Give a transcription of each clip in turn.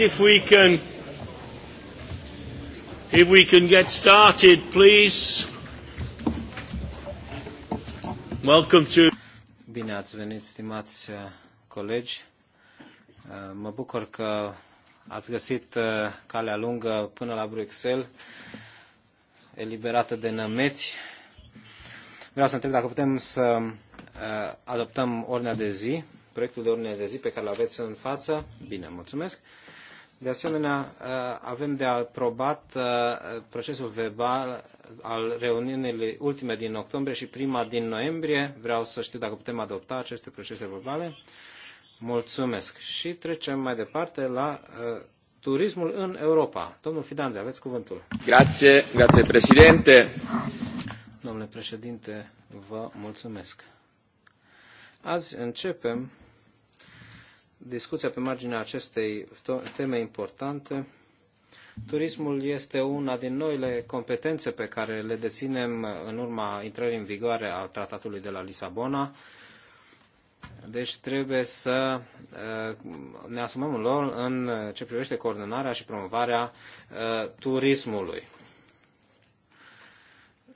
if we can if we can get started please welcome to Bine ați venit stimați uh, colegi uh, mă bucur că ați găsit uh, calea lungă până la Bruxelles eliberată de nămeți vreau să întreb dacă putem să adoptăm ordinea de zi proiectul de ordine de zi pe care l aveți în față. Bine, mulțumesc. De asemenea, uh, avem de aprobat uh, procesul verbal al reuniunii ultime din octombrie și prima din noiembrie. Vreau să știu dacă putem adopta aceste procese verbale. Mulțumesc. Și trecem mai departe la uh, turismul în Europa. Domnul Fidanze, aveți cuvântul. Grazie, grazie președinte. Domnule președinte, vă mulțumesc. Azi începem discuția pe marginea acestei teme importante. Turismul este una din noile competențe pe care le deținem în urma intrării în vigoare a tratatului de la Lisabona. Deci trebuie să uh, ne asumăm un rol în ce privește coordonarea și promovarea uh, turismului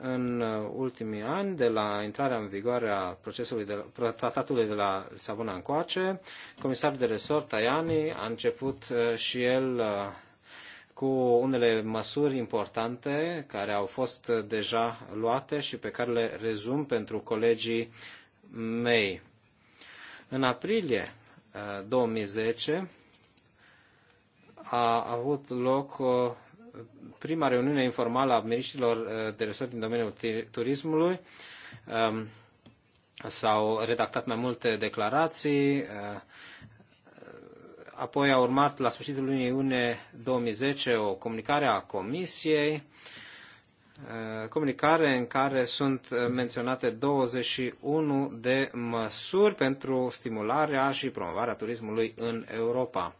în uh, ultimii ani, de la intrarea în vigoare a procesului de, la, tratatului de la Lisabona încoace, comisarul de resort, Tajani, a început uh, și el uh, cu unele măsuri importante care au fost deja luate și pe care le rezum pentru colegii mei. În aprilie 2010 a avut loc prima reuniune informală a miniștrilor uh, de resort din domeniul turismului. Um, s-au redactat mai multe declarații. Uh, apoi a urmat la sfârșitul lunii iunie 2010 o comunicare a Comisiei, uh, comunicare în care sunt menționate 21 de măsuri pentru stimularea și promovarea turismului în Europa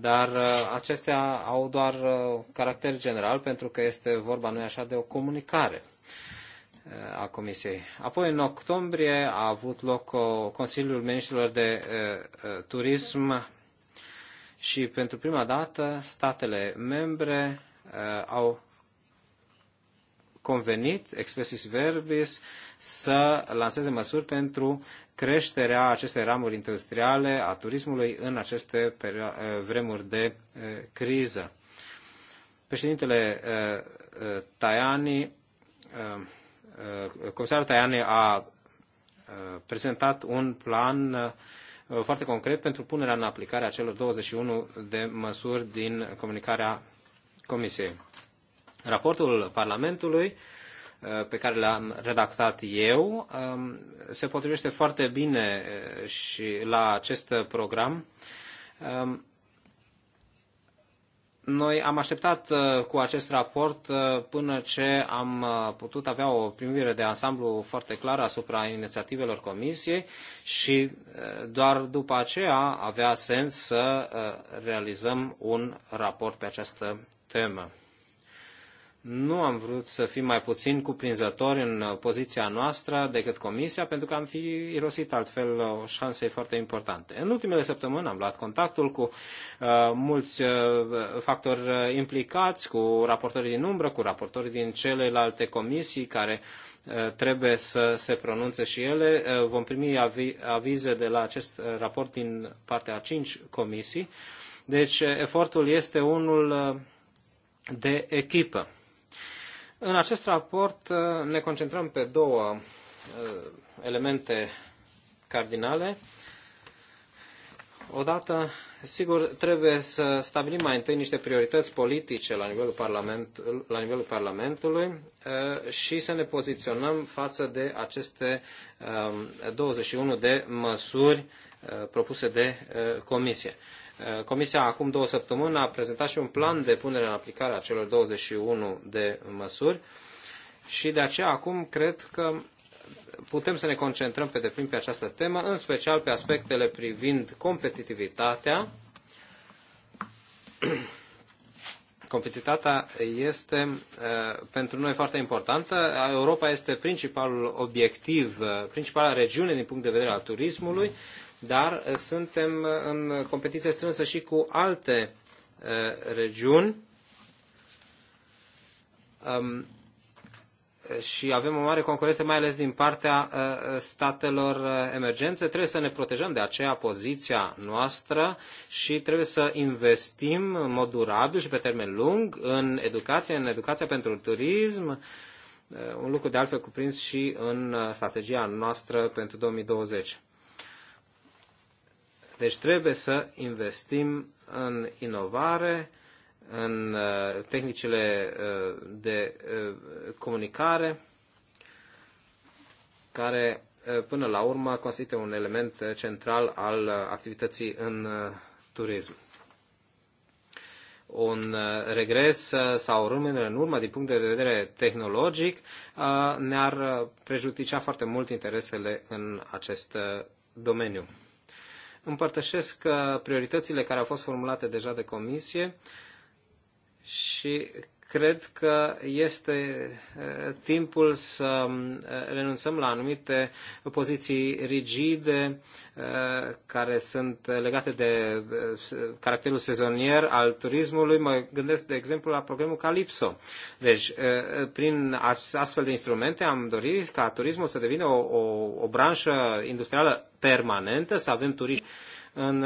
dar uh, acestea au doar uh, caracter general pentru că este vorba, nu așa, de o comunicare uh, a Comisiei. Apoi, în octombrie, a avut loc Consiliul Ministrilor de Turism și pentru prima dată statele membre au convenit, expresis verbis, să lanseze măsuri pentru creșterea acestei ramuri industriale a turismului în aceste eh, vremuri de eh, criză. Președintele eh, Tajani, comisarul Tajani a prezentat un plan foarte concret pentru punerea în aplicare a celor 21 de măsuri din comunicarea Comisiei. Raportul Parlamentului Uh, pe care le-am redactat eu um, se potrivește foarte bine uh, și la acest program. Um, noi am așteptat uh, cu acest raport până ce am putut avea o primire de ansamblu foarte clară asupra inițiativelor comisiei și doar după aceea avea sens să realizăm un raport pe această temă nu am vrut să fim mai puțin cuprinzători în uh, poziția noastră decât Comisia, pentru că am fi irosit altfel uh, o șanse foarte importante. În ultimele săptămâni am luat contactul cu uh, mulți uh, factori uh, implicați, cu raportorii din umbră, cu raportorii din celelalte comisii care trebuie să se pronunțe și ele. vom primi avize de la acest raport din partea a cinci comisii. Deci efortul este unul de echipă. În acest raport uh, ne concentrăm pe două uh, elemente cardinale. Odată, sigur, trebuie să stabilim mai întâi niște priorități politice la nivelul, parlament, la nivelul Parlamentului uh, și să ne poziționăm față de aceste 21 um, de măsuri propuse de Comisie. Uh, Comisia acum două săptămâni a prezentat și un plan de punere în aplicare a celor 21 de măsuri și de aceea acum cred că putem să ne concentrăm pe deplin pe această temă, în special pe aspectele privind competitivitatea. Competitivitatea este uh, pentru noi foarte importantă. Europa este principalul obiectiv, uh, principala regiune din punct de vedere al turismului. Mm dar eh, suntem eh, în competiție strânsă și cu alte eh, regiuni și avem o mare concurență, mai ales din partea statelor emergențe. Trebuie să ne protejăm de aceea poziția noastră și trebuie să investim în mod durabil și pe termen lung în educație, în educația pentru turism, un lucru de altfel cuprins și în strategia noastră pentru 2020. Deci trebuie să investim în inovare, în uh, tehnicile uh, de uh, comunicare, care până la urmă constituie un element central al activității în turism. Un regres sau rămânere în urmă din punct de vedere tehnologic ne-ar prejudicia foarte mult interesele în acest domeniu împărtășesc uh, prioritățile care au fost formulate deja de comisie și cred că este timpul să renunțăm la anumite poziții rigide care sunt legate de caracterul sezonier al turismului. Mă gândesc, de exemplu, la programul Calypso. Deci, prin astfel de instrumente am dorit ca turismul să devină o, o, o branșă industrială permanentă, să avem turiști în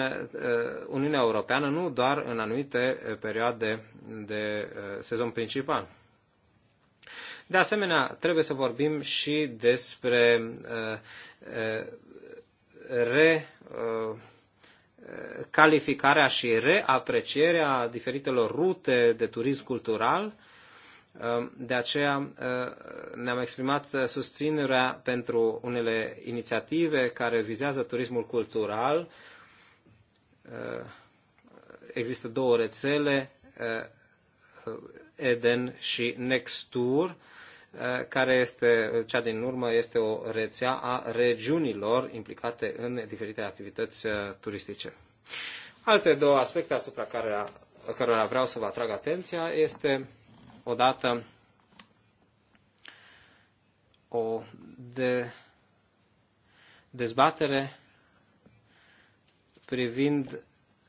Uniunea Europeană, nu doar în anumite perioade de sezon principal. De asemenea, trebuie să vorbim și despre re calificarea și reaprecierea diferitelor rute de turism cultural. De aceea ne-am exprimat susținerea pentru unele inițiative care vizează turismul cultural, Uh, există două rețele, uh, Eden și Nextur, uh, care este, cea din urmă este o rețea a regiunilor implicate în diferite activități turistice. Alte două aspecte asupra care, cărora vreau să vă atrag atenția este odată o de, dezbatere privind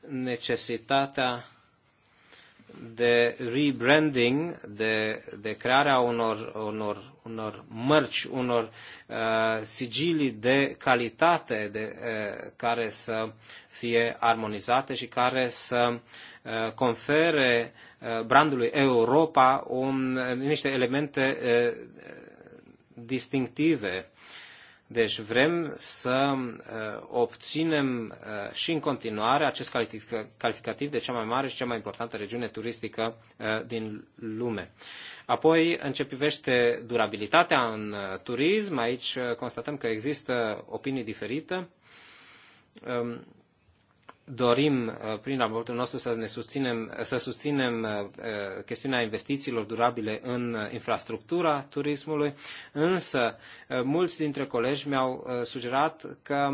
necesitatea de rebranding, de, de crearea unor, unor, unor mărci, unor uh, sigilii de calitate de, uh, care să fie armonizate și care să uh, confere uh, brandului Europa un, niște elemente uh, distinctive deci vrem să uh, obținem uh, și în continuare acest calificativ de cea mai mare și cea mai importantă regiune turistică uh, din lume. Apoi, în ce privește durabilitatea în turism, aici constatăm că există opinii diferite um, dorim uh, prin raportul nostru să ne susținem, să susținem uh, uh, chestiunea investițiilor durabile în infrastructura turismului, însă mulți dintre colegi mi-au sugerat că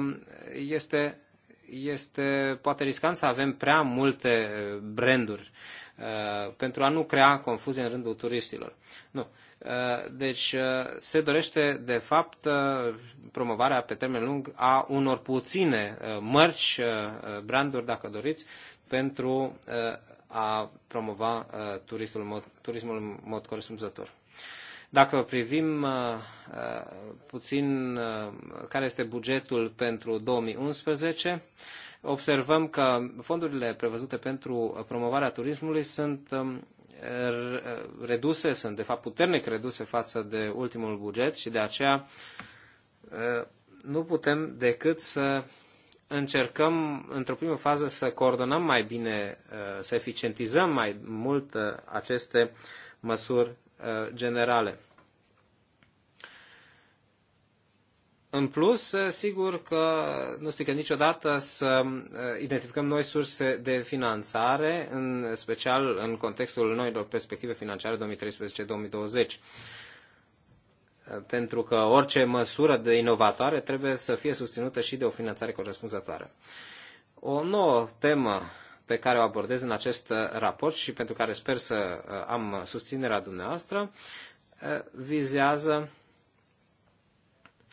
este, este poate riscant să avem prea multe branduri Uh, pentru a nu crea confuzie în rândul turiștilor. Nu. Uh, deci uh, se dorește, de fapt, promovarea pe termen lung a unor puține mărci, branduri, dacă doriți, pentru a promova turismul, turismul în mod corespunzător. Dacă privim puțin care este bugetul pentru 2011, observăm că fondurile prevăzute pentru promovarea turismului sunt um, reduse, sunt de fapt puternic reduse față de ultimul buget și de aceea uh, nu putem decât să încercăm într-o primă fază să coordonăm mai bine, uh, să eficientizăm mai mult uh, aceste măsuri generale. În plus, sigur că nu strică niciodată să uh, identificăm noi surse de finanțare, în special în contextul noilor perspective financiare 2013-2020. Uh, pentru că orice măsură de inovatoare trebuie să fie susținută și de o finanțare corespunzătoare. O nouă temă pe care o abordez în acest uh, raport și pentru care sper să am susținerea dumneavoastră vizează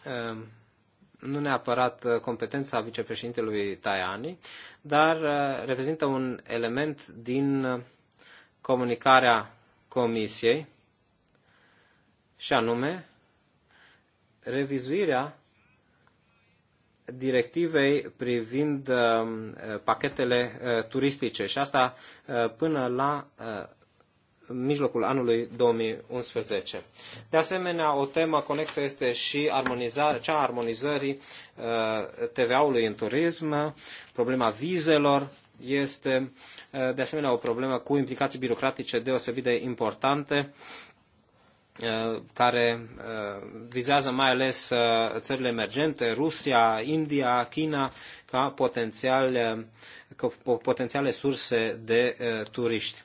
Ehm, nu neapărat uh, competența vicepreședintelui Tajani, dar uh, reprezintă un element din uh, comunicarea Comisiei, și anume revizuirea directivei privind pachetele turistice și asta până la mijlocul anului 2011. De asemenea, o temă conexă este și armonizarea, cea a armonizării uh, TVA-ului în turism, problema vizelor este uh, de asemenea o problemă cu implicații birocratice deosebit de importante uh, care vizează mai ales țările emergente, Rusia, India, China, ca potențiale, ca potențiale surse de turiști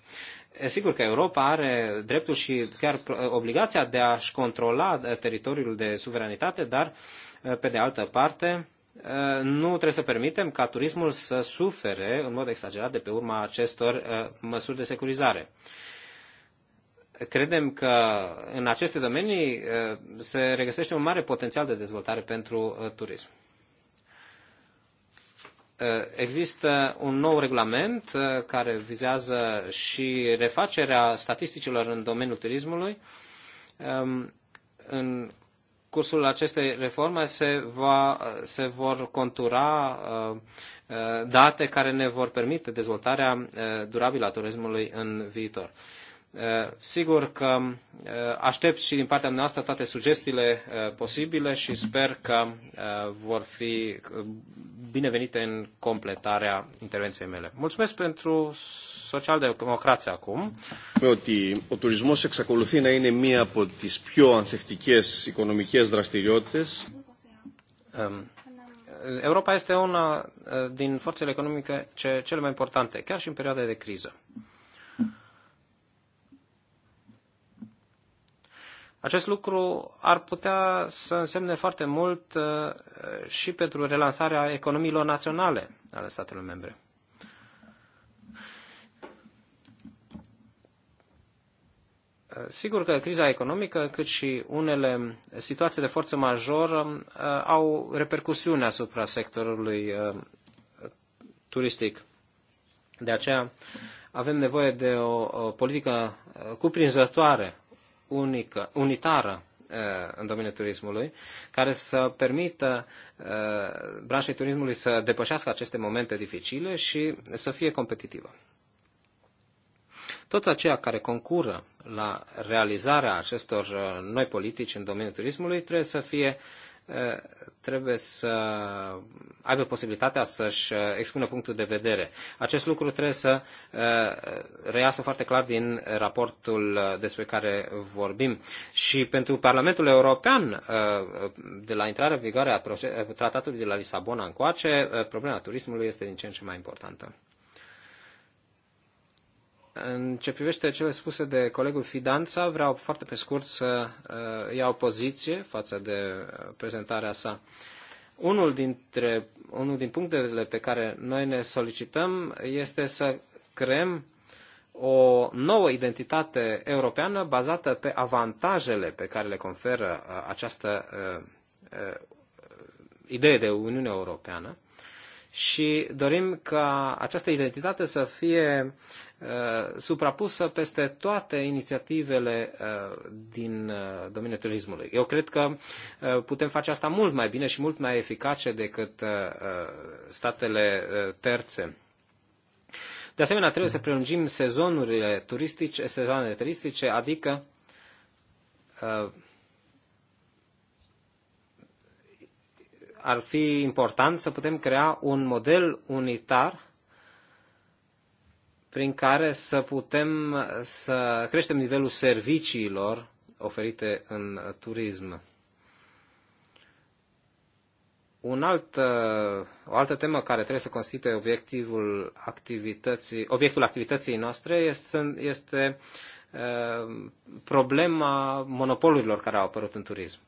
sigur că Europa are dreptul și chiar obligația de a-și controla teritoriul de suveranitate, dar, pe de altă parte, nu trebuie să permitem ca turismul să sufere în mod exagerat de pe urma acestor măsuri de securizare. Credem că în aceste domenii se regăsește un mare potențial de dezvoltare pentru turism. Uh, există un nou regulament uh, care vizează și refacerea statisticilor în domeniul turismului. Um, în cursul acestei reforme se, va, se vor contura uh, date care ne vor permite dezvoltarea durabilă a turismului în viitor. Uh, sigur că uh, aștept și din partea noastră toate sugestiile uh, posibile și sper că vor fi binevenite în completarea intervenției mele. Mulțumesc pentru socialdemocrația acum. Ότι ο τουρισμός εξακολουθεί να είναι μία από τις πιο ανθεκτικές οικονομικές δραστηριότητες. Europa este una din forțele economice cele mai importante, chiar și în perioada de criză. Acest lucru ar putea să însemne foarte mult uh, și pentru relansarea economiilor naționale ale statelor membre. Uh, sigur că criza economică, cât și unele situații de forță majoră uh, au repercusiune asupra sectorului turistic. De aceea avem nevoie de o politică cuprinzătoare unică, unitară în domeniul turismului, care să permită branșei turismului să depășească aceste momente dificile și să fie competitivă. Toți aceia care concură la realizarea acestor noi politici în domeniul turismului trebuie să fie uh, trebuie să aibă posibilitatea să-și expună punctul de vedere. Acest lucru trebuie să reiasă foarte clar din raportul despre care vorbim. Și pentru Parlamentul European, de la intrarea în vigoare a tratatului de la Lisabona încoace, problema turismului este din ce în ce mai importantă. În ce privește cele spuse de colegul Fidanța, vreau foarte pe scurt să uh, iau poziție față de uh, prezentarea sa. Unul, dintre, unul din punctele pe care noi ne solicităm este să creăm o nouă identitate europeană bazată pe avantajele pe care le conferă uh, această idee de Uniune Europeană și dorim ca această identitate să fie uh, suprapusă peste toate inițiativele uh, din uh, domeniul turismului. Eu cred că uh, putem face asta mult mai bine și mult mai eficace decât uh, uh statele uh, terțe. De asemenea, trebuie să prelungim sezonurile turistice, sezoanele turistice, adică uh, ar fi important să putem crea un model unitar prin care să putem să creștem nivelul serviciilor oferite în turism. Un alt, o altă temă care trebuie să constituie obiectivul activității, obiectul activității noastre este, este eh, problema monopolurilor care au apărut în turism.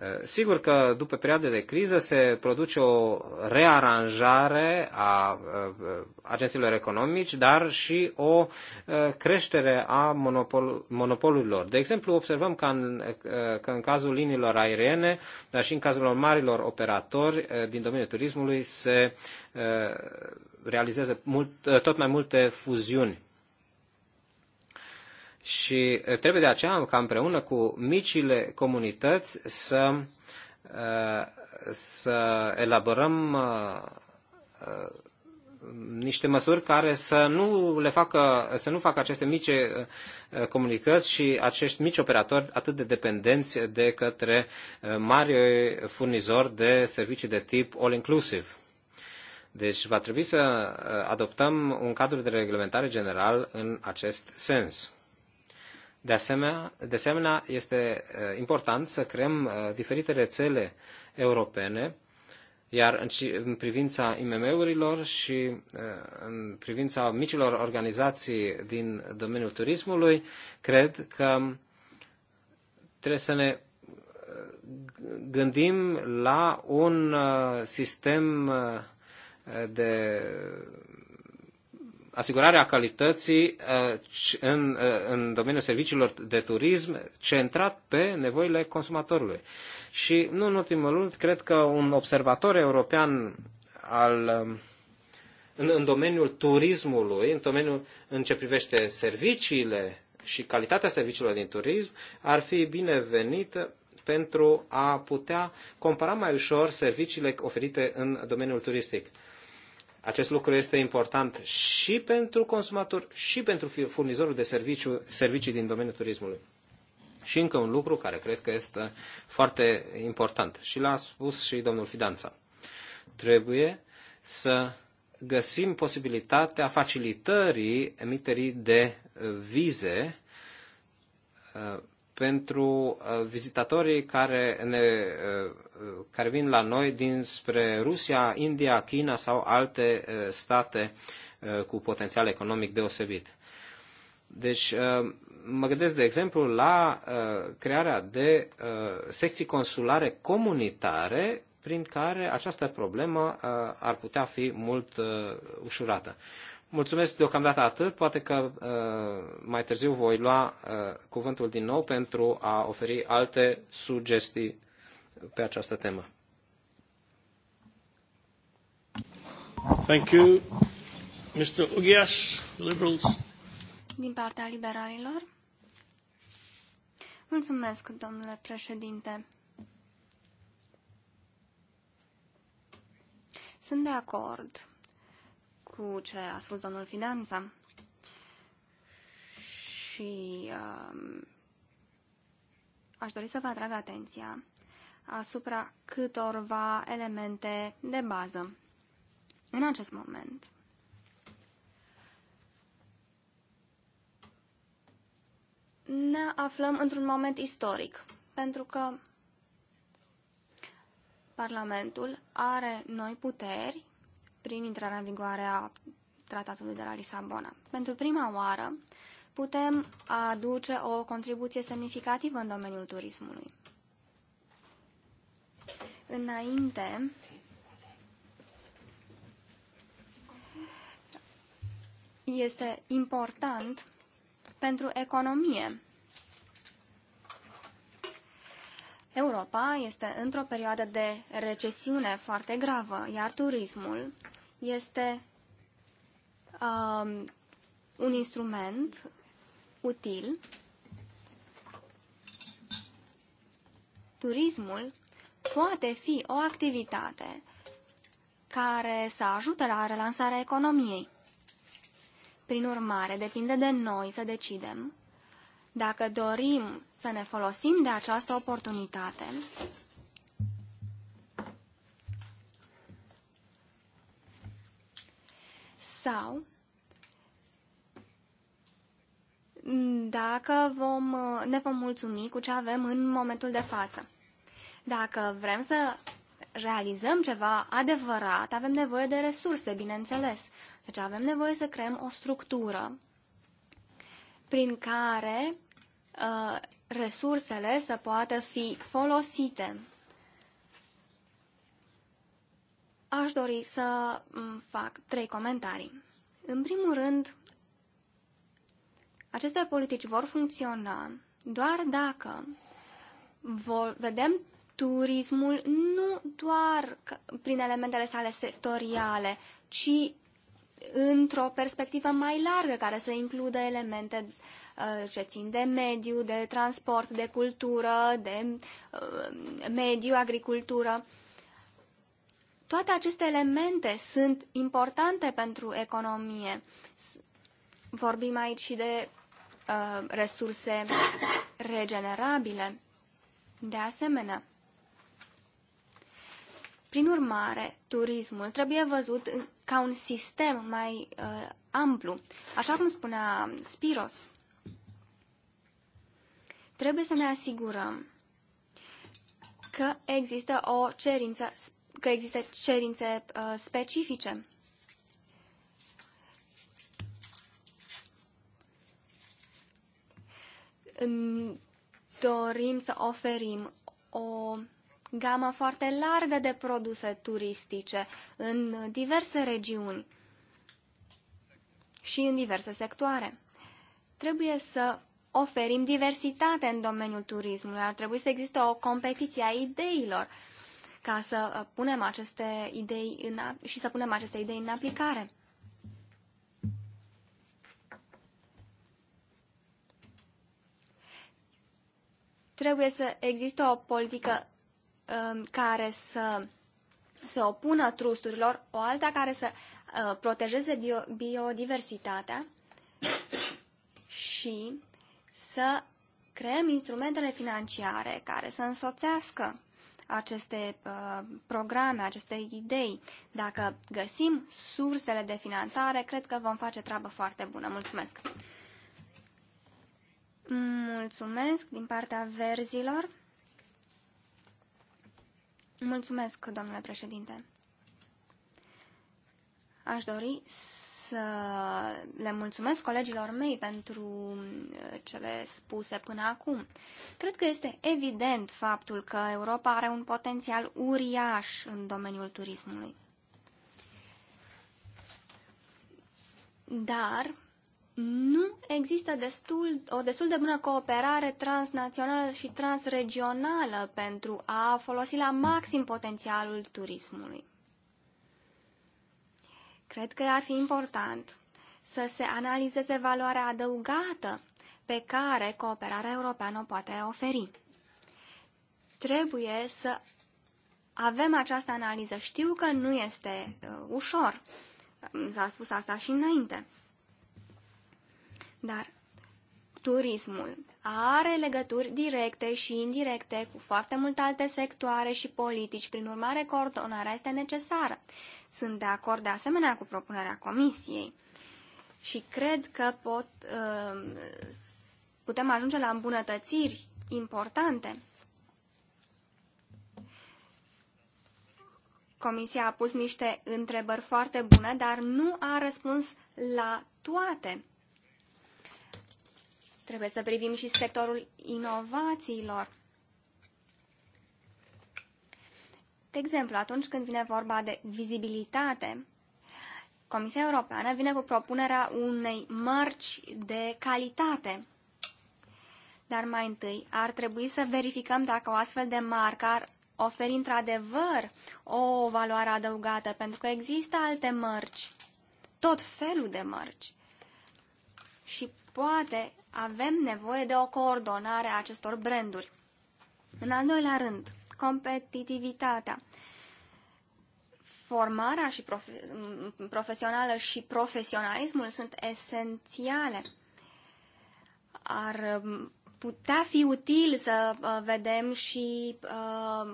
Eh, sigur că după perioade de criză se produce o rearanjare a eh, agențiilor economici, dar și o eh, creștere a monopol, monopolurilor. De exemplu, observăm că în, că în cazul liniilor aeriene, dar și în cazul marilor operatori din domeniul turismului se realizează mult, tot mai multe fuziuni și trebuie de aceea ca împreună cu micile comunități să, să elaborăm niște măsuri care să nu, le facă, să nu facă aceste mici comunități și acești mici operatori atât de dependenți de către mari furnizori de servicii de tip all-inclusive. Deci va trebui să adoptăm un cadru de reglementare general în acest sens. De asemenea, de asemenea, este uh, important să creăm uh, diferite rețele europene, iar în privința IMM-urilor și uh, în privința micilor organizații din domeniul turismului, cred că trebuie să ne gândim la un sistem de asigurarea calității uh, în, uh, în domeniul serviciilor de turism centrat pe nevoile consumatorului. Și nu în ultimul rând, cred că un observator european al um, în, în domeniul turismului, în domeniul în ce privește serviciile și calitatea serviciilor din turism, ar fi binevenit pentru a putea compara mai ușor serviciile oferite în domeniul turistic. Acest lucru este important și pentru consumator, și pentru furnizorul de serviciu, servicii din domeniul turismului. Și încă un lucru care cred că este foarte important și l-a spus și domnul Fidanța. Trebuie să găsim posibilitatea facilitării emiterii de vize uh, pentru uh, vizitatorii care, ne, uh, care vin la noi dinspre Rusia, India, China sau alte uh, state cu potențial economic deosebit. Deci, mă gândesc, de exemplu, la crearea de secții consulare comunitare prin care această problemă ar putea fi mult ușurată. Mulțumesc deocamdată atât. Poate că uh, mai târziu voi lua uh, cuvântul din nou pentru a oferi alte sugestii pe această temă. Thank you. Mr. Ugias, Liberals. Din partea liberalilor. Mulțumesc, domnule președinte. Sunt de acord cu ce a spus domnul Fidanța și uh, aș dori să vă atrag atenția asupra câtorva elemente de bază. În acest moment, ne aflăm într-un moment istoric, pentru că Parlamentul are noi puteri prin intrarea în vigoare a tratatului de la Lisabona. Pentru prima oară putem aduce o contribuție semnificativă în domeniul turismului. Înainte, este important pentru economie. Europa este într-o perioadă de recesiune foarte gravă, iar turismul este um, un instrument util. Turismul poate fi o activitate care să ajute la relansarea economiei. Prin urmare, depinde de noi să decidem dacă dorim să ne folosim de această oportunitate sau dacă vom, ne vom mulțumi cu ce avem în momentul de față. Dacă vrem să realizăm ceva adevărat, avem nevoie de resurse, bineînțeles. Deci avem nevoie să creăm o structură prin care uh, resursele să poată fi folosite aș dori să mm, fac trei comentarii. În primul rând, aceste politici vor funcționa doar dacă vor, vedem turismul nu doar prin elementele sale sectoriale, ci într-o perspectivă mai largă, care să includă elemente uh, ce țin de mediu, de transport, de cultură, de uh, mediu, agricultură. Toate aceste elemente sunt importante pentru economie. Vorbim aici și de uh, resurse regenerabile. De asemenea, prin urmare, turismul trebuie văzut ca un sistem mai uh, amplu. Așa cum spunea Spiros, trebuie să ne asigurăm că există o cerință că există cerințe uh, specifice. Dorim să oferim o gamă foarte largă de produse turistice în diverse regiuni și în diverse sectoare. Trebuie să oferim diversitate în domeniul turismului, ar trebui să existe o competiție a ideilor. Uh, ca să uh, punem aceste idei în, și să punem aceste idei în aplicare. Trebuie să existe o politică um, care să se opună trusturilor, o alta care să uh, protejeze bio, biodiversitatea și să creăm instrumentele financiare care să însoțească aceste uh, programe, aceste idei. Dacă găsim sursele de finanțare, cred că vom face treabă foarte bună. Mulțumesc! Mulțumesc din partea verzilor. Mulțumesc, domnule președinte. Aș dori să le mulțumesc colegilor mei pentru uh, cele spuse până acum. Cred că este evident faptul că Europa are un potențial uriaș în domeniul turismului. Dar nu există destul, o destul de bună cooperare transnațională și transregională pentru a folosi la maxim potențialul turismului. Cred că ar fi important să se analizeze valoarea adăugată pe care cooperarea europeană o poate oferi. Trebuie să avem această analiză. Știu că nu este uh, ușor. S-a spus asta și înainte. Dar turismul are legături directe și indirecte cu foarte multe alte sectoare și politici, prin urmare coordonarea este necesară. Sunt de acord de asemenea cu propunerea comisiei și cred că pot, uh, putem ajunge la îmbunătățiri importante. Comisia a pus niște întrebări foarte bune, dar nu a răspuns la toate. Trebuie să privim și sectorul inovațiilor. De exemplu, atunci când vine vorba de vizibilitate, Comisia Europeană vine cu propunerea unei mărci de calitate. Dar mai întâi ar trebui să verificăm dacă o astfel de marcă ar oferi într-adevăr o valoare adăugată, pentru că există alte mărci, tot felul de mărci și poate avem nevoie de o coordonare a acestor branduri. În al doilea rând, competitivitatea. Formarea și profe profesională și profesionalismul sunt esențiale. Ar um, putea fi util să uh, vedem și uh,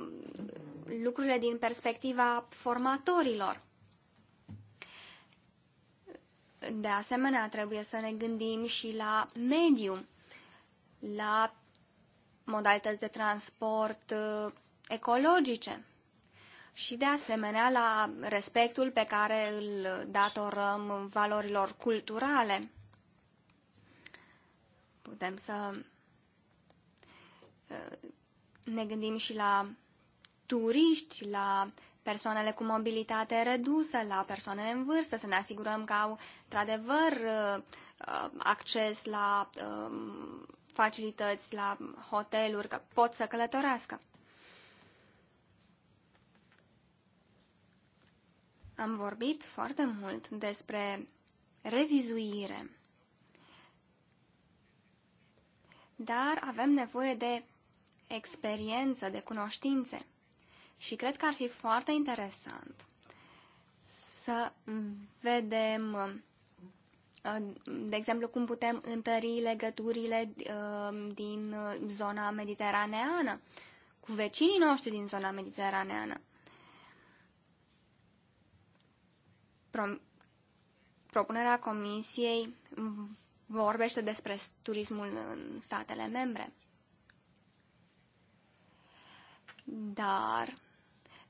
lucrurile din perspectiva formatorilor. De asemenea, trebuie să ne gândim și la mediu, la modalități de transport uh, ecologice și, de asemenea, la respectul pe care îl datorăm valorilor culturale. Putem să uh, ne gândim și la turiști, la persoanele cu mobilitate redusă, la persoanele în vârstă, să ne asigurăm că au, într-adevăr, uh, uh, acces la um, facilități, la hoteluri, că pot să călătorească. Am vorbit foarte mult despre revizuire, dar avem nevoie de experiență, de cunoștințe. Și cred că ar fi foarte interesant să vedem, de exemplu, cum putem întări legăturile uh, din zona mediteraneană cu vecinii noștri din zona mediteraneană. Pro- propunerea Comisiei vorbește despre turismul în statele membre. Dar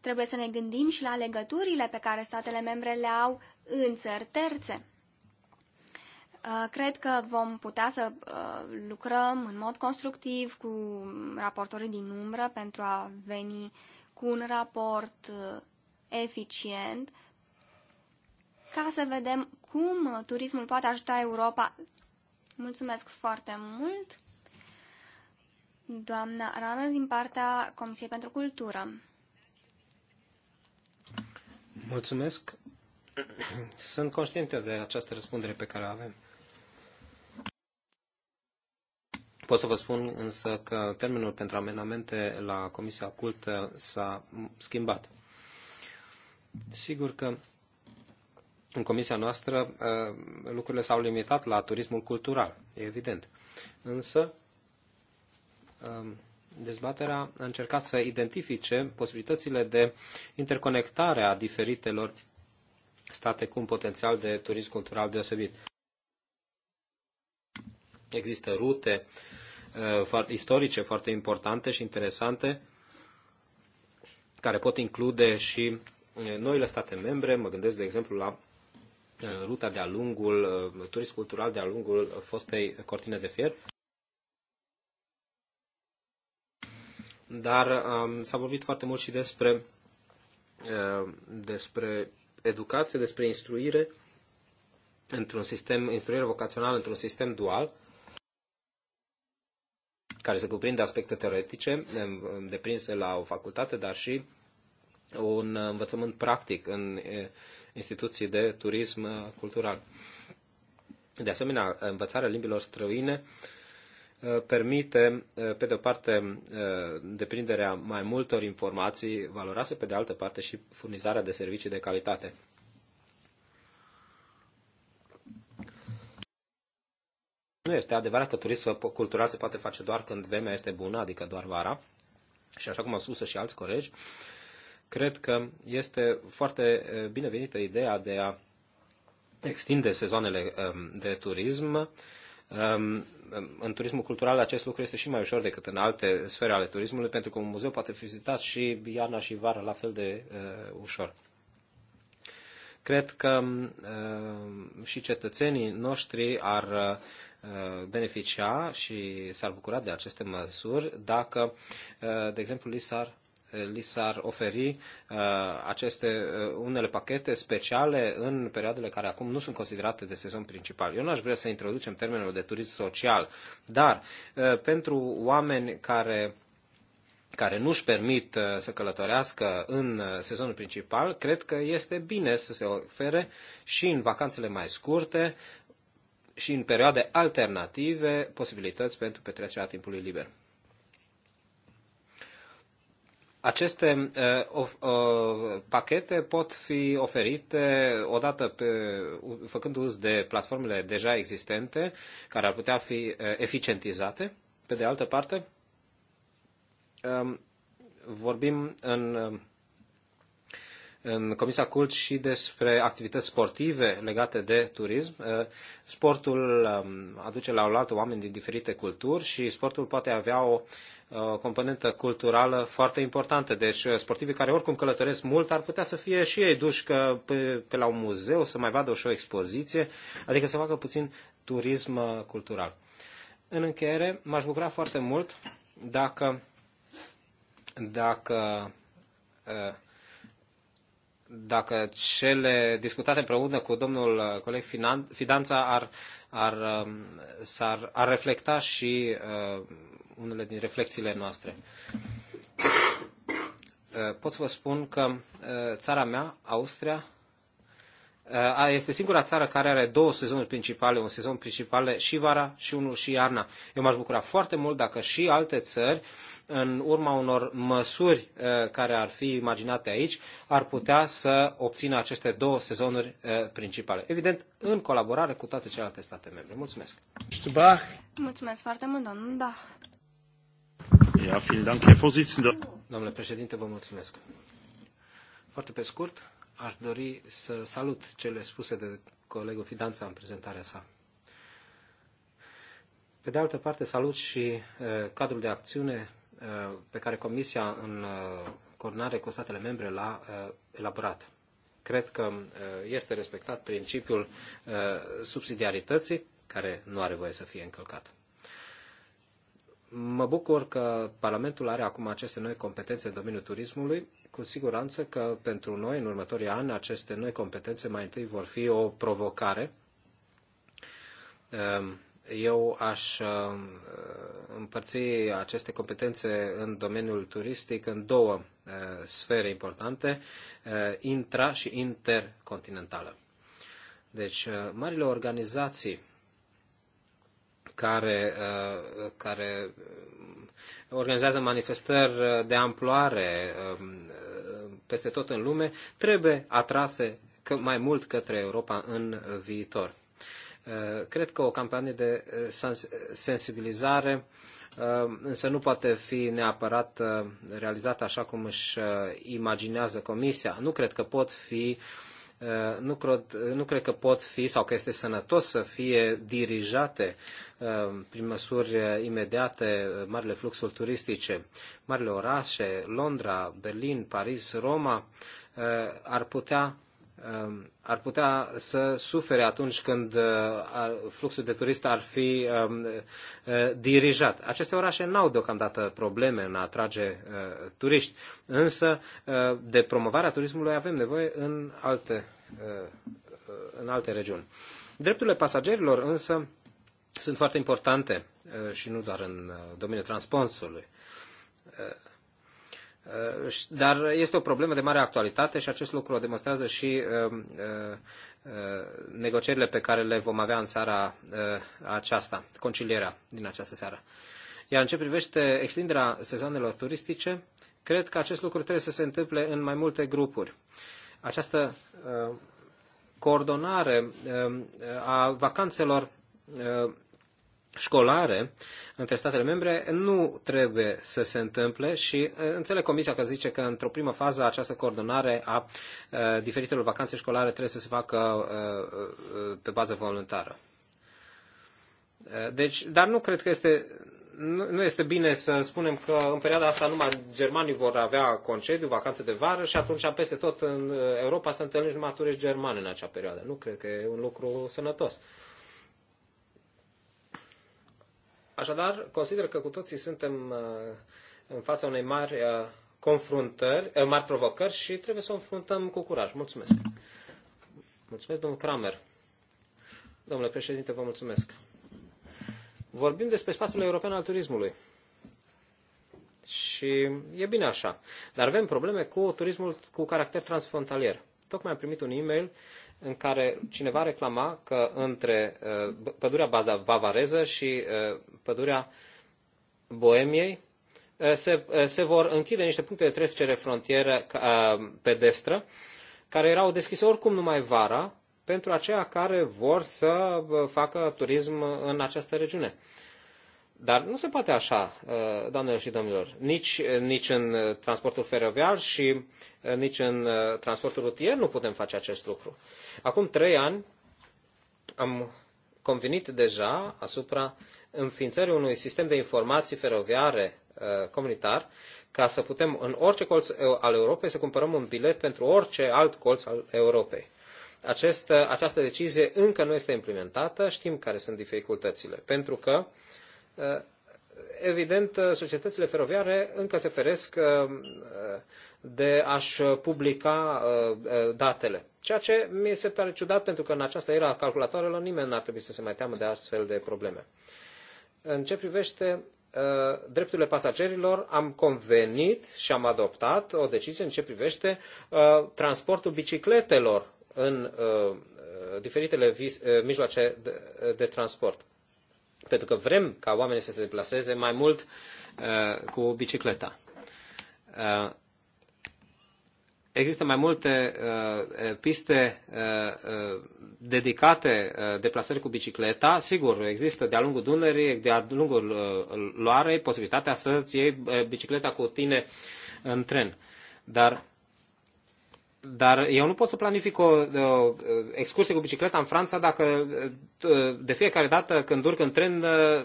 Trebuie să ne gândim și la legăturile pe care statele membre le au în țări terțe. Uh, cred că vom putea să uh, lucrăm în mod constructiv cu raportorii din umbră pentru a veni cu un raport uh, eficient ca să vedem cum turismul poate ajuta Europa. Mulțumesc foarte mult, doamna Rană, din partea Comisiei pentru Cultură. Mulțumesc. Sunt conștientă de această răspundere pe care o avem. Pot să vă spun însă că termenul pentru amendamente la Comisia Cult s-a schimbat. Sigur că în comisia noastră ă, lucrurile s-au limitat la turismul cultural, e evident. Însă ă, dezbaterea a încercat să identifice posibilitățile de interconectare a diferitelor state cu un potențial de turism cultural deosebit. Există rute uh, istorice foarte importante și interesante care pot include și uh, noile state membre. Mă gândesc, de exemplu, la uh, ruta de-a lungul, uh, turism cultural de-a lungul fostei cortine de fier. Dar um, s-a vorbit foarte mult și despre, uh, despre educație, despre instruire într-un sistem, instruire vocațională într-un sistem dual, care se cuprinde aspecte teoretice um, deprinse la o facultate, dar și un învățământ practic în uh, instituții de turism uh, cultural. De asemenea, învățarea limbilor străine uh, Uh, permite, uh, pe de o parte, uh, deprinderea mai multor informații valoroase, pe de altă parte și furnizarea de servicii de calitate. Nu este adevărat că turismul cultural se poate face doar când vremea este bună, adică doar vara. Și așa cum au spus și alți colegi, cred că este foarte binevenită ideea de a extinde sezoanele um, de turism Um, um, în turismul cultural acest lucru este și mai ușor decât în alte sfere ale turismului, pentru că un muzeu poate fi vizitat și iarna și vara la fel de uh, ușor. Cred că um, uh, și cetățenii noștri ar uh, beneficia și s-ar bucura de aceste măsuri dacă, de exemplu, li s-ar li s-ar oferi uh, aceste uh, unele pachete speciale în perioadele care acum nu sunt considerate de sezon principal. Eu nu aș vrea să introducem termenul de turism social, dar uh, pentru oameni care care nu își permit să călătorească în sezonul principal, cred că este bine să se ofere și în vacanțele mai scurte și în perioade alternative posibilități pentru petrecerea timpului liber. Aceste uh, uh, pachete pot fi oferite odată pe, făcând uz de platformele deja existente, care ar putea fi uh, eficientizate. Pe de altă parte, um, vorbim în, în Comisia Cult și despre activități sportive legate de turism. Uh, sportul um, aduce la oaltă oameni din diferite culturi și sportul poate avea o o componentă culturală foarte importantă. Deci uh, sportivii care oricum călătoresc mult ar putea să fie și ei duși că pe, pe la un muzeu, să mai vadă și o expoziție, adică să facă puțin turism uh, cultural. În încheiere, m-aș bucura foarte mult dacă, dacă, uh, dacă cele discutate împreună cu domnul coleg Fidanța ar, ar, um, s-ar, ar reflecta și unele din reflexiile noastre. Eh, pot să vă spun că eh, țara mea, Austria, eh, este singura țară care are două sezonuri principale, un sezon principal și vara și unul și iarna. Eu m-aș bucura foarte mult dacă și alte țări, în urma unor măsuri care ar fi imaginate aici, ar putea să obțină aceste două sezonuri principale. Evident, în colaborare cu toate celelalte state membre. Mulțumesc! Mulțumesc foarte mult, domnul Bach! Ja, vielen Dank, Herr Vorsitzender. Domnule președinte, vă mulțumesc. Foarte pe scurt, aș dori să salut cele spuse de colegul Fidanța în prezentarea sa. Pe de altă parte, salut și uh, cadrul de acțiune uh, pe care Comisia, în uh, coordonare cu statele membre, l-a elaborat. Cred că este respectat principiul subsidiarității, care nu are voie să fie încălcat. Mă bucur că Parlamentul are acum aceste noi competențe în domeniul turismului. Cu siguranță că pentru noi, în următorii ani, aceste noi competențe mai întâi vor fi o provocare. Ehm, eu aș ehm, împărți aceste competențe în domeniul turistic în două ehm, sfere importante, intra- și intercontinentală. Deci, marile organizații care, uh, care uh, organizează manifestări uh, de amploare um, peste tot în lume, trebuie atrase mai mult către Europa în viitor. Cred că o campanie de sensibilizare însă nu poate fi neapărat realizată așa cum își imaginează Comisia. Nu cred că pot fi uh, Uh, nu cred, uh, nu cred că pot fi sau că este sănătos să fie dirijate uh, prin măsuri imediate marile fluxuri turistice. Marile orașe, Londra, Berlin, Paris, Roma ar putea Um, ar putea să sufere atunci când uh, fluxul de turist ar fi um, uh, dirijat. Aceste orașe n-au deocamdată probleme în a atrage uh, turiști, însă de promovarea turismului avem nevoie în alte, în alte regiuni. Drepturile pasagerilor însă sunt foarte importante și nu doar în domeniul transportului Uh, dar este o problemă de mare actualitate și acest lucru o demonstrează și um, uh, uh, negocierile pe care le vom avea în seara aceasta, concilierea din această seară. Iar în ce privește extinderea sezonelor turistice, cred că acest lucru trebuie să se întâmple în mai multe grupuri. Această coordonare um, a vacanțelor școlare între statele membre nu trebuie să se întâmple și înțeleg Comisia că zice că într-o primă fază această coordonare a diferitelor vacanțe școlare trebuie să se facă pe bază voluntară. Deci, dar nu cred că este nu este bine să spunem că în perioada asta numai germanii vor avea concediu, vacanțe de vară și atunci peste tot în Europa să întâlnești numai turiști germani în acea perioadă. Nu cred că e un lucru sănătos. Uh, Așadar, consider că cu toții suntem uh, în fața unei mari uh, confruntări, uh, mari provocări și trebuie să o înfruntăm cu curaj. Mulțumesc. Mulțumesc, domnul Kramer. Domnule președinte, vă mulțumesc. Vorbim despre spațiul european al turismului. Și e bine așa. Dar avem probleme cu turismul cu caracter transfrontalier. Tocmai am primit un e-mail în care cineva reclama că între uh, pădurea bavareză și uh, pădurea Boemiei uh, se, se vor închide niște puncte de trecere frontieră pedestră, care erau deschise oricum numai vara pentru aceia care vor să facă turism în această regiune. Dar nu se poate așa, uh, doamnelor și domnilor, nici, uh, nici în uh, transportul feroviar și nici în transportul rutier nu putem face acest lucru. Acum trei ani am convenit deja asupra înființării unui sistem de informații feroviare comunitar ca să putem în orice colț al Europei să cumpărăm un bilet pentru orice alt colț al Europei. Această, această decizie încă nu este implementată, știm care sunt dificultățile, pentru că uh, Eh, evident, eh, societățile feroviare încă se feresc eh, de a-și publica datele. Ceea ce mi se pare ciudat, pentru că în această era a calculatoarelor nimeni n-ar trebui să se mai teamă de astfel de probleme. În ce privește drepturile pasagerilor, am convenit și am adoptat o decizie în ce privește transportul bicicletelor în diferitele mijloace de transport pentru că vrem ca oamenii să se deplaseze mai mult uh, cu bicicleta. Uh, există mai multe uh, piste dedicate deplasării cu bicicleta. Sigur, există de-a lungul Dunării, de-a lungul Loarei, posibilitatea să-ți iei bicicleta cu tine în tren. Dar dar eu nu pot să planific o, o excursie cu bicicleta în Franța dacă de fiecare dată când urc în tren uh,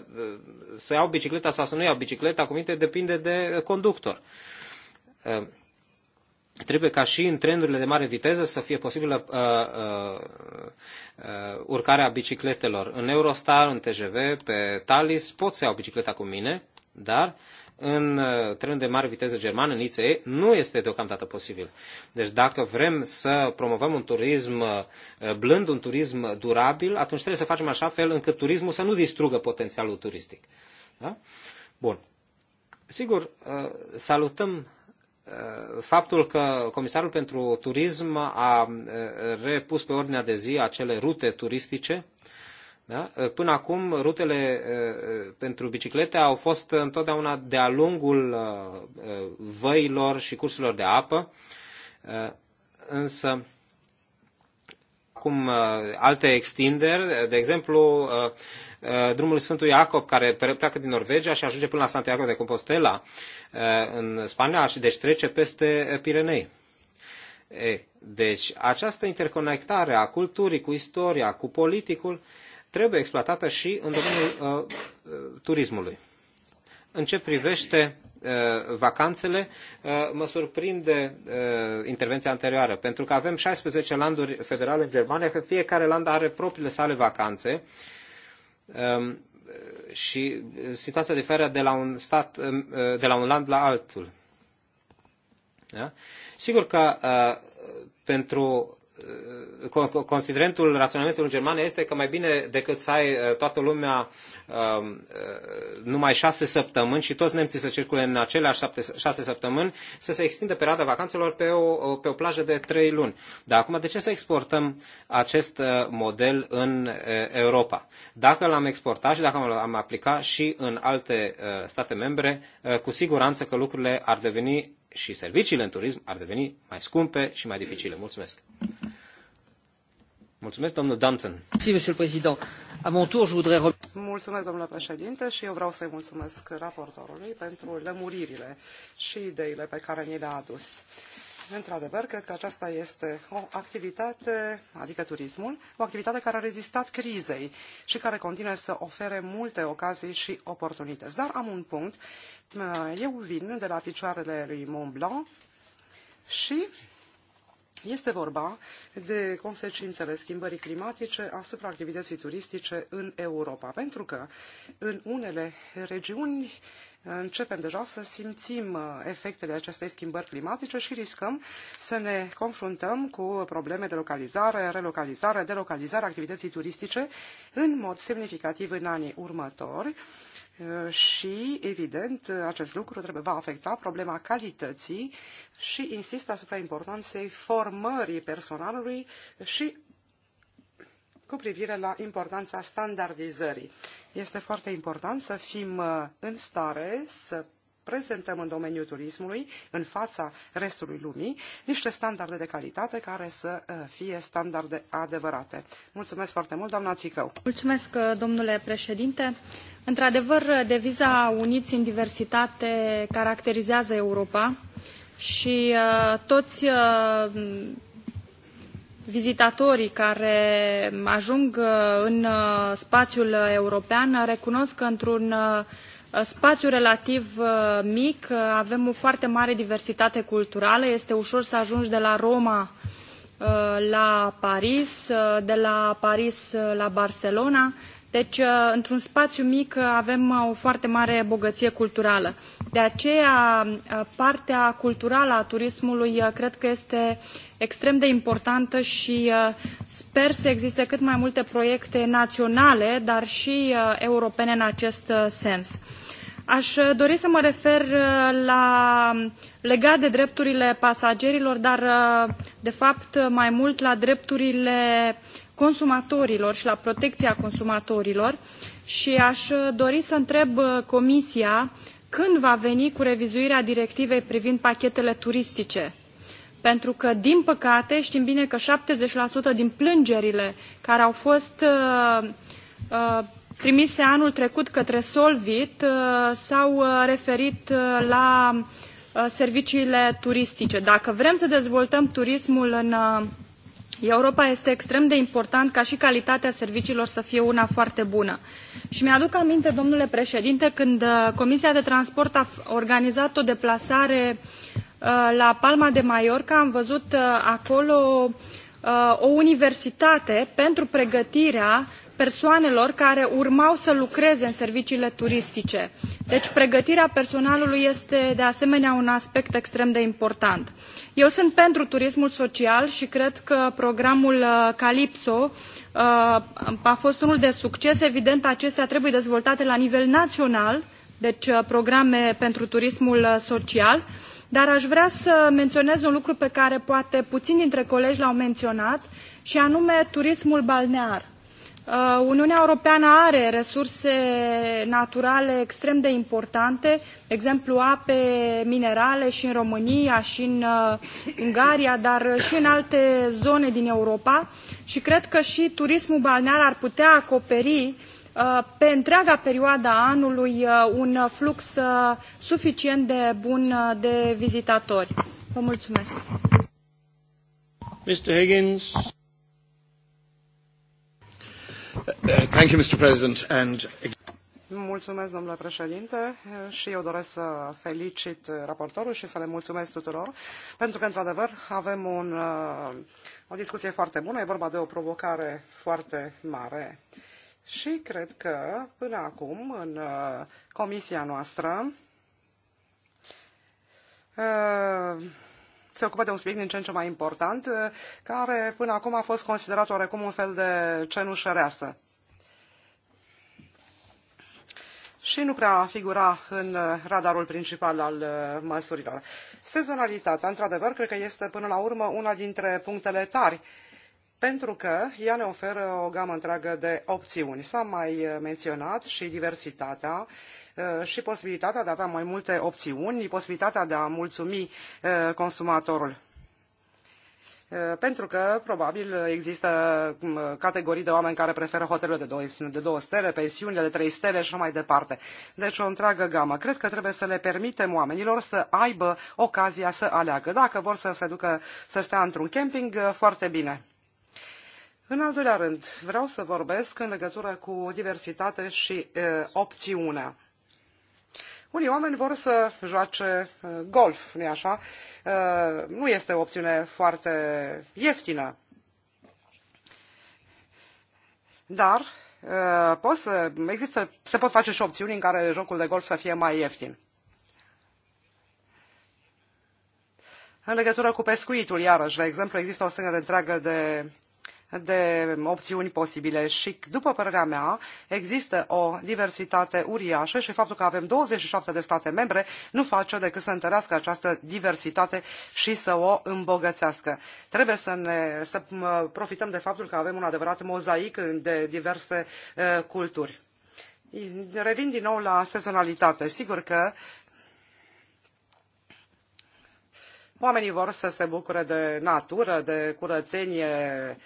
să iau bicicleta sau să nu iau bicicleta, cu minte, depinde de conductor. Uh, trebuie ca și în trenurile de mare viteză să fie posibilă uh, uh, uh, urcarea bicicletelor. În Eurostar, în TGV, pe Talis pot să iau bicicleta cu mine, dar uh, în uh, trenul de mare viteză german, în ICE, nu este deocamdată posibil. Deci dacă vrem să promovăm un turism uh, blând, un turism durabil, atunci trebuie să facem așa fel încât turismul să nu distrugă potențialul turistic. Da? Bun. Sigur, uh, salutăm faptul că Comisarul pentru Turism a repus pe ordinea de zi acele rute turistice da? Eh, până acum, rutele eh, eh, pentru biciclete au fost întotdeauna de-a lungul văilor și cursurilor de apă, însă acum alte extinderi, de exemplu drumul Sfântului Iacob care pleacă din Norvegia și ajunge până la Santiago de Compostela în Spania și deci trece peste Pirenei. E, deci această interconectare a culturii cu istoria, cu politicul, uh, trebuie exploatată și în domeniul uh, uh, turismului. În ce privește uh, vacanțele, mă surprinde intervenția anterioară, pentru că avem 16 landuri federale în Germania, că fiecare land are propriile sale vacanțe um, și situația diferă de la un stat, de la un land la altul. Da? Sigur că pentru Uh, considerentul raționamentului german este că mai bine decât să ai uh, toată lumea um, uh, numai șase săptămâni și toți nemții să circule în aceleași șase săptămâni, să se extindă perioada vacanțelor pe o, pe o plajă de trei luni. Dar acum, de ce să exportăm acest model în Europa? Dacă l-am exportat și dacă l-am aplicat și în alte state membre, cu siguranță că lucrurile ar deveni și serviciile în turism ar deveni mai scumpe și mai dificile. Mulțumesc! Mulțumesc, domnule președinte, și eu vreau să-i mulțumesc raportorului pentru lămuririle și ideile pe care ni le-a adus. Într-adevăr, cred că aceasta este o activitate, adică turismul, o activitate care a rezistat crizei și care continuă să ofere multe ocazii și oportunități. Dar am un punct. Eu vin de la picioarele lui Mont Blanc și este vorba de consecințele schimbării climatice asupra activității turistice în Europa, pentru că în unele regiuni uh, începem deja să simțim uh, efectele acestei schimbări climatice și riscăm să ne confruntăm cu probleme de localizare, relocalizare, delocalizare activității turistice în mod semnificativ în anii următori și, evident, acest lucru trebuie, va afecta problema calității și insist asupra importanței formării personalului și cu privire la importanța standardizării. Este foarte important să fim uh, în stare să prezentăm în domeniul turismului, în fața restului lumii, niște standarde de calitate care să uh, fie standarde adevărate. Mulțumesc foarte mult, doamna Țicău. Mulțumesc, uh, domnule președinte. Într-adevăr, uh, deviza Uniți în diversitate caracterizează Europa și toți vizitatorii care ajung în spațiul european recunosc că într-un Uh, spațiu relativ uh, mic, uh, avem o foarte mare diversitate culturală, este ușor să ajungi de la Roma la Paris, de la Paris la Barcelona, deci, uh, într-un spațiu mic uh, avem uh, o foarte mare bogăție culturală. De aceea, partea culturală a turismului cred că este extrem de importantă și sper să existe cât mai multe proiecte naționale, dar și europene în acest sens. Aș dori să mă refer la um, legat de drepturile pasagerilor, dar de fapt mai mult la drepturile consumatorilor și la protecția consumatorilor și aș uh, dori să întreb uh, Comisia când va veni cu revizuirea directivei privind pachetele turistice pentru că, din păcate, știm bine că 70% din plângerile care au fost uh, uh, trimise anul trecut către Solvit uh, s-au uh, referit la serviciile turistice. Dacă vrem să dezvoltăm turismul în Europa este extrem de important ca și calitatea serviciilor să fie una foarte bună. Și mi-aduc aminte, domnule președinte, când uh, Comisia de Transport a organizat o deplasare uh, la Palma de Mallorca, am văzut uh, acolo o universitate pentru pregătirea persoanelor care urmau să lucreze în serviciile turistice. Deci pregătirea personalului este de asemenea un aspect extrem de important. Eu sunt pentru turismul social și cred că programul uh, Calypso uh, a fost unul de succes. Evident, acestea trebuie dezvoltate la nivel național, deci uh, programe pentru turismul social, dar aș vrea să menționez un lucru pe care poate puțini dintre colegi l-au menționat, și anume turismul balnear Uh, Uniunea Europeană are resurse naturale extrem de importante, de exemplu ape minerale și în România și în uh, Ungaria, dar și în alte zone din Europa și cred că și turismul balnear ar putea acoperi uh, pe întreaga perioadă a anului un flux suficient de bun de vizitatori. Vă mulțumesc. Mr. Higgins. Mulțumesc, domnule președinte, și eu doresc să felicit raportorul și să le mulțumesc tuturor, pentru că, într-adevăr, avem uh, o discuție foarte bună, e vorba de o provocare foarte mare. Și cred că, până acum, în uh, comisia noastră, uh, se ocupă de un subiect din ce în ce mai important, uh, care până acum a fost considerat oarecum un fel de reasă. și nu prea figura în uh, radarul principal al uh, măsurilor. Sezonalitatea, într-adevăr, cred că este până la urmă una dintre punctele tari pentru că ea ne oferă o gamă întreagă de opțiuni. S-a mai uh, menționat și diversitatea uh, și posibilitatea de a avea mai multe opțiuni, posibilitatea de a mulțumi uh, consumatorul. Pentru că, probabil, există categorii de oameni care preferă hotelurile de două, de două stele, pensiunile de trei stele și așa mai departe. Deci o întreagă gamă. Cred că trebuie să le permitem oamenilor să aibă ocazia să aleagă. Dacă vor să se ducă să stea într-un camping, foarte bine. În al doilea rând, vreau să vorbesc în legătură cu diversitate și e, opțiunea. Unii oameni vor să joace golf, nu așa? E, nu este o opțiune foarte ieftină. Dar e, pot să, există, se pot face și opțiuni în care jocul de golf să fie mai ieftin. În legătură cu pescuitul, iarăși, de exemplu, există o strângere întreagă de de opțiuni posibile și, după părerea mea, există o diversitate uriașă și faptul că avem 27 de state membre nu face decât să întărească această diversitate și să o îmbogățească. Trebuie să, ne, să profităm de faptul că avem un adevărat mozaic de diverse culturi. Revin din nou la sezonalitate. Sigur că oamenii vor să se bucure de natură, de curățenie, uh,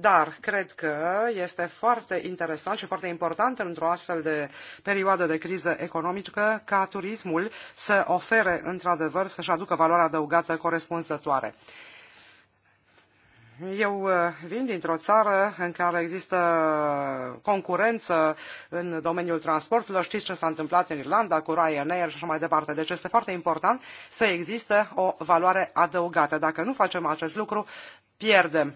dar cred că este foarte interesant și foarte important într-o astfel de perioadă de criză economică ca turismul să ofere într-adevăr, să-și aducă valoarea adăugată corespunzătoare. Eu uh, vin dintr-o țară în care există concurență în domeniul transporturilor. Știți ce s-a întâmplat în Irlanda cu Ryanair și așa mai departe. Deci este foarte important să existe o valoare adăugată. Dacă nu facem acest lucru, pierdem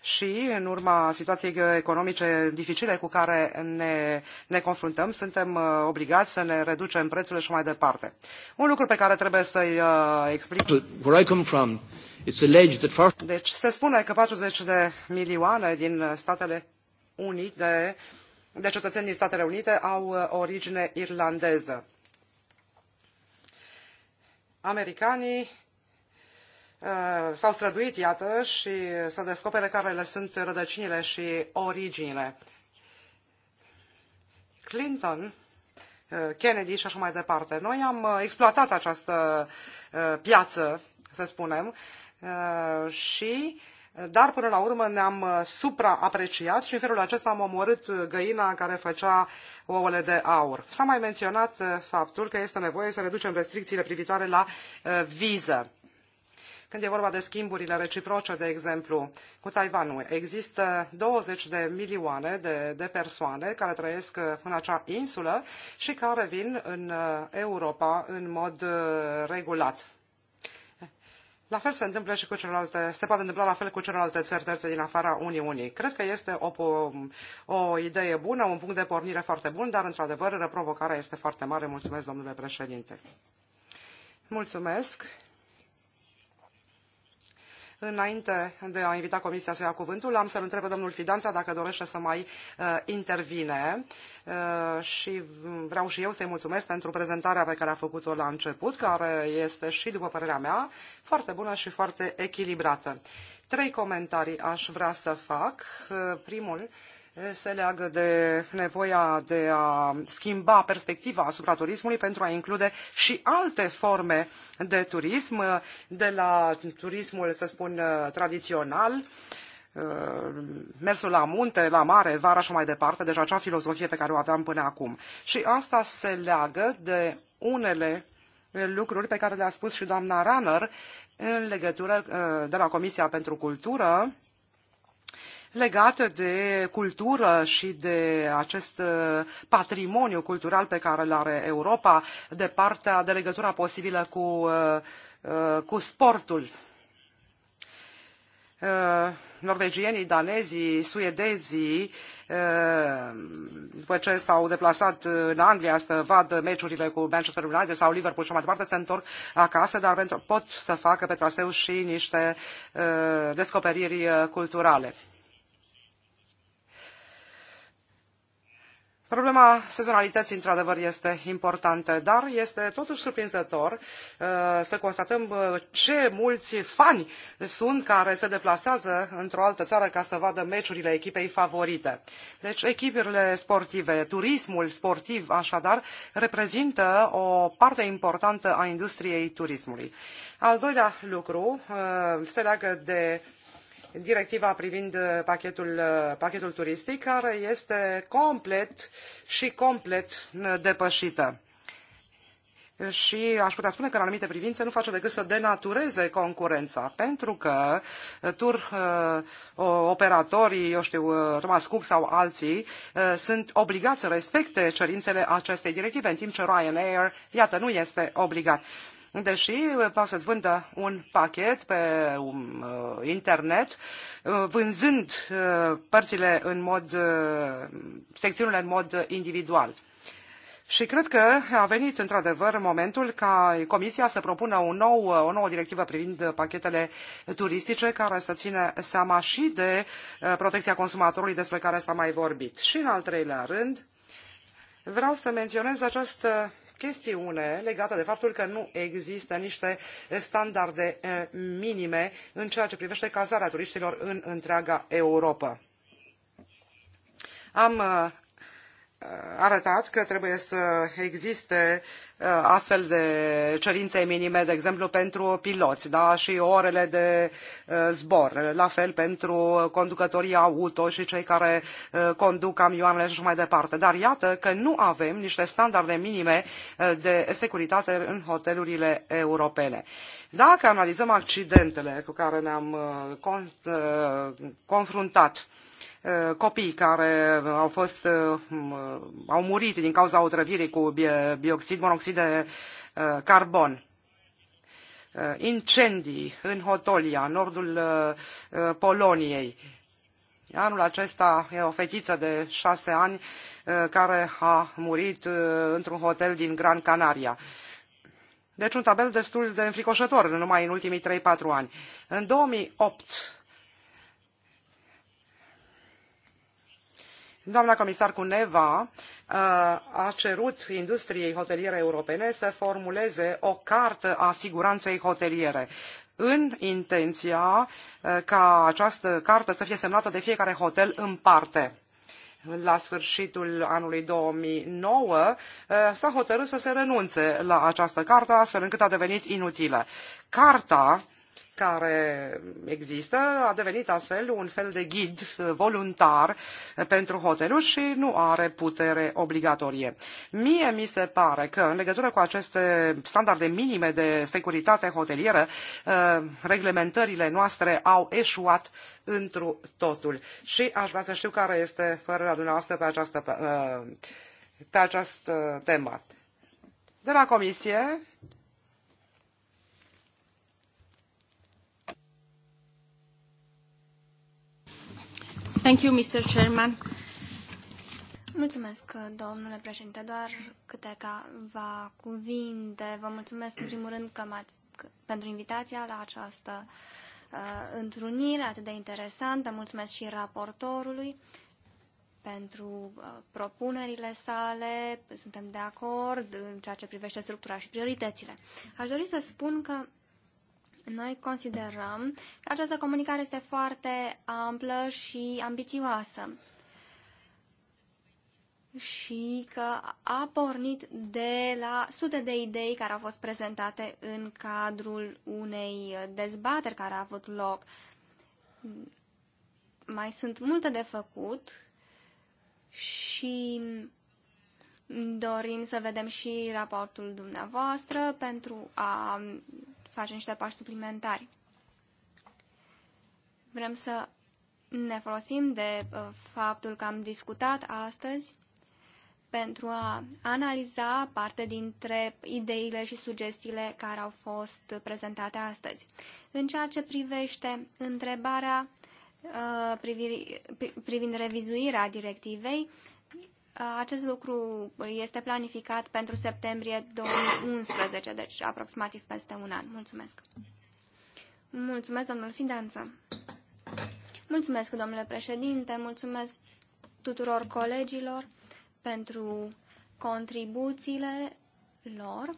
și în urma situației economice dificile cu care ne, ne confruntăm, suntem uh, obligați să ne reducem prețurile și mai departe. Un lucru pe care trebuie să-i uh, explic. Where I come from, it's alleged that far... Deci se spune că 40 de milioane din Statele Unite, de cetățeni din Statele Unite, au uh, origine irlandeză. Americanii Uh, s-au străduit, iată, și să descopere care le sunt rădăcinile și originile. Clinton, uh, Kennedy și așa mai departe. Noi am uh, exploatat această piață, să spunem, și dar până la urmă ne-am supraapreciat și în felul acesta am omorât găina care făcea ouăle de aur. S-a mai menționat faptul că este nevoie să reducem restricțiile privitoare la viză. Când e vorba de schimburile reciproce, de exemplu, cu Taiwanul, există 20 de milioane de, de persoane care trăiesc în acea insulă și care vin în Europa în mod uh, regulat. La fel se întâmplă și cu celelalte, se poate întâmpla la fel cu celelalte țări terțe din afara Uniunii. Cred că este o, o idee bună, un punct de pornire foarte bun, dar într-adevăr provocarea este foarte mare. Mulțumesc, domnule președinte. Mulțumesc. Înainte de a invita Comisia să ia cuvântul, am să-l întreb pe domnul Fidanța dacă dorește să mai uh, intervine uh, și vreau și eu să-i mulțumesc pentru prezentarea pe care a făcut-o la început, care este și, după părerea mea, foarte bună și foarte echilibrată. Trei comentarii aș vrea să fac. Uh, primul se leagă de nevoia de a schimba perspectiva asupra turismului pentru a include și alte forme de turism, de la turismul, să spun, tradițional, uh, mersul la munte, la mare, vara și mai departe, deja acea filozofie pe care o aveam până acum. Și asta se leagă de unele lucruri pe care le-a spus și doamna Runner în legătură uh, de la Comisia pentru Cultură, legate de cultură și de acest uh, patrimoniu cultural pe care îl are Europa, de partea de legătura posibilă cu, uh, uh, cu sportul. Norvegienii, danezii, suedezii, după ce s-au deplasat în Anglia să vadă meciurile cu Manchester United sau Liverpool și mai departe, se întorc acasă, dar pot să facă pe traseu și niște descoperiri culturale. Problema sezonalității, într-adevăr, este importantă, dar este totuși surprinzător uh, să constatăm uh, ce mulți fani sunt care se deplasează într-o altă țară ca să vadă meciurile echipei favorite. Deci echipele sportive, turismul sportiv, așadar, reprezintă o parte importantă a industriei turismului. Al doilea lucru uh, se leagă de directiva privind uh, pachetul, uh, pachetul turistic, care este complet și complet uh, depășită. Și aș putea spune că în anumite privințe nu face decât să denatureze concurența, pentru că tur operatorii, eu știu, Thomas Cook sau alții, sunt obligați să respecte cerințele acestei directive, în timp ce Ryanair, iată, nu este obligat deși poate să-ți vândă un pachet pe um, uh, internet, uh, vânzând uh, părțile în mod, secțiunile în mod individual. Și cred că a venit într-adevăr momentul ca Comisia să propună un nou, o nouă directivă privind pachetele turistice care să ține seama și de protecția consumatorului despre care s-a mai vorbit. Și în al treilea rând, vreau să menționez această chestiune legată de faptul că nu există niște standarde eh, minime în ceea ce privește cazarea turiștilor în întreaga Europa. Am eh, arătat că trebuie să existe uh, astfel de cerințe minime, de exemplu, pentru piloți da? și orele de uh, zbor, la fel pentru conducătorii auto și cei care uh, conduc camioanele și așa mai departe. Dar iată că nu avem niște standarde minime de securitate în hotelurile europene. Dacă analizăm accidentele cu care ne-am confruntat, Eh, copii care eh, au fost eh, au murit din cauza otrăvirii cu bioxid, monoxid de carbon. Incendii în Hotolia, nordul Poloniei. Anul acesta e o fetiță de șase ani care a murit într-un hotel din Gran Canaria. Deci un tabel destul de înfricoșător, numai în ultimii 3-4 ani. În 2008, Doamna comisar Cuneva uh, a cerut industriei hoteliere europene să formuleze o cartă a siguranței hoteliere în intenția uh, ca această carte să fie semnată de fiecare hotel în parte. La sfârșitul anului 2009 uh, s-a hotărât să se renunțe la această carte, astfel încât a devenit inutilă. Carta care există a devenit astfel un fel de ghid voluntar pentru hoteluri și nu are putere obligatorie. Mie mi se pare că în legătură cu aceste standarde minime de securitate hotelieră, uh, reglementările noastre au eșuat întru totul. Și aș vrea să știu care este părerea dumneavoastră pe această, uh, pe această temă. De la Comisie, Mulțumesc, domnule președinte, doar câteva cuvinte. Vă mulțumesc, în primul rând, că m-ați, pentru invitația la această uh, întrunire atât de interesantă. Mulțumesc și raportorului pentru uh, propunerile sale. Suntem de acord în ceea ce privește structura și prioritățile. Aș dori să spun că noi considerăm că această comunicare este foarte amplă și ambițioasă și că a pornit de la sute de idei care au fost prezentate în cadrul unei dezbateri care a avut loc. Mai sunt multe de făcut și dorim să vedem și raportul dumneavoastră pentru a face niște pași suplimentari. Vrem să ne folosim de uh, faptul că am discutat astăzi pentru a analiza parte dintre ideile și sugestiile care au fost prezentate astăzi. În ceea ce privește întrebarea uh, privind revizuirea directivei, acest lucru este planificat pentru septembrie 2011, deci aproximativ peste un an. Mulțumesc. Mulțumesc, domnul Fidanță. Mulțumesc, domnule președinte, mulțumesc tuturor colegilor pentru contribuțiile lor.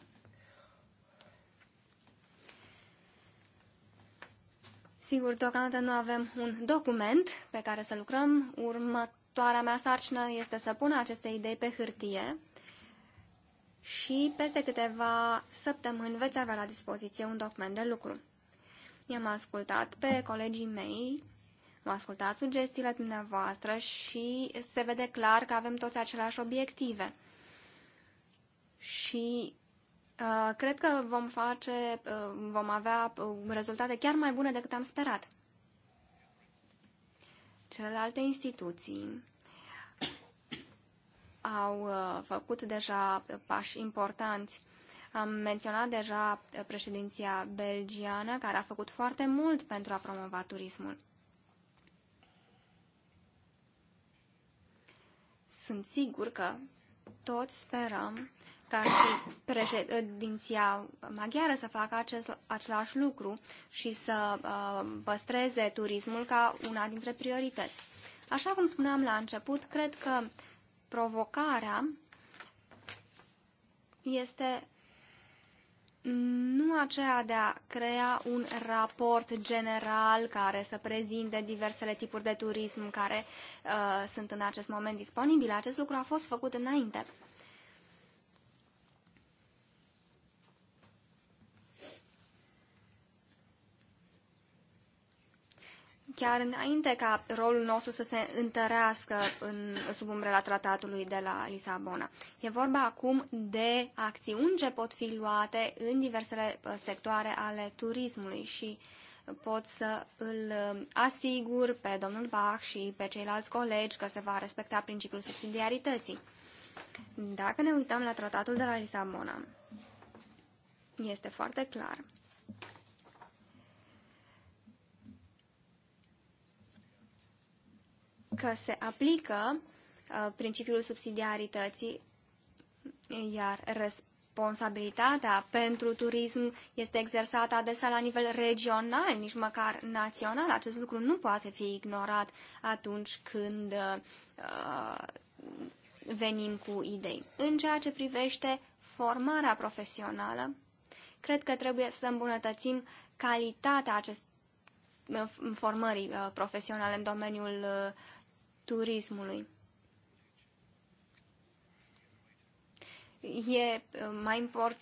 Sigur, deocamdată nu avem un document pe care să lucrăm. Urmă, Următoarea mea sarcină este să pun aceste idei pe hârtie și peste câteva săptămâni veți avea la dispoziție un document de lucru. I-am ascultat pe colegii mei, am ascultat sugestiile dumneavoastră și se vede clar că avem toți aceleași obiective. Și uh, cred că vom face, uh, vom avea uh, rezultate chiar mai bune decât am sperat. Celelalte instituții au uh, făcut deja pași importanți. Am menționat deja președinția belgiană, care a făcut foarte mult pentru a promova turismul. Sunt sigur că toți sperăm ca și președinția maghiară să facă acest, același lucru și să uh, turismul ca una dintre priorități. Așa cum spuneam la început, cred că provocarea este nu aceea de a crea un raport general care să prezinte diversele tipuri de turism care uh, sunt în acest moment disponibile. Acest lucru a fost făcut înainte. chiar înainte ca rolul nostru să se întărească în, sub umbrela tratatului de la Lisabona. E vorba acum de acțiuni ce pot fi luate în diversele uh, sectoare ale turismului și uh, pot să îl uh, asigur pe domnul Bach și pe ceilalți colegi că se va respecta principiul subsidiarității. Dacă ne uităm la tratatul de la Lisabona, este foarte clar că se aplică uh, principiul subsidiarității, iar responsabilitatea pentru turism este exersată adesea la nivel regional, nici măcar național. Acest lucru nu poate fi ignorat atunci când uh, venim cu idei. În ceea ce privește formarea profesională, cred că trebuie să îmbunătățim calitatea acest, formării uh, profesionale în domeniul uh, turismului. E uh, mai important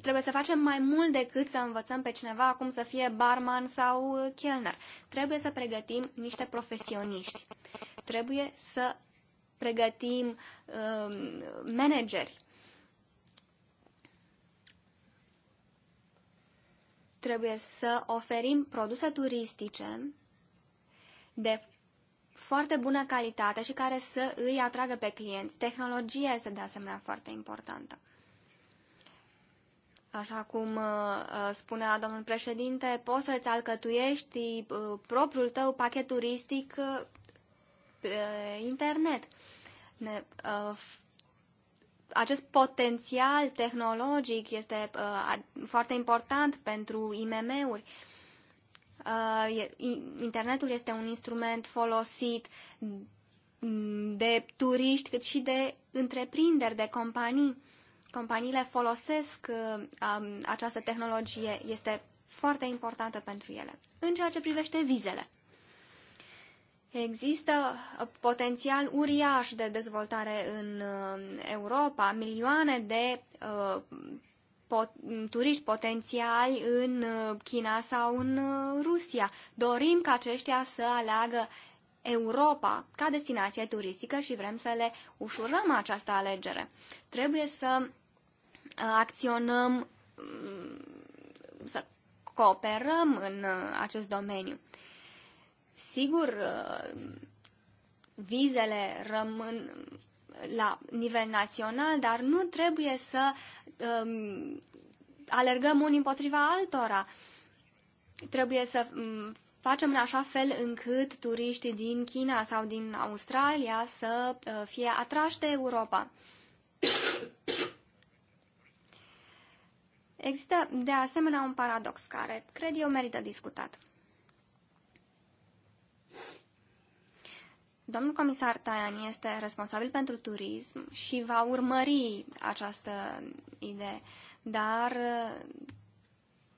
trebuie să facem mai mult decât să învățăm pe cineva cum să fie barman sau uh, chelner. Trebuie să pregătim niște profesioniști. Trebuie să pregătim um, manageri. Trebuie să oferim produse turistice de foarte bună calitate și care să îi atragă pe clienți. Tehnologia este de asemenea foarte importantă. Așa cum uh, uh, spunea domnul președinte, poți să-ți alcătuiești uh, propriul tău pachet turistic pe internet. Ne, acest potențial tehnologic este foarte important pentru IMM-uri Uh, internetul este un instrument folosit de turiști, cât și de întreprinderi, de companii. Companiile folosesc uh, um, această tehnologie, este foarte importantă pentru ele. În ceea ce privește vizele, există uh, potențial uriaș de dezvoltare în Europa, milioane de pot, mm, turiști potențiali în uh, China sau în uh, Rusia. Dorim ca aceștia să aleagă Europa ca destinație turistică și vrem să le ușurăm această alegere. Trebuie să uh, acționăm, mm, să cooperăm în acest domeniu. Sigur, vizele rămân la nivel național, dar nu trebuie să um, alergăm unii împotriva altora. Trebuie să um, facem în așa fel încât turiștii din China sau din Australia să uh, fie atrași de Europa. Există de asemenea un paradox care, cred eu, merită discutat. Domnul comisar Tajani este responsabil pentru turism și va urmări această idee, dar uh,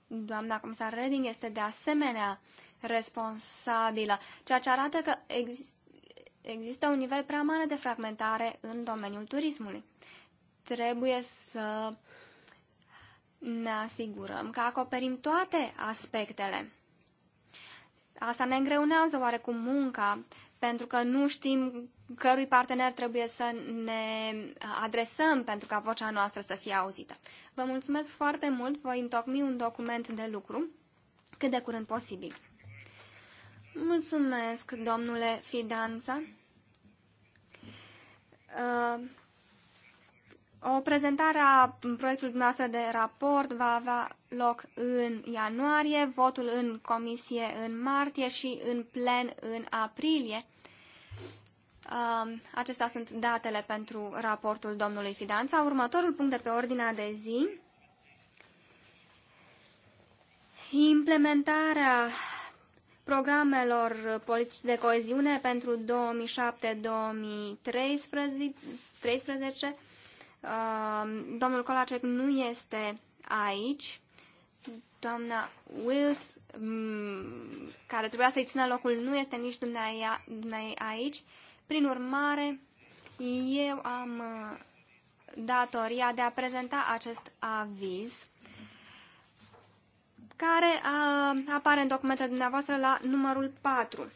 doamna comisar Reding este de asemenea responsabilă, ceea ce arată că există există un nivel prea mare de fragmentare în domeniul turismului. Trebuie să ne asigurăm că acoperim toate aspectele. Asta ne îngreunează oarecum munca pentru că nu știm cărui partener trebuie să ne adresăm pentru ca vocea noastră să fie auzită. Vă mulțumesc foarte mult, voi întocmi un document de lucru cât de curând posibil. Mulțumesc, domnule Fidanța. Uh, o prezentare a proiectului dumneavoastră de raport va avea loc în ianuarie, votul în comisie în martie și în plen în aprilie. Um, acestea sunt datele pentru raportul domnului Fidanța. Următorul punct de pe ordinea de zi. Implementarea programelor politici de coeziune pentru 2007-2013. Um, domnul Colacek nu este aici. Doamna Wills, mm, care trebuia să-i țină locul, nu este nici dumneai aici. Prin urmare, eu am uh, datoria de a prezenta acest aviz care uh, apare în documentele dumneavoastră la numărul 4.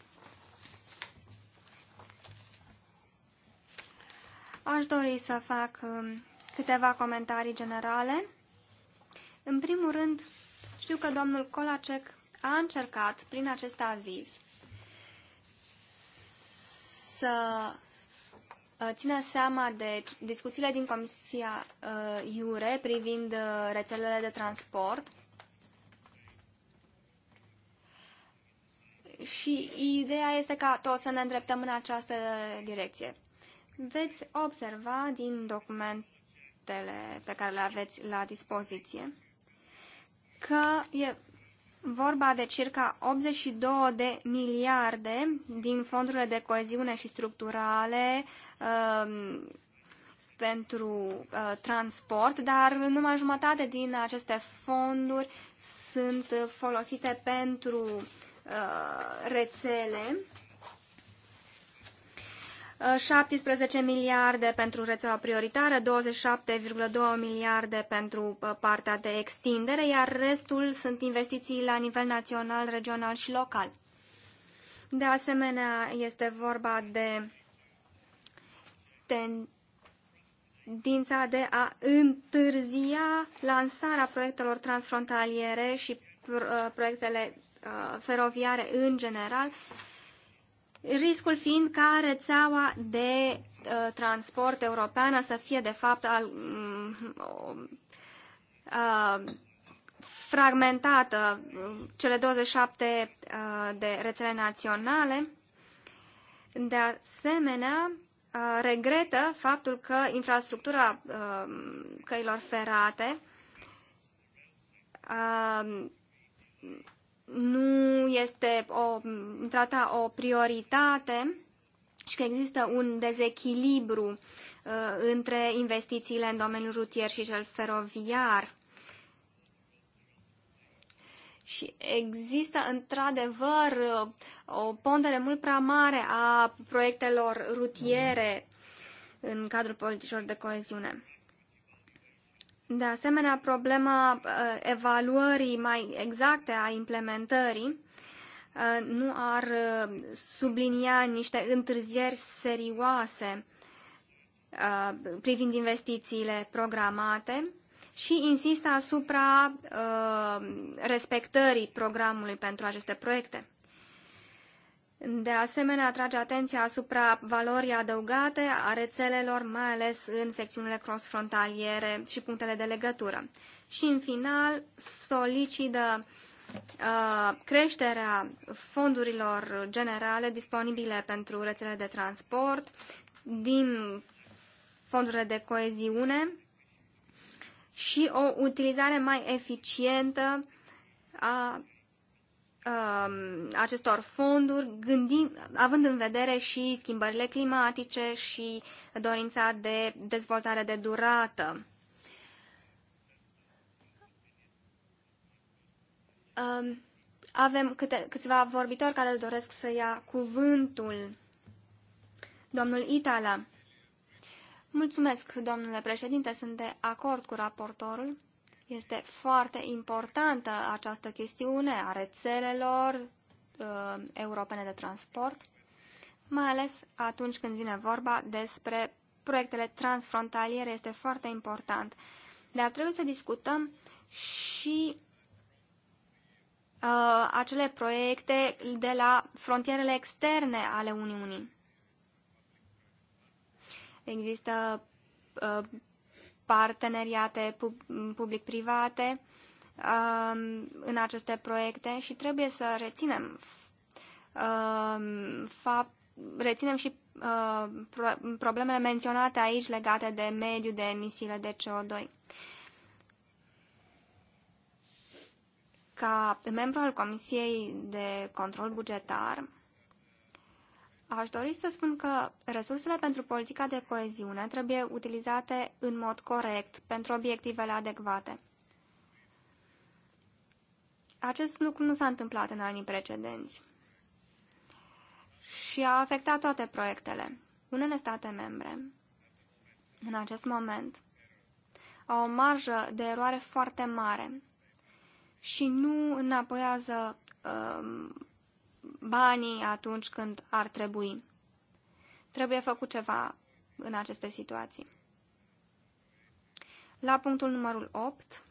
Aș dori să fac um, câteva comentarii generale. În primul rând, știu că domnul Colacek a încercat, prin acest aviz, să uh, țină seama de discuțiile din Comisia uh, Iure privind uh, rețelele de transport și ideea este ca toți să ne îndreptăm în această direcție. Veți observa din documentele pe care le aveți la dispoziție că e vorba de circa 82 de miliarde din fondurile de coeziune și structurale uh, pentru uh, transport, dar numai jumătate din aceste fonduri sunt folosite pentru uh, rețele 17 miliarde pentru rețeaua prioritară, 27,2 miliarde pentru uh, partea de extindere, iar restul sunt investiții la nivel național, regional și local. De asemenea, este vorba de tendința de a întârzia lansarea proiectelor transfrontaliere și uh, proiectele uh, feroviare în general, riscul fiind ca rețeaua de uh, transport europeană să fie de fapt al, um, uh, fragmentată, cele 27 uh, de rețele naționale. De asemenea, uh, regretă faptul că infrastructura uh, căilor ferate uh, nu este o, trata o prioritate și că există un dezechilibru uh, între investițiile în domeniul rutier și cel feroviar. Și există într-adevăr o pondere mult prea mare a proiectelor rutiere în cadrul politicilor de coeziune. De asemenea, problema uh, evaluării mai exacte a implementării uh, nu ar uh, sublinia niște întârzieri serioase privind investițiile programate și insistă asupra respectării programului pentru aceste proiecte. De asemenea, atrage atenția asupra valorii adăugate a rețelelor, mai ales în secțiunile cross-frontaliere și punctele de legătură. Și, în final, solicită uh, creșterea fondurilor generale disponibile pentru rețele de transport din fondurile de coeziune și o utilizare mai eficientă a Um, acestor fonduri, gândind, având în vedere și schimbările climatice și dorința de dezvoltare de durată. Um, avem câte, câțiva vorbitori care doresc să ia cuvântul. Domnul Itala. Mulțumesc, domnule președinte, sunt de acord cu raportorul este foarte importantă această chestiune a rețelelor uh, europene de transport, mai ales atunci când vine vorba despre proiectele transfrontaliere, este foarte important. Dar trebuie să discutăm și uh, acele proiecte de la frontierele externe ale Uniunii. Există uh, parteneriate mm, public-private um, în aceste proiecte și trebuie să reținem um, fapt, reținem și uh, problemele menționate aici legate de mediu, de emisiile de CO2. Ca membru al Comisiei de Control Bugetar, Aș dori să spun că resursele pentru politica de coeziune trebuie utilizate în mod corect pentru obiectivele adecvate. Acest lucru nu s-a întâmplat în anii precedenți și a afectat toate proiectele. Unele state membre, în acest moment, au o marjă de eroare foarte mare și nu înapoiază uh, banii atunci când ar trebui. Trebuie făcut ceva în aceste situații. La punctul numărul 8,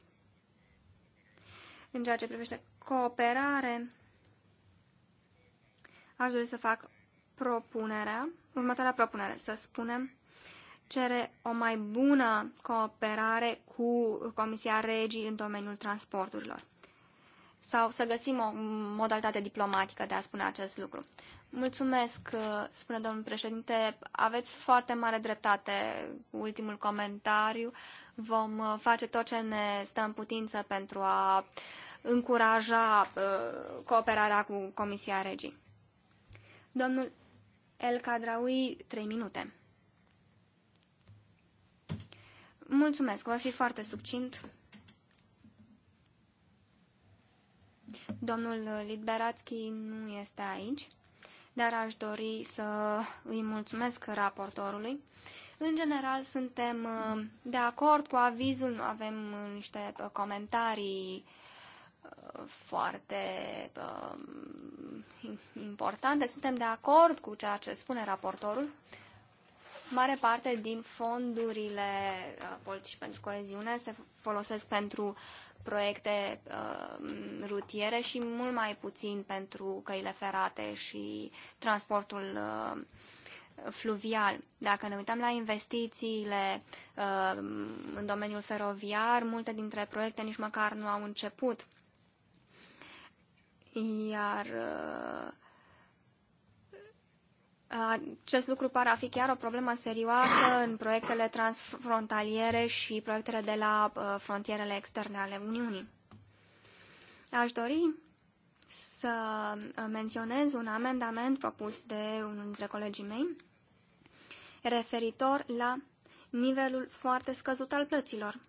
în ceea ce privește cooperare, aș dori să fac propunerea, următoarea propunere, să spunem, cere o mai bună cooperare cu Comisia Regii în domeniul transporturilor sau să găsim o modalitate diplomatică de a spune acest lucru. Mulțumesc, uh, spune domnul președinte. Aveți foarte mare dreptate ultimul comentariu. Vom uh, face tot ce ne stă în putință pentru a încuraja uh, cooperarea cu Comisia Regii. Domnul El Cadraui, trei minute. Mulțumesc, va fi foarte succint. Domnul Lidberatski nu este aici, dar aș dori să îi mulțumesc raportorului. În general, suntem uh, de acord cu avizul, nu avem niște uh, comentarii uh, foarte importante. Suntem de acord cu ceea ce spune raportorul mare parte din fondurile uh, politici pentru coeziune se folosesc pentru proiecte uh, rutiere și mult mai puțin pentru căile ferate și transportul uh, fluvial. Dacă ne uităm la investițiile în domeniul feroviar, multe dintre proiecte nici măcar nu au început. Iar uh, acest lucru pare a fi chiar o problemă serioasă în proiectele transfrontaliere și proiectele de la uh, frontierele externe ale Uniunii. Aș dori să uh, menționez un amendament propus de unul dintre colegii mei referitor la nivelul foarte scăzut al plăților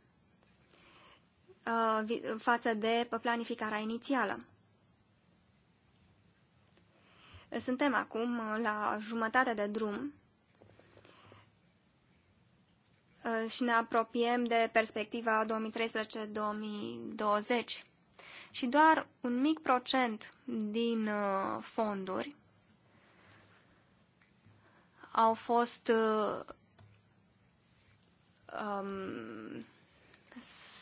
uh, față de planificarea inițială. Suntem acum uh, la jumătate de drum uh, și ne apropiem de perspectiva 2013-2020 și doar un mic procent din uh, fonduri au fost um,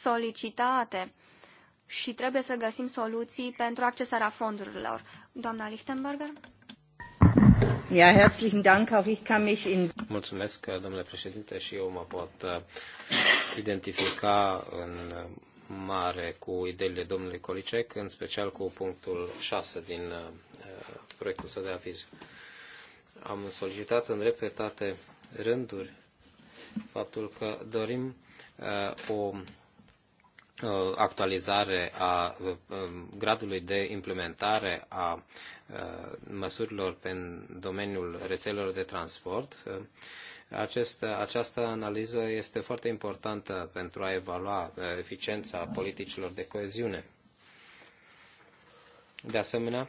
solicitate și trebuie să găsim soluții pentru accesarea fondurilor. Doamna Lichtenberger? Mulțumesc, domnule președinte, și eu mă pot uh, identifica în uh, mare cu ideile domnului Colicec, în special cu punctul 6 din uh, proiectul său de aviz. Am solicitat în repetate rânduri faptul că dorim o Uh, actualizare a uh, um, gradului de implementare a uh, măsurilor în domeniul rețelelor de transport. Acest, această analiză este foarte importantă pentru a evalua eficiența politicilor de coeziune. De asemenea,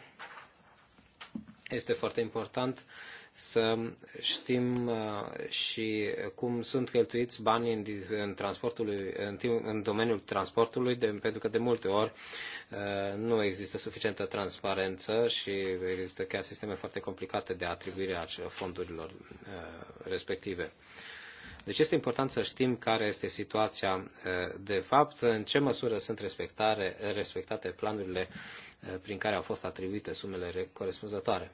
este foarte important uh, să știm uh, și cum sunt cheltuiți banii în, în, transportul, în, în domeniul transportului, de, pentru că de multe ori uh, nu există suficientă transparență și există chiar sisteme foarte complicate de atribuire a fondurilor uh, respective. Deci este important să știm care este situația de fapt, în ce măsură sunt respectate planurile prin care au fost atribuite sumele corespunzătoare.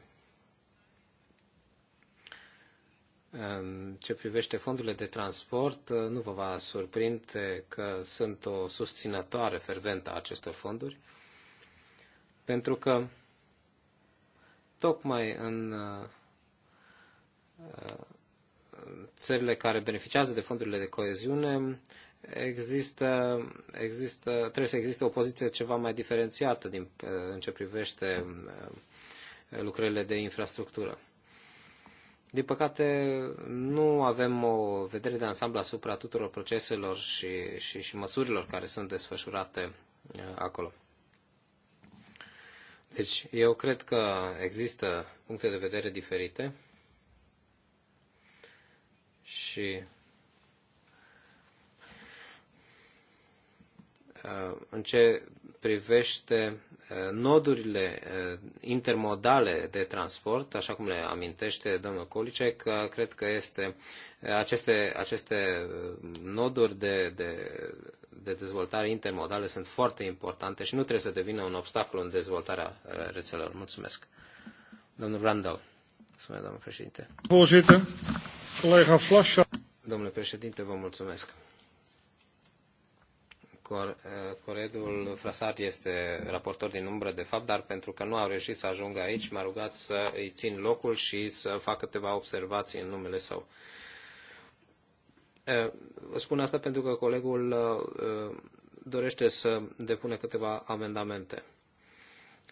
În ce privește fondurile de transport, uh, nu vă va surprinde că sunt o susținătoare ferventă a acestor fonduri, pentru că tocmai în uh, uh, țările care beneficiază de fondurile de coeziune, există, există, trebuie să existe o poziție ceva mai diferențiată din, în ce privește lucrările de infrastructură. Din păcate, nu avem o vedere de ansamblu asupra tuturor proceselor și, și, și măsurilor care sunt desfășurate uh, acolo. Deci, eu cred că există puncte de vedere diferite și uh, în ce privește Eh, nodurile eh, intermodale de transport, așa cum le amintește domnul Colicec, eh, cred că este aceste, aceste noduri de, de, de dezvoltare intermodale sunt foarte importante și nu trebuie să devină un obstacol în dezvoltarea rețelelor. Mulțumesc. Domnul Brandal. Mulțumesc, domnul președinte. Domnule președinte, vă mulțumesc. Cor eh, Coredul Frasat este raportor din umbră, de fapt, dar pentru că nu au reușit să ajungă aici, m-a rugat să îi țin locul și să fac câteva observații în numele său. Eh, spun asta pentru că colegul eh, dorește să depună câteva amendamente.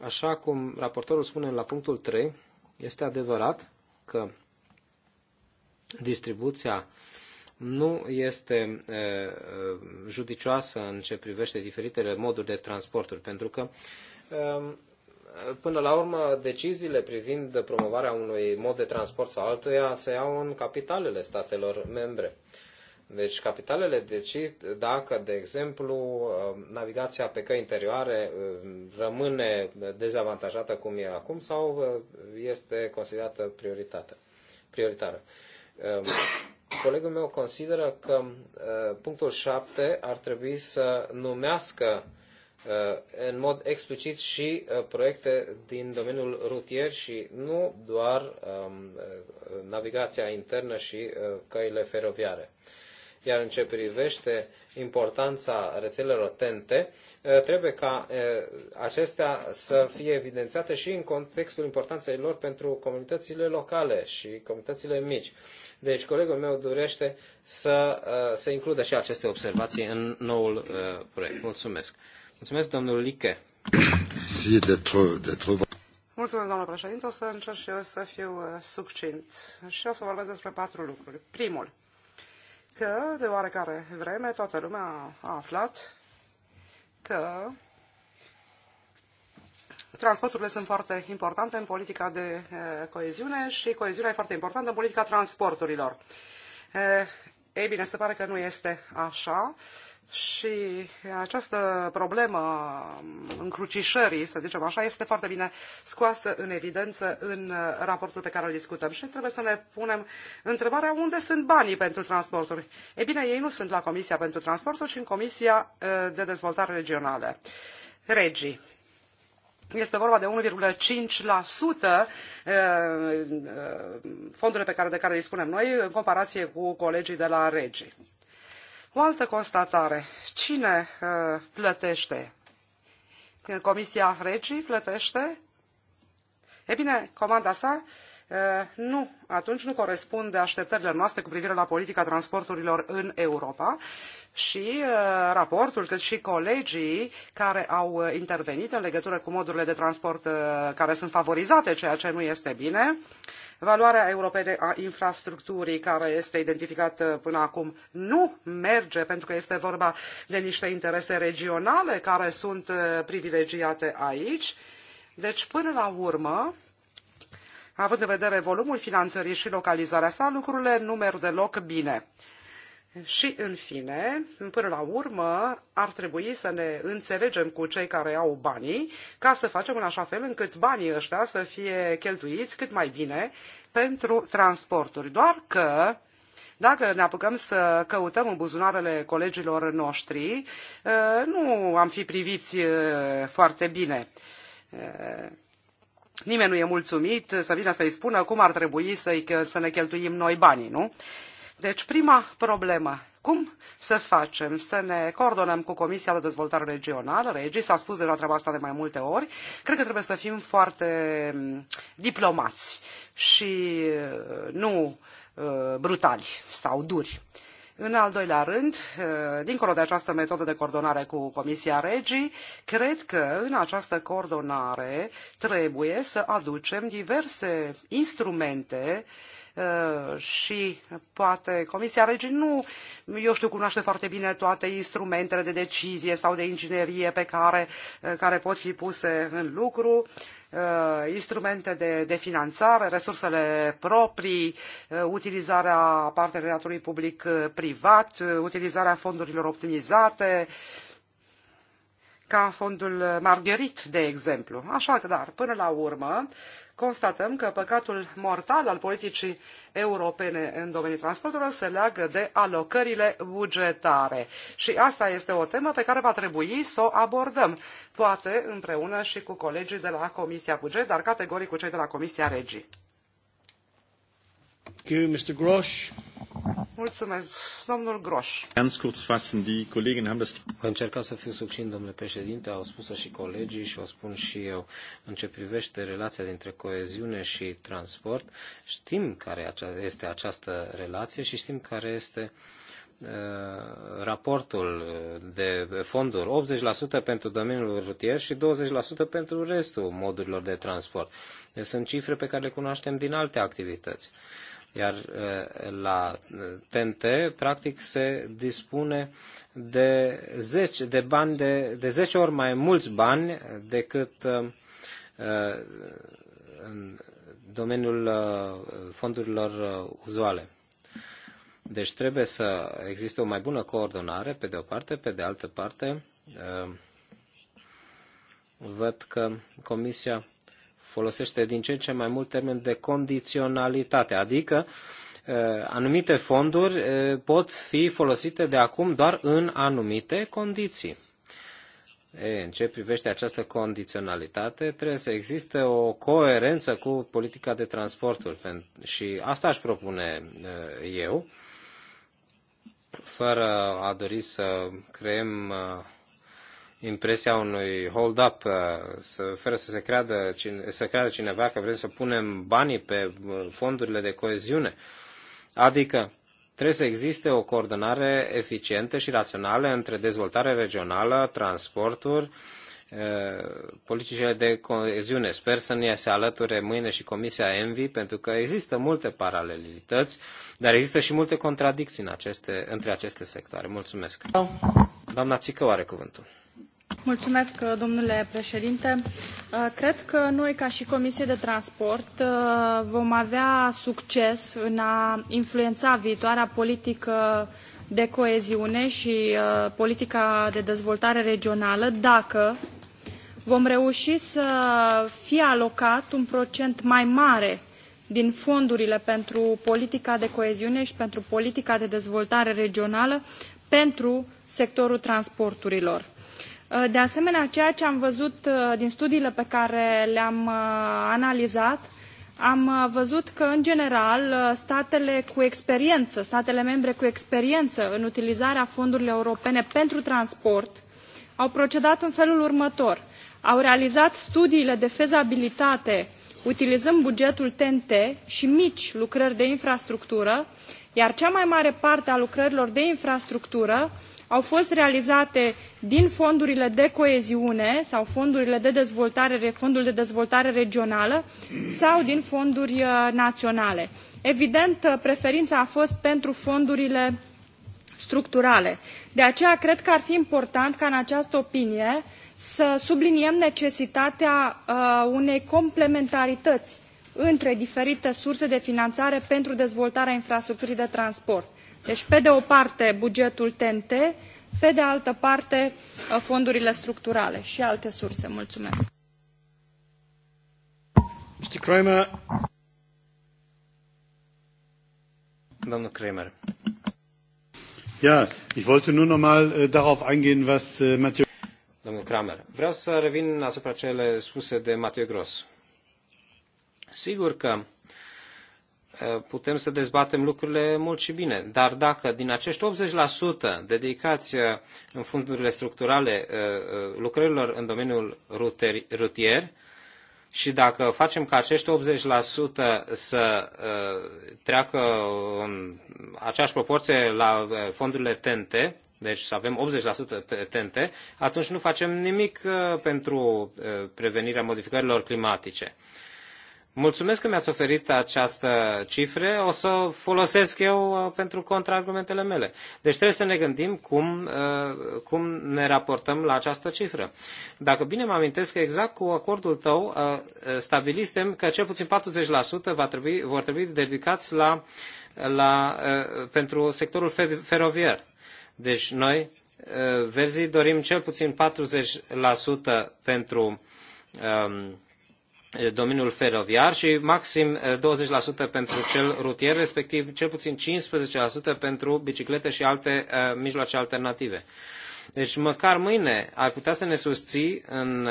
Așa cum raportorul spune la punctul 3, este adevărat că distribuția uh, nu este judicioasă în ce privește diferitele moduri de transporturi, pentru că până la urmă deciziile privind promovarea unui mod de transport sau altuia se iau în capitalele statelor membre. Deci capitalele decid dacă, de exemplu, navigația pe căi interioare rămâne dezavantajată cum e acum sau este considerată prioritară. Colegul meu consideră că uh, punctul 7 ar trebui să numească uh, în mod explicit și uh, proiecte din domeniul rutier și nu doar um, navigația internă și căile feroviare. Iar în ce privește importanța rețelelor TENTE, eh, trebuie ca eh, acestea să fie evidențiate și în contextul importanței lor pentru comunitățile locale și comunitățile mici. Deci colegul meu dorește să eh, se includă și aceste observații în noul proiect. Mulțumesc. Mulțumesc, domnul Liche. Mulțumesc, doamnă președinte. O să încerc și eu să fiu succint și o să vorbesc despre patru lucruri. Primul, că de oarecare vreme toată lumea a aflat că transporturile sunt foarte importante în politica de coeziune și coeziunea e foarte importantă în politica transporturilor. Ei bine, se pare că nu este așa și această problemă încrucișării, să zicem așa, este foarte bine scoasă în evidență în uh, raportul pe care îl discutăm. Și trebuie să ne punem întrebarea unde sunt banii pentru transporturi. Ei bine, ei nu sunt la Comisia pentru Transporturi, ci în Comisia uh, de Dezvoltare Regională. Regii. Este vorba de 1,5% uh, fondurile pe care, de care dispunem noi în comparație cu colegii de la Regi. O altă constatare. Cine uh, plătește? Comisia Regii plătește? E bine, comanda sa Uh, nu, atunci nu corespunde așteptărilor noastre cu privire la politica transporturilor în Europa și uh, raportul, cât și colegii care au uh, intervenit în legătură cu modurile de transport care sunt favorizate, ceea ce nu este bine, valoarea europene a infrastructurii care este identificată până acum nu merge pentru că este vorba de niște interese regionale care sunt privilegiate aici. Deci, până la urmă, Având în vedere volumul finanțării și localizarea sa, lucrurile nu merg deloc bine. Și, în fine, până la urmă, ar trebui să ne înțelegem cu cei care au banii ca să facem în așa fel încât banii ăștia să fie cheltuiți cât mai bine pentru transporturi. Doar că, dacă ne apucăm să căutăm în buzunarele colegilor noștri, eh, nu am fi priviți eh, foarte bine. Eh, Nimeni nu e mulțumit să vină să-i spună cum ar trebui să, să ne cheltuim noi banii, nu? Deci, prima problemă, cum să facem să ne coordonăm cu Comisia de Dezvoltare Regională, Regii, s-a spus deja treaba asta de mai multe ori, cred că trebuie să fim foarte mm, diplomați și mm, nu uh, brutali sau duri. Uh, în al doilea rând, eh, dincolo de această metodă de coordonare cu Comisia Regii, cred că în această coordonare trebuie să aducem diverse instrumente eh, și poate Comisia Regii nu, eu știu, cunoaște foarte bine toate instrumentele de decizie sau de inginerie pe care, eh, care pot fi puse în lucru Uh, instrumente de, de finanțare, resursele proprii, uh, utilizarea parteneriatului public-privat, uh, utilizarea fondurilor optimizate, uh, ca fondul Margherit, de exemplu. Așa că, dar, până la urmă, constatăm că păcatul mortal al politicii europene în domeniul transporturilor se leagă de alocările bugetare. Și asta este o temă pe care va trebui să o abordăm, poate împreună și cu colegii de la Comisia Buget, dar categoric cu cei de la Comisia Regii. Thank you, Mr. Grosch. Mulțumesc. Domnul Încercat să fiu succint, domnule președinte, au spus-o și colegii și o spun și eu. În ce privește relația dintre coeziune și transport, știm care este această relație și știm care este uh, raportul uh, de fonduri, 80% pentru domeniul rutier și 20% pentru restul modurilor de transport. Deci sunt cifre pe care le cunoaștem din alte activități. Iar la TNT, practic, se dispune de 10, de, bani de, de 10 ori mai mulți bani decât în domeniul fondurilor uzuale. Deci trebuie să existe o mai bună coordonare, pe de o parte, pe de altă parte, văd că Comisia folosește din ce în ce mai mult termen de condiționalitate, adică eh, anumite fonduri eh, pot fi folosite de acum doar în anumite condiții. În ce privește această condiționalitate, trebuie să existe o coerență cu politica de transporturi și asta aș propune eh, eu, fără a dori să creăm impresia unui hold-up, uh, să, fără să se creadă, să creadă cineva că vrem să punem banii pe uh, fondurile de coeziune. Adică trebuie să existe o coordonare eficientă și rațională între dezvoltare regională, transporturi, uh, politicile de coeziune. Sper să ne se alăture mâine și Comisia ENVI, pentru că există multe paralelități, dar există și multe contradicții în aceste, între aceste sectoare. Mulțumesc. Doamna Țică are cuvântul. Mulțumesc, uh, domnule președinte. Uh, cred că noi, ca și Comisie de Transport, uh, vom avea succes în a influența viitoarea politică de coeziune și politica de dezvoltare regională dacă vom reuși să fie alocat un procent mai mare din fondurile pentru politica de coeziune și pentru politica de dezvoltare regională pentru sectorul transporturilor Uh, de asemenea, ceea ce am văzut uh, din studiile pe care le-am uh, analizat, am văzut că, în general, statele cu experiență, statele membre cu experiență în utilizarea fondurilor europene pentru transport, au procedat în felul următor. Au realizat studiile de fezabilitate utilizând bugetul TNT și mici lucrări de infrastructură, iar cea mai mare parte a lucrărilor de infrastructură au fost realizate din fondurile de coeziune sau fondurile de dezvoltare, fondul de dezvoltare regională sau din fonduri uh, naționale. Evident, uh, preferința a fost pentru fondurile structurale. De aceea, cred că ar fi important ca în această opinie să subliniem necesitatea uh, unei complementarități între diferite surse de finanțare pentru dezvoltarea infrastructurii de transport deci, pe de o parte, bugetul TNT, pe de altă parte, uh, fondurile structurale și alte surse. Mulțumesc. Mr. Kramer. Domnul Kramer. Ja, ich wollte nur noch mal äh, darauf eingehen, was äh, Mathieu domnul Kramer. Vreau să revin asupra cele spuse de Matiu Gros. Sigur că putem să dezbatem lucrurile mult și bine, dar dacă din acești 80% dedicați uh, în fondurile structurale uh, uh, lucrărilor în domeniul rutier, și dacă facem ca acești 80% să treacă în aceeași proporție la fondurile TNT, deci să avem 80% pe TNT, atunci nu facem nimic pentru prevenirea modificărilor climatice. Mulțumesc că mi-ați oferit această cifre, o să folosesc eu uh, pentru contraargumentele mele. Deci trebuie să ne gândim cum, uh, cum ne raportăm la această cifră. Dacă bine mă amintesc, exact cu acordul tău uh, stabilisem că cel puțin 40% va trebui, vor trebui dedicați la, la, pentru sectorul feroviar. Deci noi, verzii, dorim cel puțin 40% pentru um, domeniul feroviar și maxim 20% pentru cel rutier, respectiv cel puțin 15% pentru biciclete și alte mijloace alternative. Deci măcar mâine ai putea să ne susții în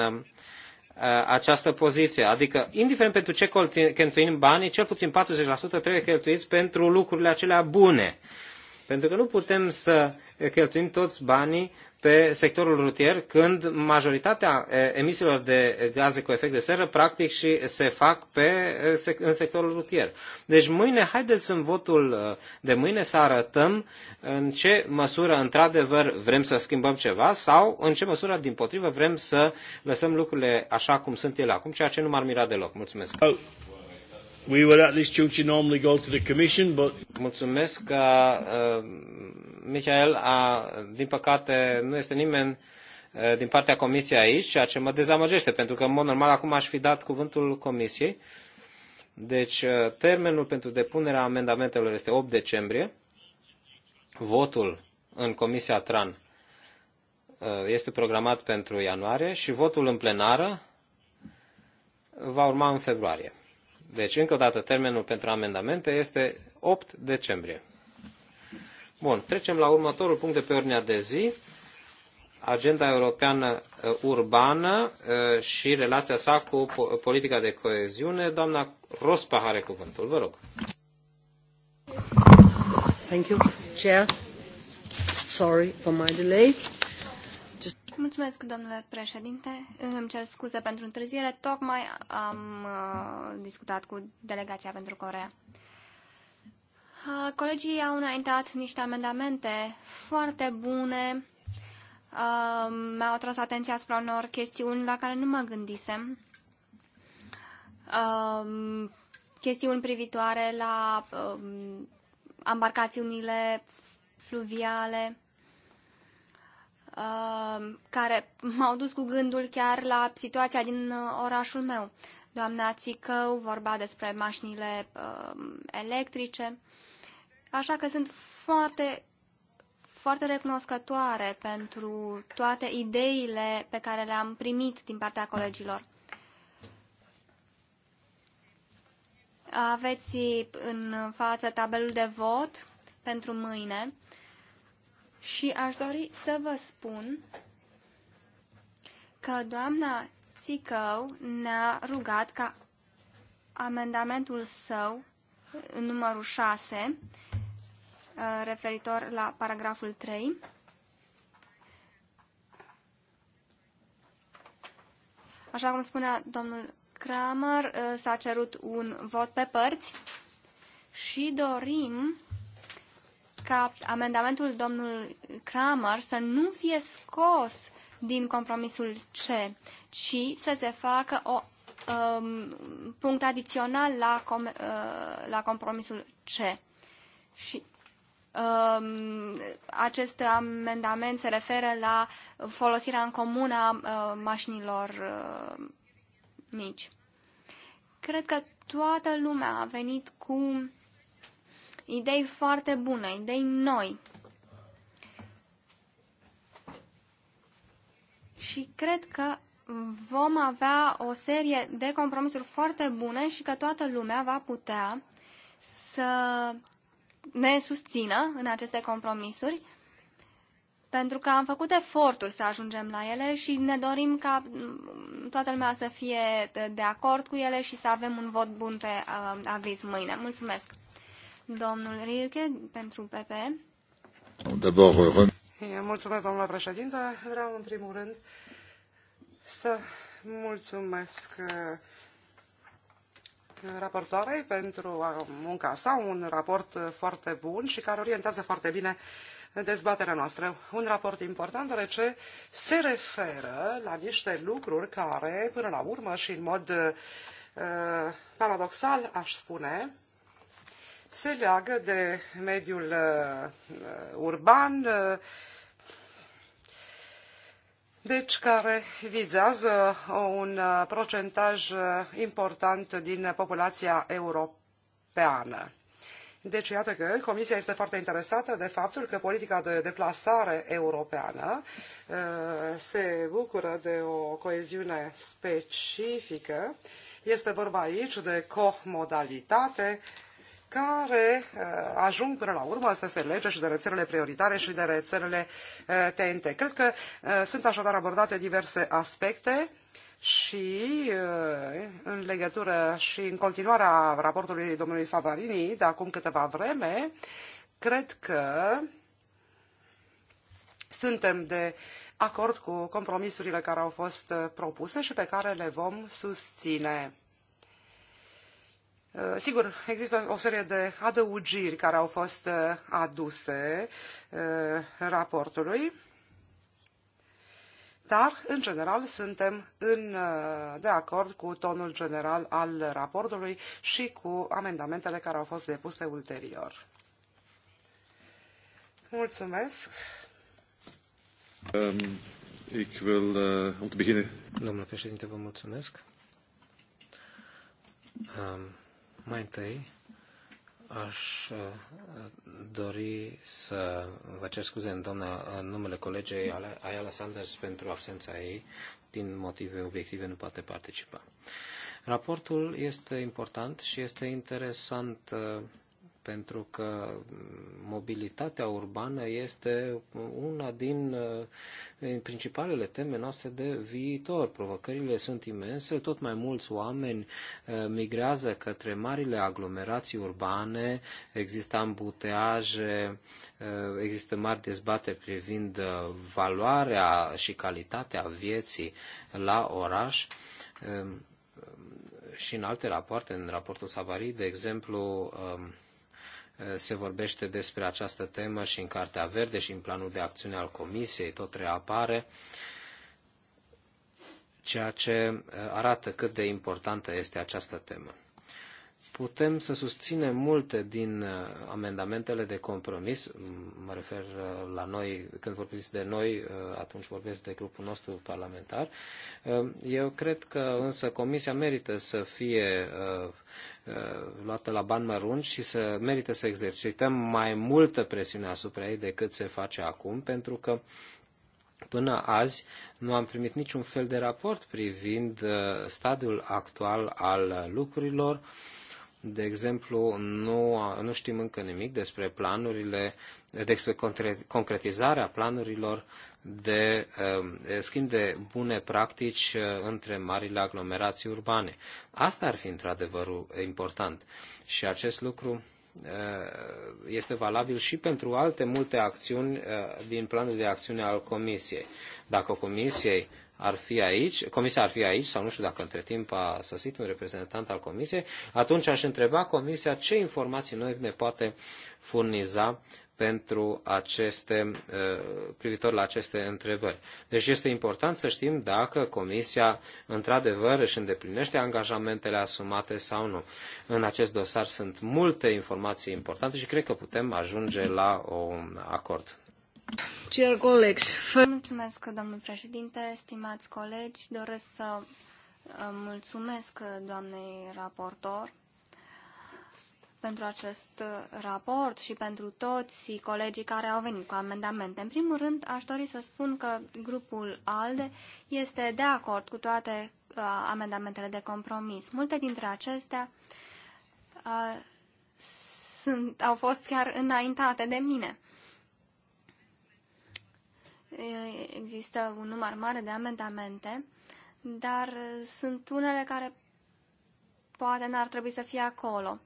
această poziție. Adică, indiferent pentru ce cheltuim banii, cel puțin 40% trebuie cheltuiți pentru lucrurile acelea bune. Pentru că nu putem să cheltuim toți banii pe sectorul rutier, când majoritatea emisiilor de gaze cu efect de seră practic și se fac pe, în sectorul rutier. Deci mâine, haideți în votul de mâine să arătăm în ce măsură într-adevăr vrem să schimbăm ceva sau în ce măsură din potrivă vrem să lăsăm lucrurile așa cum sunt ele acum, ceea ce nu m-ar mira deloc. Mulțumesc! Oh. We at this juncture normally go to the commission, but... Mulțumesc că uh, Michael, a, din păcate nu este nimeni din partea comisiei aici, ceea ce mă dezamăgește, pentru că, în mod normal, acum aș fi dat cuvântul comisiei. Deci, termenul pentru depunerea amendamentelor este 8 decembrie. Votul în Comisia TRAN este programat pentru ianuarie și votul în plenară va urma în februarie. Deci, încă o dată, termenul pentru amendamente este 8 decembrie. Bun, trecem la următorul punct de pe ordinea de zi, agenda europeană uh, urbană uh, și relația sa cu uh, politica de coeziune. Doamna Rospa are cuvântul, vă rog. Thank you, Chair. Sorry for my delay. Mulțumesc, domnule președinte. Îmi cer scuze pentru întârziere. Tocmai am uh, discutat cu delegația pentru Corea. Uh, Colegii au înaintat niște amendamente foarte bune, um, mi-au atras atenția asupra unor chestiuni la care nu mă gândisem. Um, chestiuni privitoare la um, embarcațiunile fluviale, care m-au dus cu gândul chiar la situația din uh, orașul meu. Doamna Țicău vorba despre mașinile uh, electrice. Așa că sunt foarte, foarte recunoscătoare pentru toate ideile pe care le-am primit din partea colegilor. Aveți în față tabelul de vot pentru mâine și aș dori să vă spun că doamna Țicău ne-a rugat ca amendamentul său, numărul 6, uh, referitor la paragraful 3, Așa cum spunea domnul Kramer, uh, s-a cerut un vot pe părți și dorim ca amendamentul domnului Kramer să nu fie scos din compromisul C, ci să se facă o um, punct adițional la, com, uh, la compromisul C. Și um, acest amendament se referă la folosirea în comun a uh, mașinilor uh, mici. Cred că toată lumea a venit cu idei foarte bune, idei noi. și cred că vom avea o serie de compromisuri foarte bune și că toată lumea va putea să ne susțină în aceste compromisuri, pentru că am făcut eforturi să ajungem la ele și ne dorim ca mm, toată lumea să fie de acord cu ele și să avem un vot bun pe uh, aviz mâine. Mulțumesc, domnul Rilke, pentru PP. Mulțumesc, domnule președinte. Vreau, în primul rând, să mulțumesc uh, raportoarei pentru uh, munca sa, un raport uh, foarte bun și care orientează foarte bine dezbaterea noastră. Un raport important, deoarece se referă la niște lucruri care, până la urmă și în mod uh, paradoxal, aș spune, se leagă de mediul uh, uh, urban, uh, deci care vizează un procentaj important din populația europeană. Deci iată că Comisia este foarte interesată de faptul că politica de deplasare europeană se bucură de o coeziune specifică. Este vorba aici de comodalitate, modalitate care uh, ajung până la urmă să se lege și de rețelele prioritare și de rețelele TNT. Uh, cred că uh, sunt așadar abordate diverse aspecte și în legătură și în continuarea raportului domnului Savarini de acum câteva vreme, cred că suntem de acord cu compromisurile care au fost propuse și pe care le vom susține. Uh, sigur, există o serie de adăugiri care au fost uh, aduse uh, raportului, dar, în general, suntem în, de acord cu tonul general al raportului și cu amendamentele care au fost depuse ulterior. Mulțumesc! Um, ik wil, uh, om te beginnen... Domnule președinte, vă mulțumesc. Um, mai întâi, aș uh, dori să vă cer scuze în, doamna, în numele colegei Ayala Sanders pentru absența ei. Din motive obiective nu poate participa. Raportul este important și este interesant uh, pentru că mobilitatea urbană este una din uh, principalele teme noastre de viitor. Provocările sunt imense, tot mai mulți oameni uh, migrează către marile aglomerații urbane, există ambuteaje, uh, există mari dezbateri privind valoarea și calitatea vieții la oraș um, și în alte rapoarte, în raportul Savarii, de exemplu, um, se vorbește despre această temă și în Cartea Verde și în planul de acțiune al Comisiei, tot reapare, ceea ce uh, arată cât de importantă este această temă putem să susținem multe din uh, amendamentele de compromis, mă refer uh, la noi, când vorbiți de noi, uh, atunci vorbesc de grupul nostru parlamentar. Eu cred că însă Comisia merită să fie luată la bani mărunți și să merită să exercităm mai multă presiune asupra ei decât se face acum, pentru că Până azi nu am primit niciun fel de raport privind stadiul actual al lucrurilor, de exemplu, nu, nu știm încă nimic despre planurile, despre concretizarea planurilor um, de schimb de bune practici uh, între marile aglomerații urbane. Asta ar fi într-adevăr important. Și acest lucru uh, este valabil și pentru alte multe acțiuni uh, din planul de acțiune al Comisiei. Dacă Comisiei ar fi aici, comisia ar fi aici, sau nu știu dacă între timp a sosit un reprezentant al comisiei, atunci aș întreba comisia ce informații noi ne poate furniza pentru aceste, uh, privitor la aceste întrebări. Deci este important să știm dacă Comisia într-adevăr își îndeplinește angajamentele asumate sau nu. În acest dosar sunt multe informații importante și cred că putem ajunge la un acord. Dear colleagues, Mulțumesc, domnul președinte, stimați colegi. Doresc să uh, mulțumesc doamnei raportor pentru acest uh, raport și pentru toți colegii care au venit cu amendamente. În primul rând, aș dori să spun că grupul ALDE este de acord cu toate uh, amendamentele de compromis. Multe dintre acestea uh, sunt, au fost chiar înaintate de mine există un număr mare de amendamente, dar sunt unele care poate n-ar trebui să fie acolo.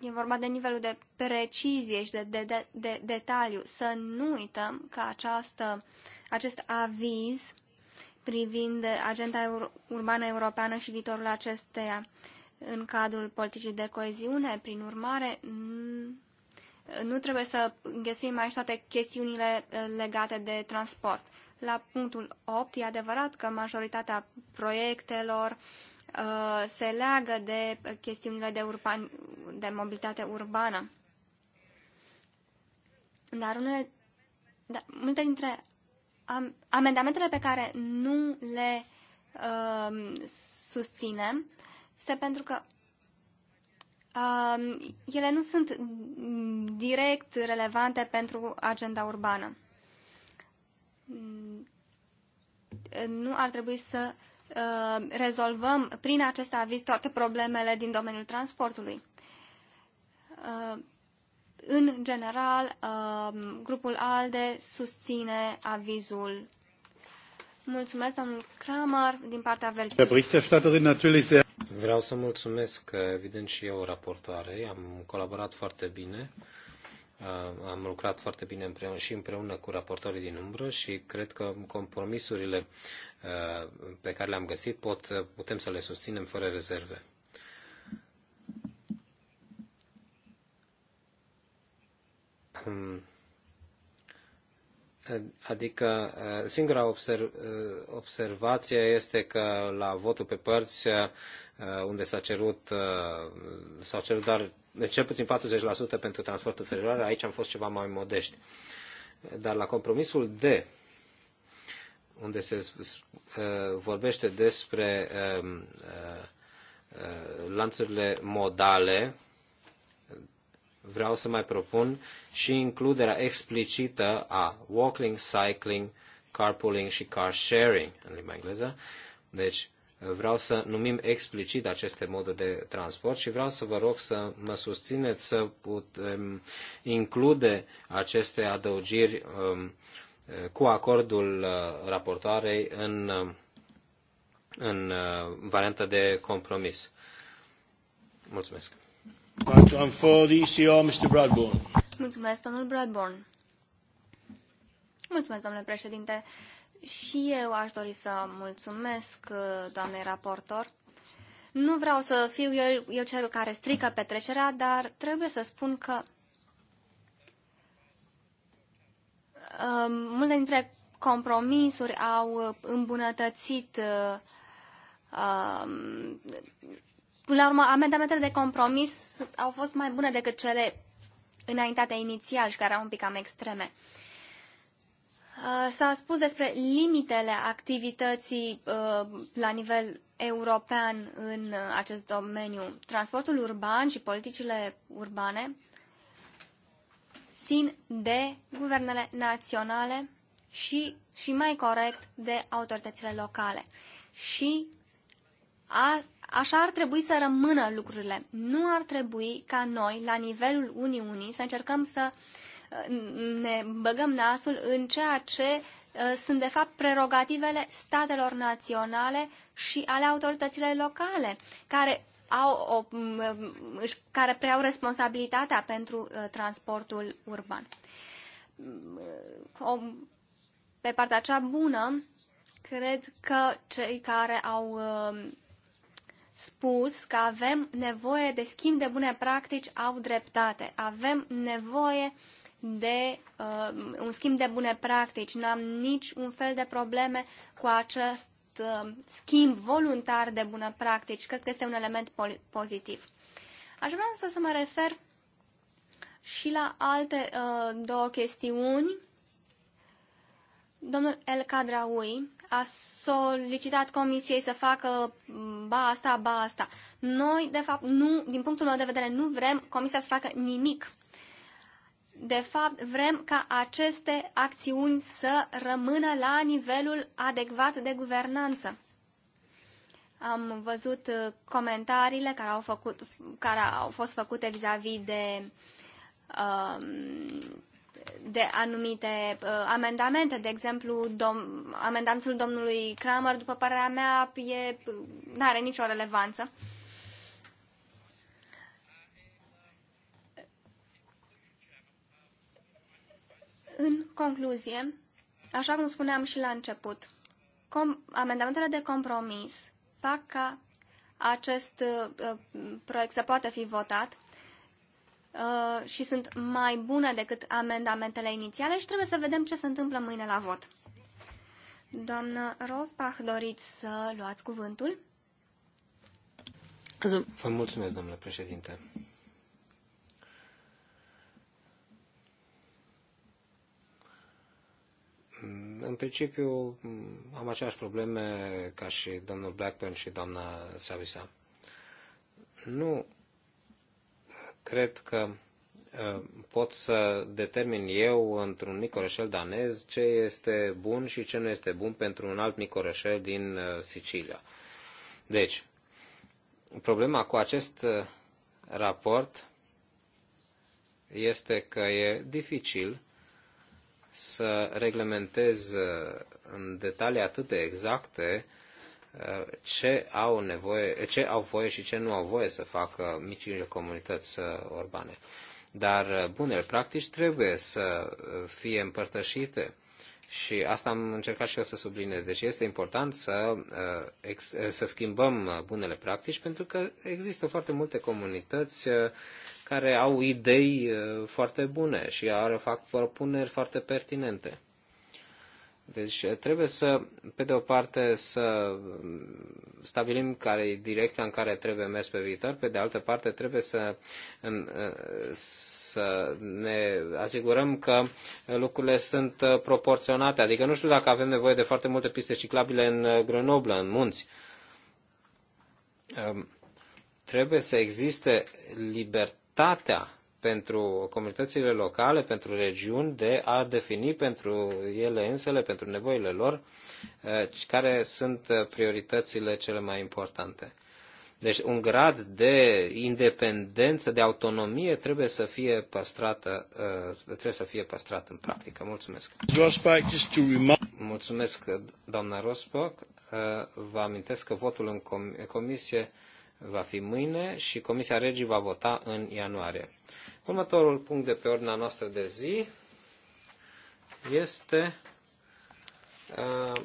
E vorba de nivelul de precizie și de, de, de, de detaliu. Să nu uităm că această, acest aviz privind agenda urbană europeană și viitorul acesteia în cadrul politicii de coeziune, prin urmare, nu trebuie să înghesuim aici toate chestiunile uh, legate de transport. La punctul 8 e adevărat că majoritatea proiectelor uh, se leagă de chestiunile de, urban, de mobilitate urbană. Dar unele, da, multe dintre am, amendamentele pe care nu le uh, susținem se pentru că Um, ele nu sunt direct relevante pentru agenda urbană. Mm, nu ar trebui să uh, rezolvăm prin acest aviz toate problemele din domeniul transportului. Uh, în general, uh, grupul ALDE susține avizul. Mulțumesc, domnul Kramer, din partea versiunii. Vreau să mulțumesc, evident, și eu raportoarei. Am colaborat foarte bine. Uh, am lucrat foarte bine împreună, și împreună cu raportorii din umbră și cred că compromisurile uh, pe care le-am găsit pot, putem să le susținem fără rezerve. Um, Adică uh, singura uh, observație este că la votul pe părți, uh, unde s-a cerut, s-au cerut doar deci cel puțin 40% pentru transportul feroviar, aici am fost ceva mai modești. Dar la compromisul D, unde se vorbește despre um, lanțurile modale, vreau să mai propun și includerea explicită a walking, cycling, carpooling și car sharing în limba engleză. Deci vreau să numim explicit aceste moduri de transport și vreau să vă rog să mă susțineți să putem include aceste adăugiri um, cu acordul uh, raportoarei în, uh, în uh, varianta de compromis. Mulțumesc. Background for the ECR, Mr. Bradburn. Mulțumesc, domnul Bradburn. Mulțumesc, domnule președinte. Și eu aș dori să mulțumesc uh, doamnei raportor. Nu vreau să fiu eu, eu cel care strică petrecerea, dar trebuie să spun că um, multe dintre compromisuri au uh, îmbunătățit Până la urmă, amendamentele de compromis au fost mai bune decât cele înaintate inițial și care au un pic cam extreme. Uh, s-a spus despre limitele activității uh, la nivel european în uh, acest domeniu. Transportul urban și politicile urbane țin de guvernele naționale și, și mai corect, de autoritățile locale. Și a, Așa ar trebui să rămână lucrurile. Nu ar trebui ca noi, la nivelul Uniunii, să încercăm să uh, ne băgăm nasul în ceea ce uh, sunt, de fapt, prerogativele statelor naționale și ale autorităților locale, care au o, uh, care preiau responsabilitatea pentru transportul urban. pe partea cea bună, cred că cei care au spus că avem nevoie de schimb de bune practici, au dreptate. Avem nevoie de uh, un schimb de bune practici. Nu am nici un fel de probleme cu acest uh, schimb voluntar de bune practici. Cred că este un element pozitiv. Aș vrea însă să mă refer și la alte uh, două chestiuni. Domnul El Cadraui a solicitat comisiei să facă mm, ba asta, ba asta. Noi, de fapt, nu, din punctul meu de vedere, nu vrem comisia să facă nimic. De fapt, vrem ca aceste acțiuni să rămână la nivelul adecvat de guvernanță. Am văzut uh, comentariile care au, făcut, care au fost făcute vis-a-vis -vis de uh, de anumite uh, amendamente, de exemplu dom- amendamentul domnului Kramer, după părerea mea, nu are nicio relevanță. În concluzie, așa cum spuneam și la început, com- amendamentele de compromis fac ca acest uh, uh proiect să poată fi votat Uh, și sunt mai bune decât amendamentele inițiale și trebuie să vedem ce se întâmplă mâine la vot. Doamnă Rosbach, doriți să luați cuvântul? Vă mulțumesc, domnule președinte. În principiu, am aceleași probleme ca și domnul Blackburn și doamna Savisa. Nu cred că uh, pot să determin eu într-un micorășel danez ce este bun și ce nu este bun pentru un alt micorășel din uh, Sicilia. Deci, problema cu acest uh, raport este că e dificil să reglementez în detalii atât de exacte ce au, nevoie, ce au voie și ce nu au voie să facă micile comunități uh, urbane. Dar uh, bunele practici trebuie să uh, fie împărtășite și asta am încercat și eu să subliniez. Deci este important să, să schimbăm bunele practici pentru că există foarte multe comunități care au idei foarte bune și fac propuneri foarte pertinente. Deci eh, trebuie să, pe de o parte, să mm, stabilim care e direcția în care trebuie mers pe viitor, pe de altă parte trebuie să, mm, eh, să ne asigurăm că lucrurile sunt eh, proporționate. Adică nu știu dacă avem nevoie de foarte multe piste ciclabile în Grenoble, în munți. Ehm, trebuie să existe libertatea pentru comunitățile locale, pentru regiuni, de a defini pentru ele însele, pentru nevoile lor, eh, care sunt eh, prioritățile cele mai importante. Deci un grad de independență, de autonomie trebuie să fie păstrată, eh, trebuie să fie păstrat în practică. Mulțumesc. Mulțumesc, doamna Rospoc. Vă amintesc că votul în comisie va fi mâine și Comisia Regii va vota în ianuarie. Următorul punct de pe ordinea noastră de zi este uh,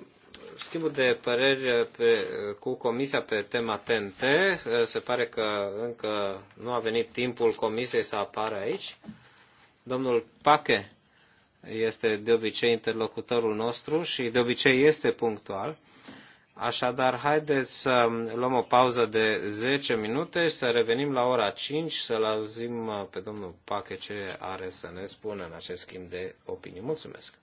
schimbul de păreri pe, cu Comisia pe tema TNT. Uh, se pare că încă nu a venit timpul Comisiei să apară aici. Domnul Pache este de obicei interlocutorul nostru și de obicei este punctual. Așadar, haideți să luăm o pauză de 10 minute și să revenim la ora 5 să-l auzim pe domnul Pache ce are să ne spună în acest schimb de opinii. Mulțumesc!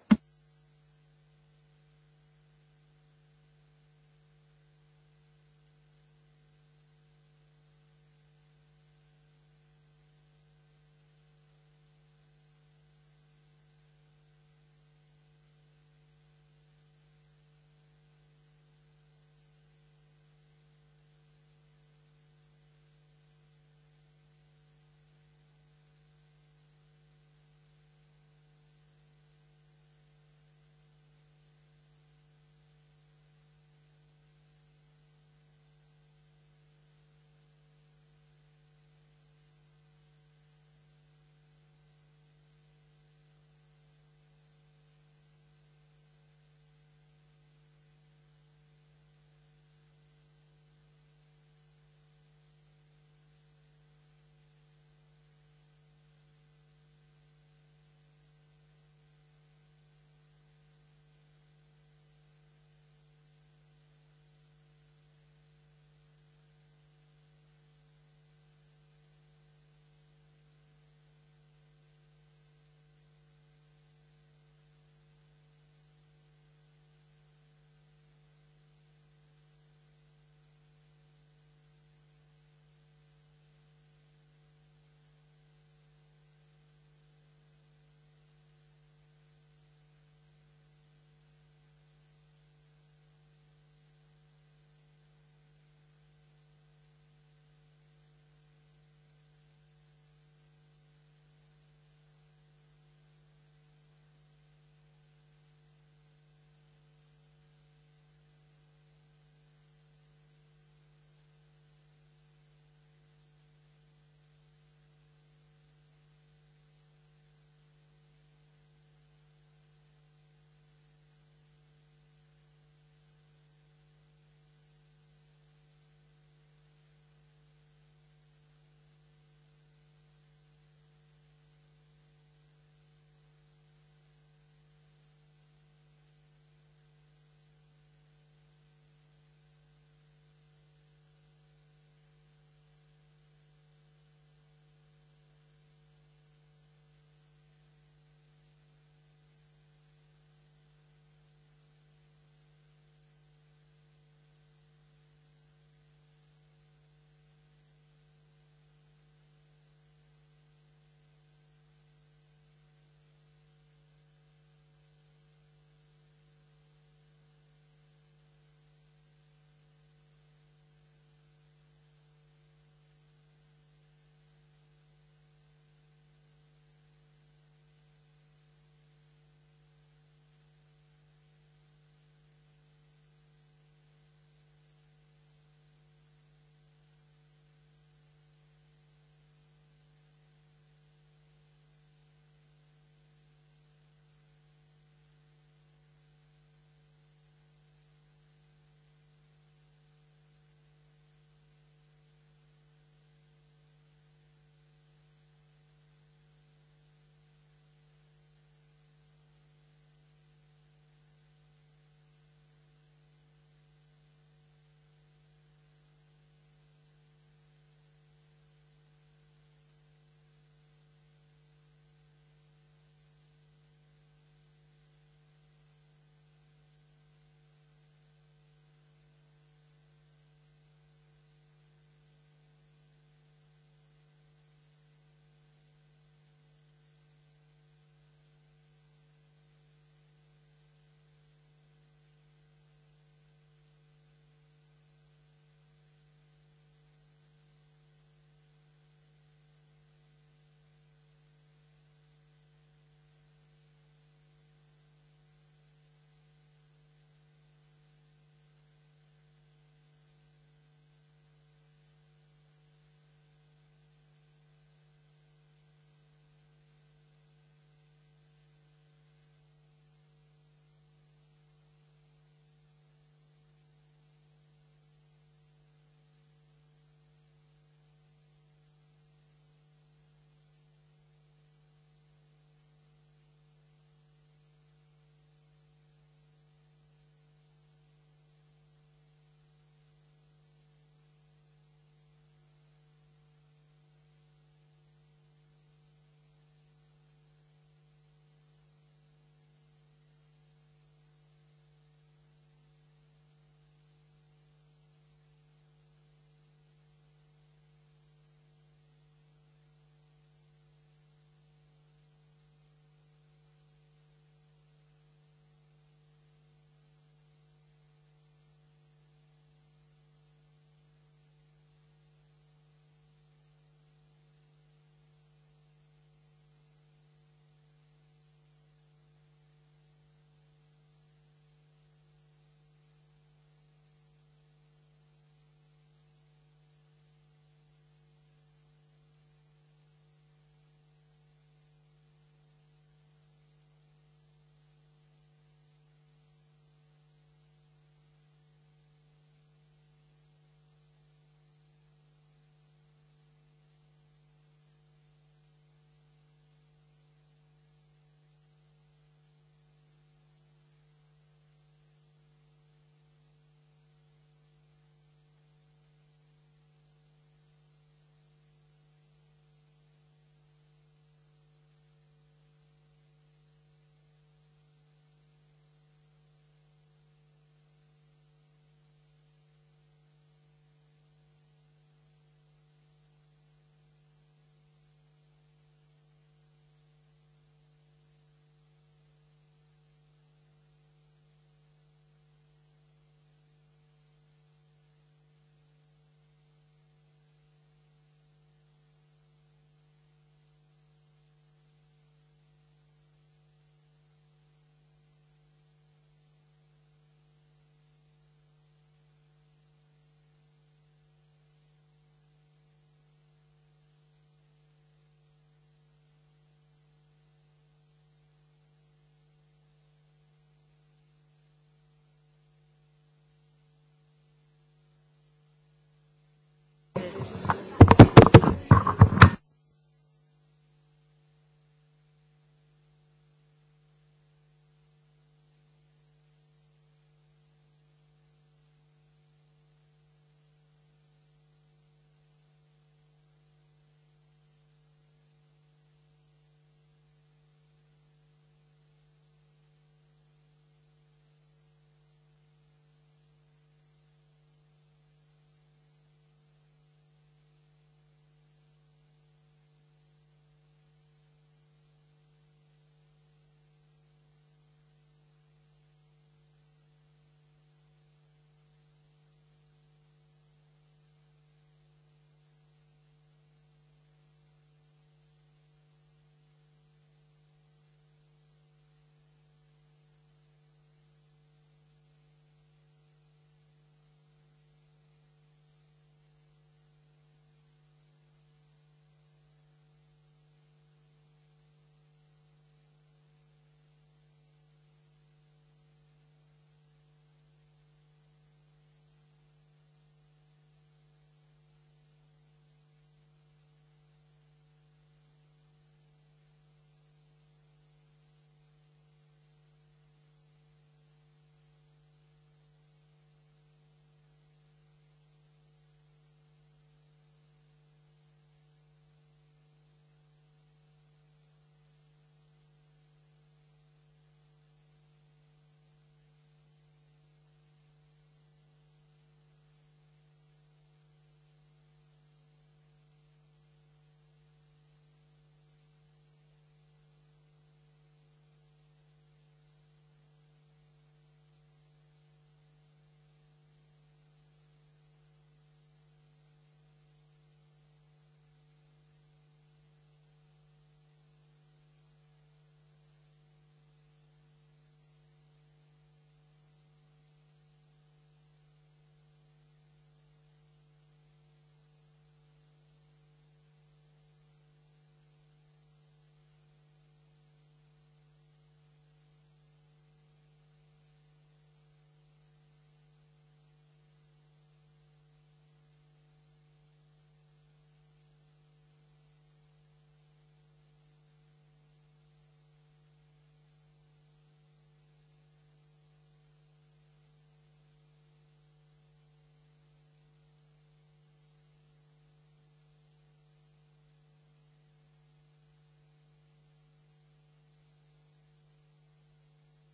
this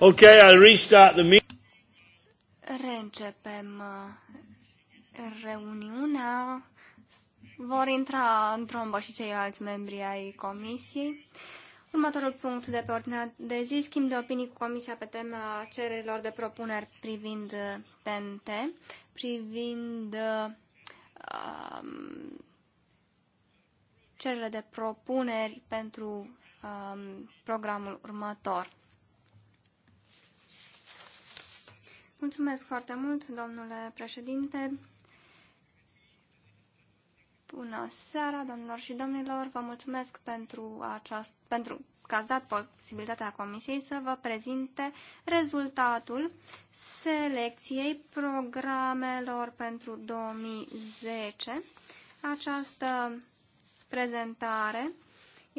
Okay, I'll restart the meeting. Reîncepem uh, reuniunea. Vor intra în trombă și ceilalți membri ai comisiei. Următorul punct de pe ordinea de zi, schimb de opinii cu Comisia pe tema cererilor de propuneri privind TNT, uh, privind uh, um, cererile de propuneri pentru um, programul următor. Mulțumesc foarte mult, domnule președinte. Bună seara, domnilor și domnilor. Vă mulțumesc pentru, aceast, pentru că ați dat posibilitatea Comisiei să vă prezinte rezultatul selecției programelor pentru 2010. Această prezentare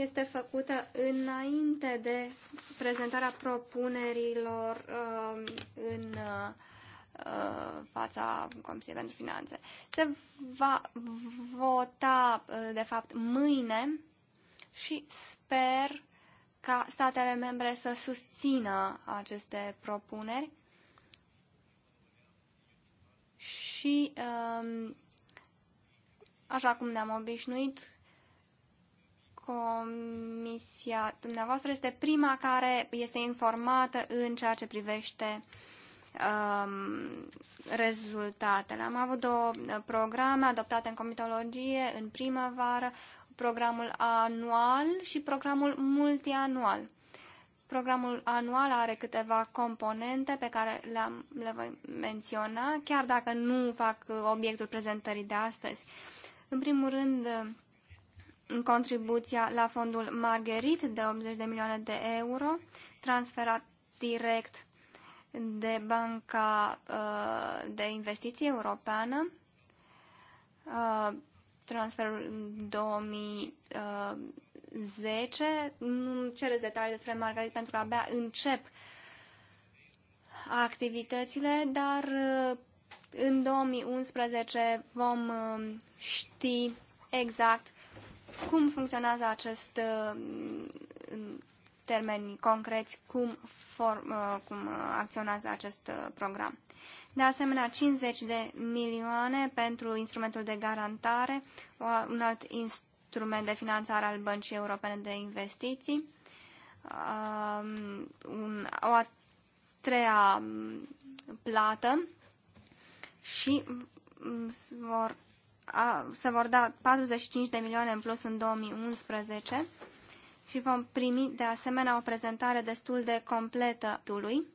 este făcută înainte de prezentarea propunerilor um, uh, în uh, fața Comisiei pentru Finanțe. Se va vota, uh, de fapt, mâine și sper ca statele membre să susțină aceste propuneri și, um, așa cum ne-am obișnuit, Comisia dumneavoastră este prima care este informată în ceea ce privește um, rezultatele. Am avut două uh, programe adoptate în comitologie în primăvară, programul anual și programul multianual. Programul anual are câteva componente pe care le, -am, le voi menționa, chiar dacă nu fac uh, obiectul prezentării de astăzi. În primul rând, uh, contribuția la fondul Margherit de 80 de milioane de euro, transferat direct de Banca uh, de Investiții Europeană, uh, transferul 2010. Uh, nu cereți detalii despre Margarit pentru că abia încep activitățile, dar în 2011 vom ști exact cum funcționează acest uh, în termeni concreți, cum, form, uh, cum acționează acest uh, program. De asemenea, 50 de milioane pentru instrumentul de garantare, un alt instrument de finanțare al Băncii Europene de Investiții, um, un, o a treia um, plată și um, vor a, se vor da 45 de milioane în plus în 2011 și vom primi de asemenea o prezentare destul de completă lui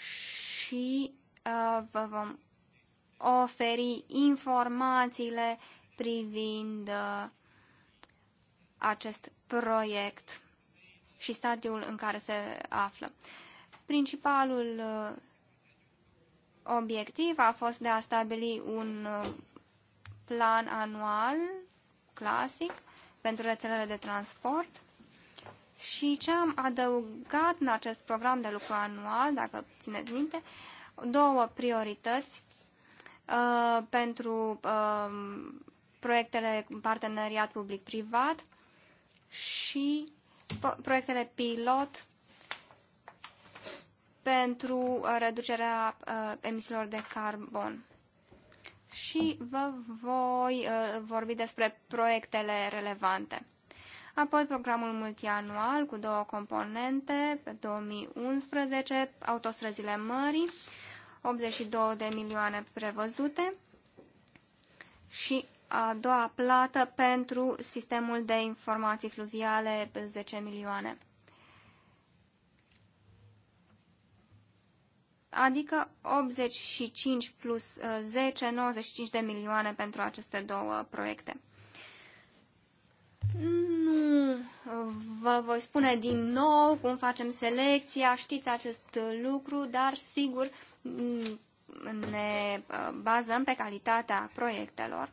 și uh, vă vom oferi informațiile privind uh, acest proiect și stadiul în care se află. Principalul uh, obiectiv a fost de a stabili un uh, plan anual clasic pentru rețelele de transport și ce am adăugat în acest program de lucru anual, dacă țineți minte, două priorități uh, pentru uh, proiectele parteneriat public-privat și proiectele pilot pentru uh, reducerea uh, emisiilor de carbon. Și vă voi uh, vorbi despre proiectele relevante. Apoi programul multianual cu două componente, 2011, autostrăzile mării, 82 de milioane prevăzute și a doua plată pentru sistemul de informații fluviale, 10 milioane. adică 85 plus 10, uh, 95 de milioane pentru aceste două proiecte. Nu uh, vă voi spune din nou cum facem selecția, știți acest lucru, dar sigur mm, ne uh, bazăm pe calitatea proiectelor.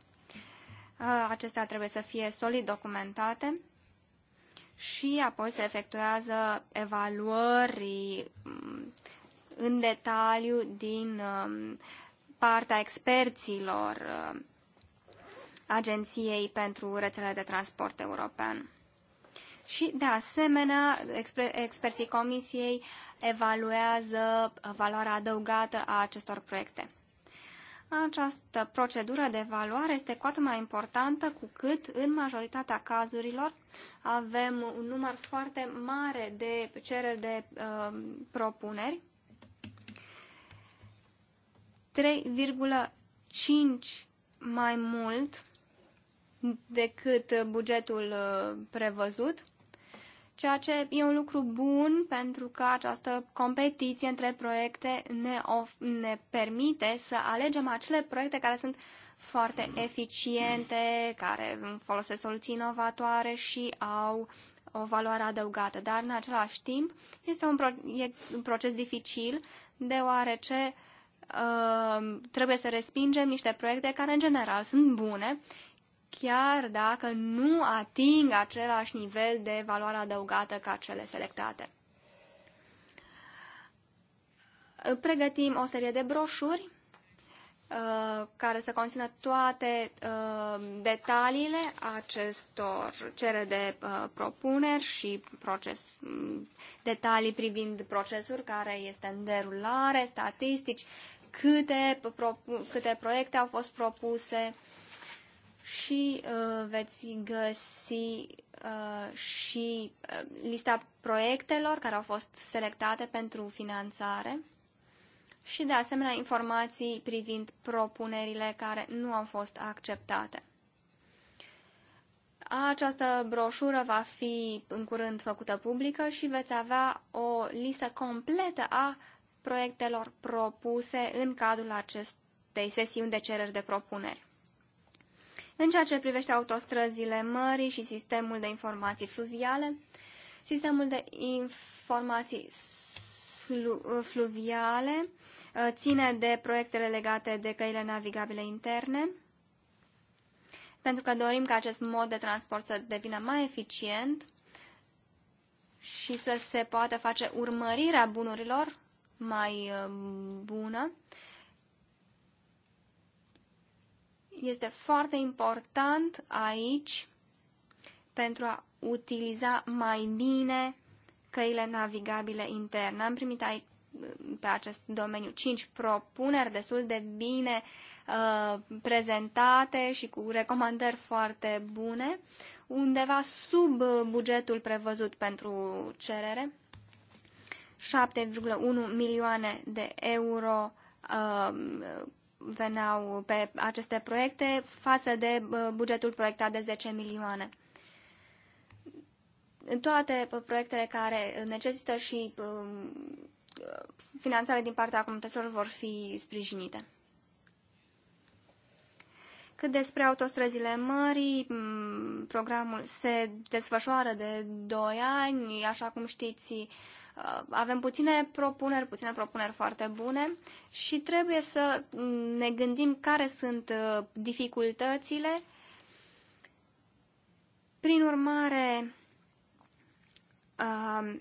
Acestea trebuie să fie solid documentate și apoi se efectuează evaluări mm, în detaliu din um, partea experților um, Agenției pentru Rețele de Transport European. Și, de asemenea, experții Comisiei evaluează valoarea adăugată a acestor proiecte. Această procedură de evaluare este cu atât mai importantă cu cât, în majoritatea cazurilor, avem un număr foarte mare de cereri de uh, propuneri 3,5 mai mult decât bugetul uh, prevăzut, ceea ce e un lucru bun pentru că această competiție între proiecte ne, of- ne permite să alegem acele proiecte care sunt foarte eficiente, care folosesc soluții inovatoare și au o valoare adăugată. Dar, în același timp, este un, un proces dificil, deoarece uh, Um, trebuie să respingem niște proiecte care, în general, sunt bune, chiar dacă nu ating același nivel de valoare adăugată ca cele selectate. Pregătim o serie de broșuri uh, care să conțină toate uh, detaliile acestor cereri de uh, propuneri și proces, mm, detalii privind procesul care este în derulare, statistici, câte, pro, câte proiecte au fost propuse și uh, veți găsi uh, și uh, lista proiectelor care au fost selectate pentru finanțare și de asemenea informații privind propunerile care nu au fost acceptate. Această broșură va fi în curând făcută publică și veți avea o listă completă a proiectelor propuse în cadrul acestei sesiuni de cereri de propuneri. În ceea ce privește autostrăzile mării și sistemul de informații fluviale, sistemul de informații fluviale uh, ține de proiectele legate de căile navigabile interne, pentru că dorim ca acest mod de transport să devină mai eficient și să se poată face urmărirea bunurilor mai uh, bună. Este foarte important aici pentru a utiliza mai bine căile navigabile interne. Am primit aici, pe acest domeniu 5 propuneri destul de bine uh, prezentate și cu recomandări foarte bune, undeva sub uh, bugetul prevăzut pentru cerere. 7,1 milioane de euro um, veneau pe aceste proiecte față de uh, bugetul proiectat de 10 milioane. Toate uh, proiectele care necesită și um, finanțare din partea comunităților vor fi sprijinite. Cât despre autostrăzile mării, programul se desfășoară de 2 ani, așa cum știți, Uh, avem puține propuneri, puține propuneri foarte bune și trebuie să mm, ne gândim care sunt uh, dificultățile. Prin urmare, uh,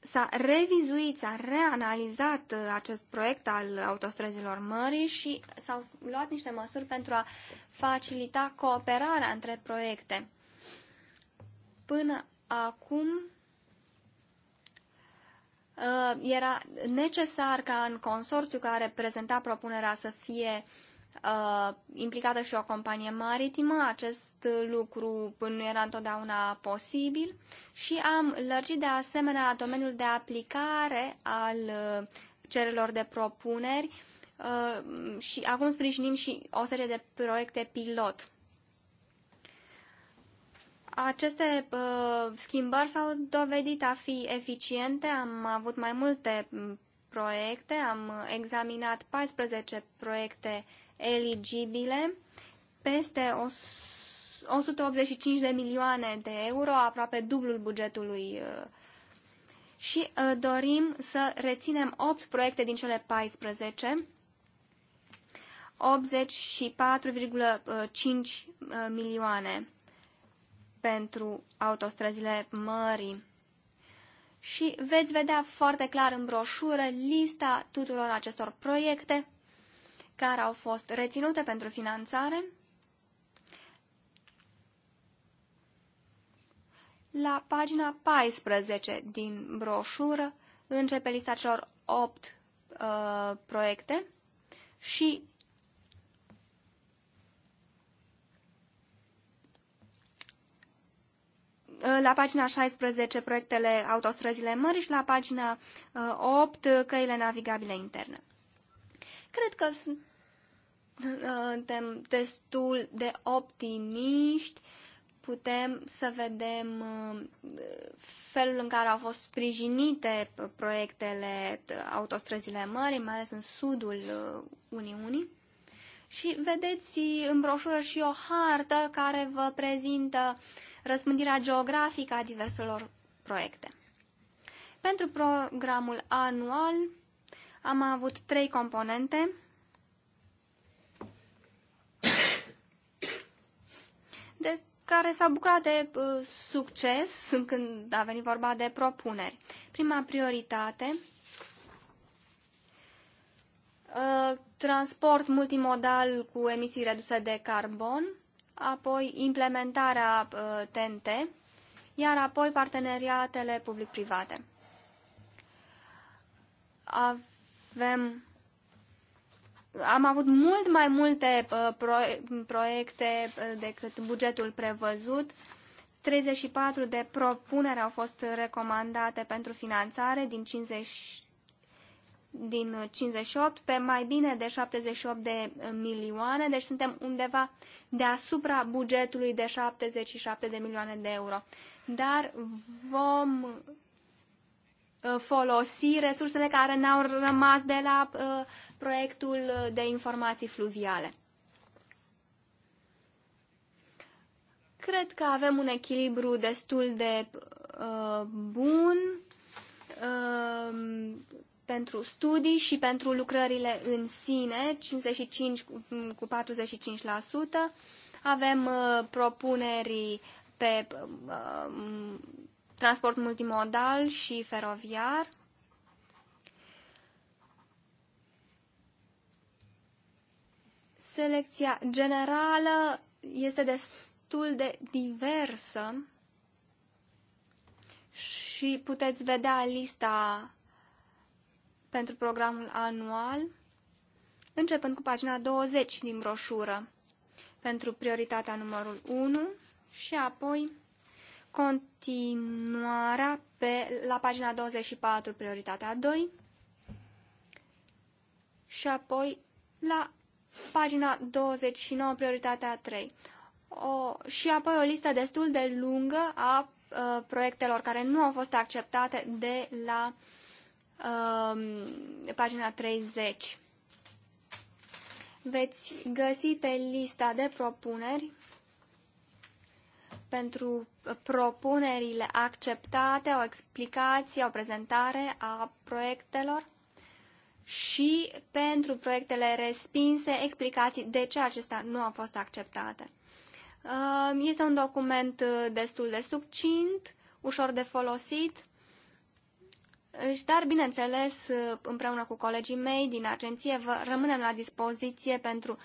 s-a revizuit, s-a reanalizat acest proiect al autostrăzilor mării și s-au luat niște măsuri pentru a facilita cooperarea între proiecte. Până acum Uh, era necesar ca în consorțiu care prezenta propunerea să fie uh, implicată și o companie maritimă. Acest lucru nu era întotdeauna posibil și am lărgit de asemenea domeniul de aplicare al uh, cererilor de propuneri și acum sprijinim și o serie de proiecte pilot. Aceste uh, schimbări s-au dovedit a fi eficiente, am avut mai multe proiecte, am examinat 14 proiecte eligibile, peste 185 de milioane de euro, aproape dublul bugetului uh, și uh, dorim să reținem 8 proiecte din cele 14, 84,5 uh, uh, milioane pentru autostrăzile mării. Și veți vedea foarte clar în broșură lista tuturor acestor proiecte care au fost reținute pentru finanțare La pagina 14 din broșură începe lista celor 8 uh, proiecte și Uh, la pagina 16 proiectele autostrăzile mării și la pagina 8 uh, căile navigabile interne. Cred că uh, suntem destul de optimiști, putem să vedem felul în care au fost sprijinite proiectele autostrăzile mării, mai ales în sudul Uniunii. Și vedeți în broșură și o hartă care vă prezintă uh, răspândirea geografică a diverselor proiecte. Pentru programul anual am avut trei componente. De care s au bucurat de uh, succes când a venit vorba de propuneri. Prima prioritate, uh, transport multimodal cu emisii reduse de carbon, apoi implementarea TNT, uh, iar apoi parteneriatele public-private. Avem am avut mult mai multe uh, proiecte uh, decât bugetul prevăzut. 34 de propuneri au fost recomandate pentru finanțare din 50, din 58 pe mai bine de 78 de milioane, deci suntem undeva deasupra bugetului de 77 de milioane de euro. Dar vom uh, folosi resursele care ne-au rămas de la uh, proiectul de informații fluviale. Cred că avem un echilibru destul de uh, bun. Uh, pentru studii și pentru lucrările în sine, 55 cu 45%. Avem uh, propuneri pe um, transport multimodal și feroviar. Selecția generală este destul de diversă și puteți vedea lista pentru programul anual, începând cu pagina 20 din broșură, pentru prioritatea numărul 1 și apoi continuarea pe, la pagina 24, prioritatea 2 și apoi la pagina 29, prioritatea 3. O, și apoi o listă destul de lungă a uh, proiectelor care nu au fost acceptate de la uh, Um, pagina 30. Veți găsi pe lista de propuneri pentru propunerile acceptate, o explicație, o prezentare a proiectelor și pentru proiectele respinse, explicații de ce acestea nu au fost acceptate. Um, este un document uh, destul de succint, ușor de folosit dar, bineînțeles, împreună cu colegii mei din agenție, vă rămânem la dispoziție pentru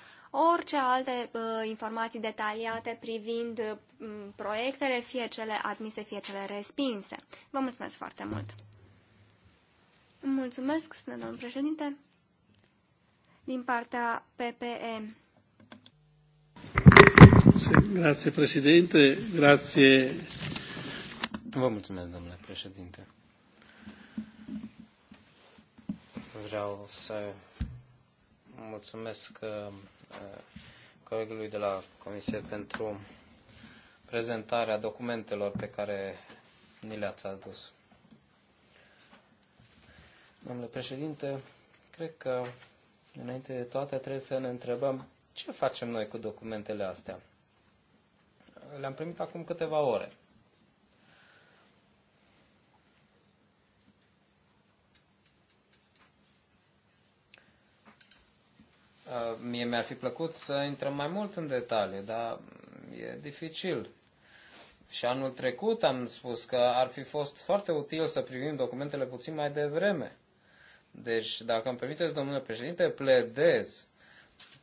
orice alte uh, informații detaliate privind uh, proiectele, fie cele admise, fie cele respinse. Vă mulțumesc foarte mult! Mulțumesc, spune domnul președinte, din partea PPE. Grazie, președinte, grazie. Vă mulțumesc, domnule președinte. vreau să mulțumesc uh, uh, colegului de la Comisie pentru prezentarea documentelor pe care ni le-ați adus. Domnule președinte, cred că înainte de toate trebuie să ne întrebăm ce facem noi cu documentele astea. Le-am primit acum câteva ore. Uh, mie mi-ar fi plăcut să intrăm mai mult în detalii, dar e dificil. Și anul trecut am spus că ar fi fost foarte util să privim documentele puțin mai devreme. Deci, dacă îmi permiteți, domnule președinte, pledez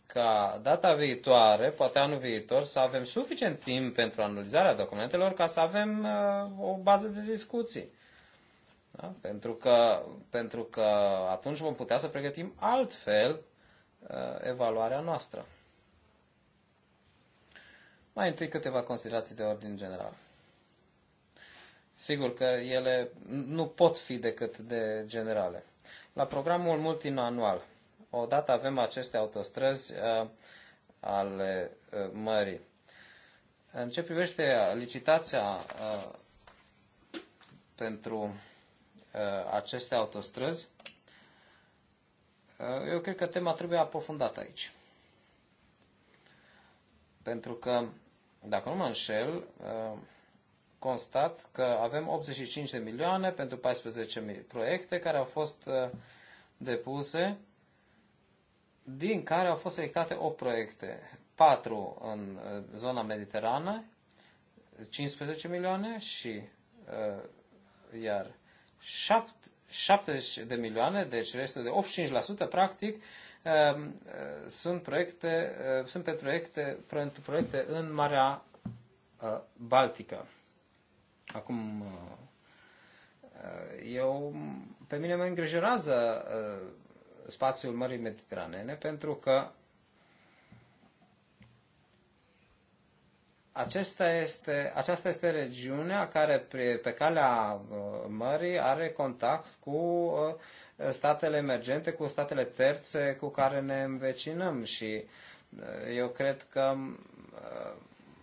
ca data viitoare, poate anul viitor, să avem suficient timp pentru analizarea documentelor ca să avem uh, o bază de discuții. Da? Pentru, că, pentru că atunci vom putea să pregătim altfel Uh, evaluarea noastră. Mai întâi câteva considerații de ordin general. Sigur că ele nu pot fi decât de generale. La programul multianual, odată avem aceste autostrăzi uh, ale uh, mării. În ce privește licitația uh, pentru uh, aceste autostrăzi, Eh, eu cred că tema trebuie aprofundată aici. Pentru că, dacă nu mă înșel, eh, constat că avem 85 de milioane pentru 14 proiecte care au fost eh, depuse, din care au fost selectate 8 proiecte. 4 în zona mediterană, 15 milioane și iar 7, 70 de milioane, deci restul de 85%, practic, ehm, eh, sunt, proiecte, eh, sunt pe proiecte, pentru proiecte în Marea eh, Baltică. Acum, eu, pe mine mă îngrijorează spațiul Mării Mediteranene, pentru că Acesta este, aceasta este regiunea care pe, pe calea uh, mării are contact cu uh, statele emergente, cu statele terțe cu care ne învecinăm și uh, eu cred că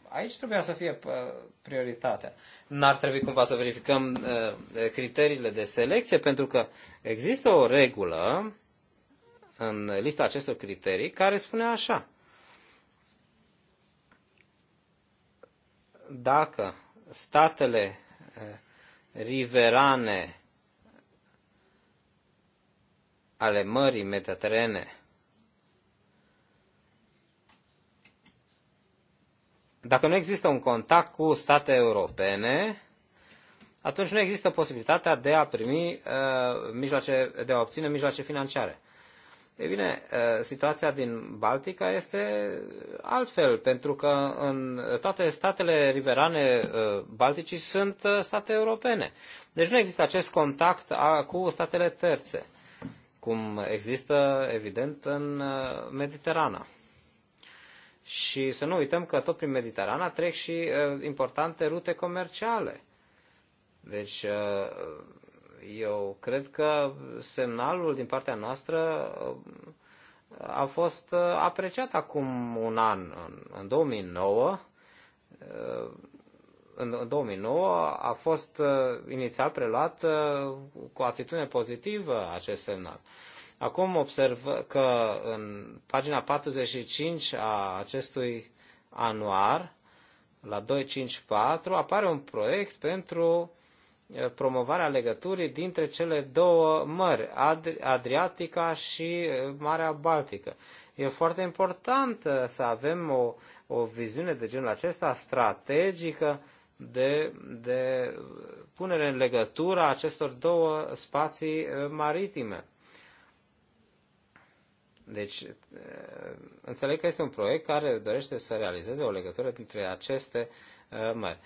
aici trebuia să fie prioritatea. N-ar trebui cumva să verificăm criteriile de selecție, pentru că există o regulă în lista acestor criterii care spune așa. dacă statele eh, riverane ale Mării Mediterane dacă nu există un contact cu state europene, atunci nu există posibilitatea de a primi uh, mijloace, de a obține mijloace financiare. Ei bine, ă, situația din Baltica este altfel, pentru că în toate statele riverane ă, Balticii sunt ă, state europene. Deci nu există acest contact cu statele terțe, cum există, evident, în Mediterana. Și să nu uităm că tot prin Mediterana trec și importante rute comerciale. Deci eu cred că semnalul din partea noastră uh, a fost uh, apreciat acum un an, în 2009. În 2009 uh, a fost inițial preluat cu atitudine pozitivă acest semnal. Acum observ că în pagina 45 a acestui anuar, la 254, apare un proiect pentru uh, promovarea legăturii dintre cele două mări, Adriatica și Marea Baltică. E foarte important uh, să avem o, o viziune de genul acesta strategică de, de punere în legătură a acestor două spații maritime. Deci, înțeleg că este un proiect care dorește să realizeze o legătură dintre aceste mări.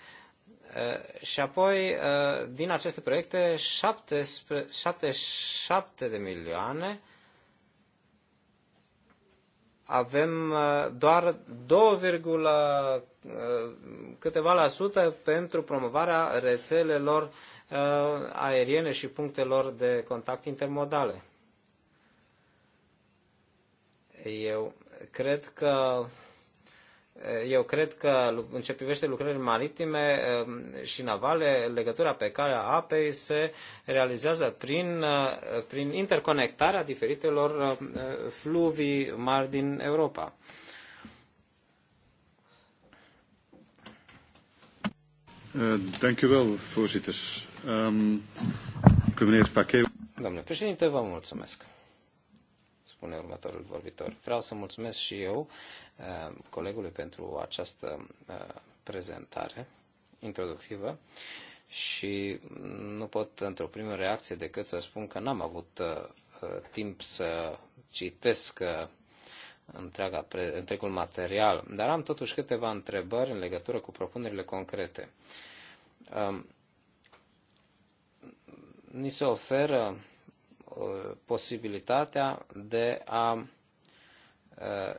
Eh, și apoi, eh, din aceste proiecte, 77 de milioane avem eh, doar 2, câteva la sută pentru promovarea rețelelor aeriene și punctelor de contact intermodale. Eu cred că Eh, eu cred că în ce privește lucrările maritime ehm, și navale, legătura pe care apei se realizează prin, eh, prin interconectarea diferitelor eh, fluvii mari din Europa. Ehm, Domnule președinte, vă mulțumesc spune următorul vorbitor. Vreau să mulțumesc și eu uh, colegului pentru această uh, prezentare introductivă și nu pot într-o primă reacție decât să spun că n-am avut uh, timp să citesc întreaga, întregul material, dar am totuși câteva întrebări în legătură cu propunerile concrete. Um, ni se oferă Uh, posibilitatea de a uh,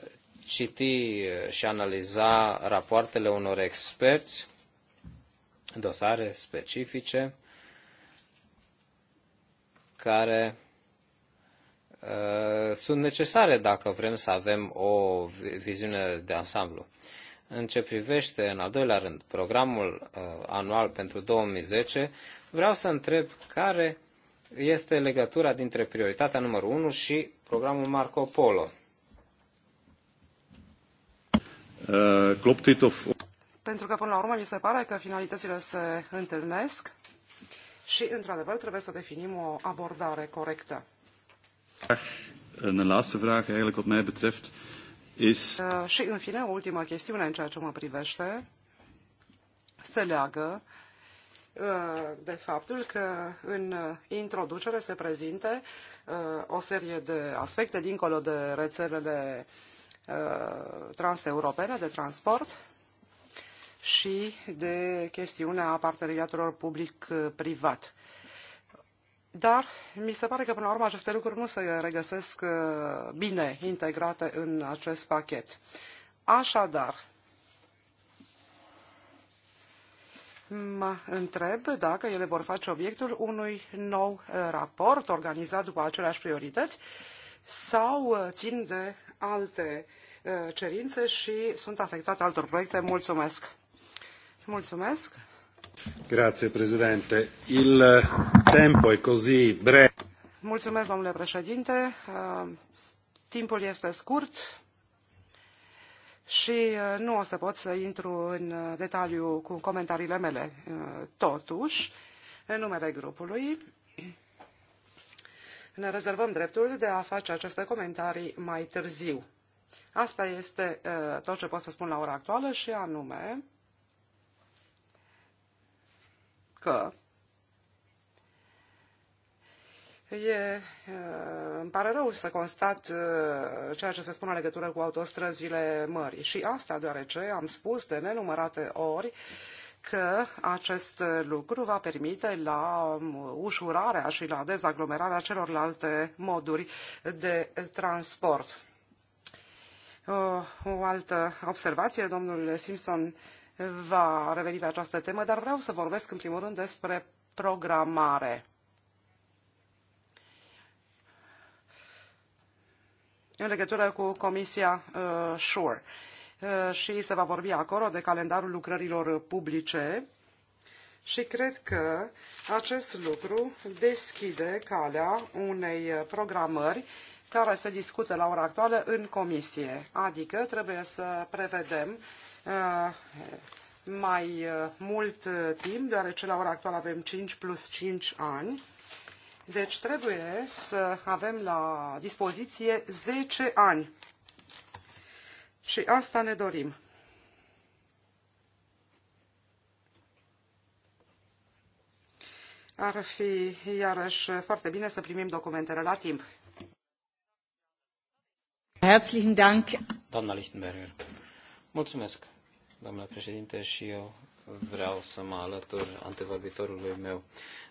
citi și analiza rapoartele unor experți, dosare specifice, care uh, sunt necesare dacă vrem să avem o viziune de ansamblu. În ce privește, în al doilea rând, programul anual pentru 2010, vreau să întreb care este legătura dintre prioritatea numărul 1 și programul Marco Polo. Uh, Pentru că, până la urmă, mi se pare că finalitățile se întâlnesc și, într-adevăr, trebuie să definim o abordare corectă. Een uh, Și, în fine, o ultimă chestiune în ceea ce mă privește se leagă Uh, de faptul că în introducere se prezinte uh, o serie de aspecte dincolo de rețelele uh, transeuropene de transport și de chestiunea parteneriatelor public-privat. Dar mi se pare că, până la urmă, aceste lucruri nu se regăsesc bine integrate în acest pachet. Așadar, Mă întreb dacă ele vor face obiectul unui nou uh, raport organizat după aceleași priorități sau uh, țin de alte uh, cerințe și sunt afectate altor proiecte. Mulțumesc! Mulțumesc! Grazie, Il tempo così breve. Mulțumesc, domnule președinte. Timpul este scurt și uh, nu o să pot să intru în uh, detaliu cu comentariile mele. Uh, totuși, în numele grupului, ne rezervăm dreptul de a face aceste comentarii mai târziu. Asta este tot ce pot să spun la ora actuală și anume că E, îmi pare rău să constat ceea ce se spune în legătură cu autostrăzile mării. Și asta deoarece am spus de nenumărate ori că acest lucru va permite la ușurarea și la dezaglomerarea celorlalte moduri de transport. O altă observație, domnul Simpson va reveni pe această temă, dar vreau să vorbesc în primul rând despre programare în legătură cu Comisia uh, SURE uh, și se va vorbi acolo de calendarul lucrărilor publice și cred că acest lucru deschide calea unei programări care se discută la ora actuală în comisie. Adică trebuie să prevedem uh, mai mult timp, deoarece la ora actuală avem 5 plus 5 ani deci trebuie să avem la dispoziție 10 ani. Și asta ne dorim. Ar fi iarăși foarte bine să primim documentele la timp. Herzlichen Dank. Doamna Lichtenberger. Mulțumesc, doamna președinte, și eu vreau să mă alătur antevorbitorului meu.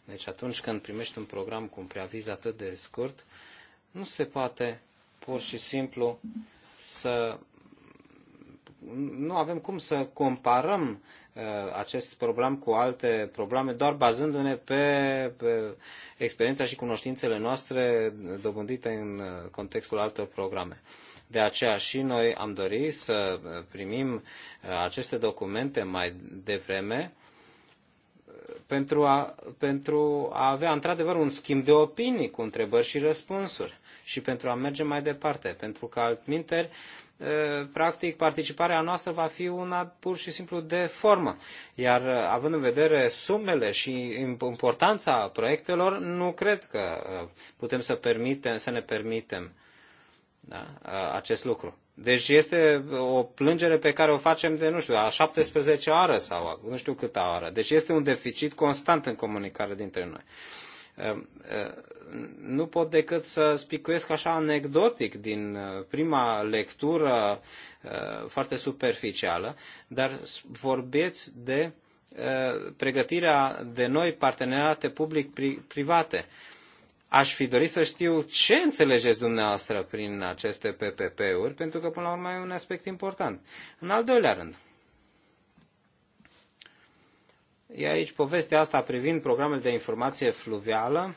Deci atunci când primești un program cu un preaviz atât de scurt, nu se poate pur și simplu să nu avem cum să comparăm uh, acest program cu alte probleme, doar bazându-ne pe, pe experiența și cunoștințele noastre dobândite în uh, contextul altor programe. Uh, de aceea și noi am dorit să uh, primim uh, aceste documente mai devreme uh, pentru a, pentru a avea într-adevăr un schimb de opinii cu întrebări și răspunsuri și pentru a merge mai departe. Pentru că altminteri, practic, participarea noastră va fi una pur și simplu de formă. Iar având în vedere sumele și importanța proiectelor, nu cred că putem să, permitem, să ne permitem da? acest lucru. Deci este o plângere pe care o facem de, nu știu, a 17 oară sau nu știu câta oară. Deci este un deficit constant în comunicare dintre noi. Nu pot decât să spicuiesc așa anecdotic din prima lectură foarte superficială, dar vorbeți de pregătirea de noi parteneriate public-private. -pri aș fi dorit să știu ce înțelegeți dumneavoastră prin aceste PPP-uri, pentru că până la urmă e un aspect important. În al doilea rând, e aici povestea asta privind programele de informație fluvială,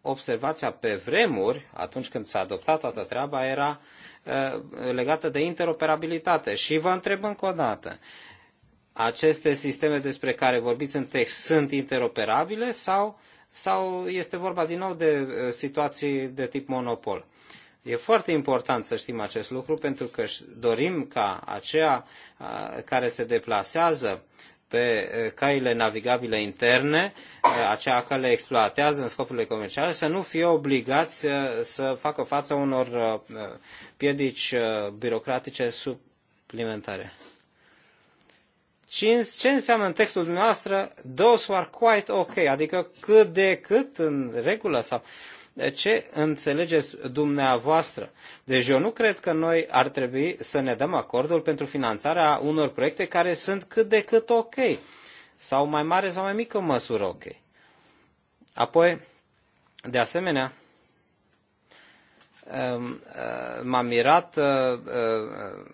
observația pe vremuri, atunci când s-a adoptat toată treaba, era uh, legată de interoperabilitate. Și vă întreb încă o dată, aceste sisteme despre care vorbiți în text sunt interoperabile sau, sau este vorba din nou de uh, situații de tip monopol? E foarte important să știm acest lucru pentru că dorim ca aceea uh, care se deplasează pe uh, caile navigabile interne, aceea care le exploatează în scopurile comerciale, să nu fie obligați să facă față unor piedici birocratice suplimentare ce înseamnă în textul dumneavoastră those who are quite okay, adică cât de cât în regulă sau ce înțelegeți dumneavoastră. Deci eu nu cred că noi ar trebui să ne dăm acordul pentru finanțarea unor proiecte care sunt cât de cât ok, sau mai mare sau mai mică măsură ok. Apoi, de asemenea, um, uh, m-am mirat uh, uh,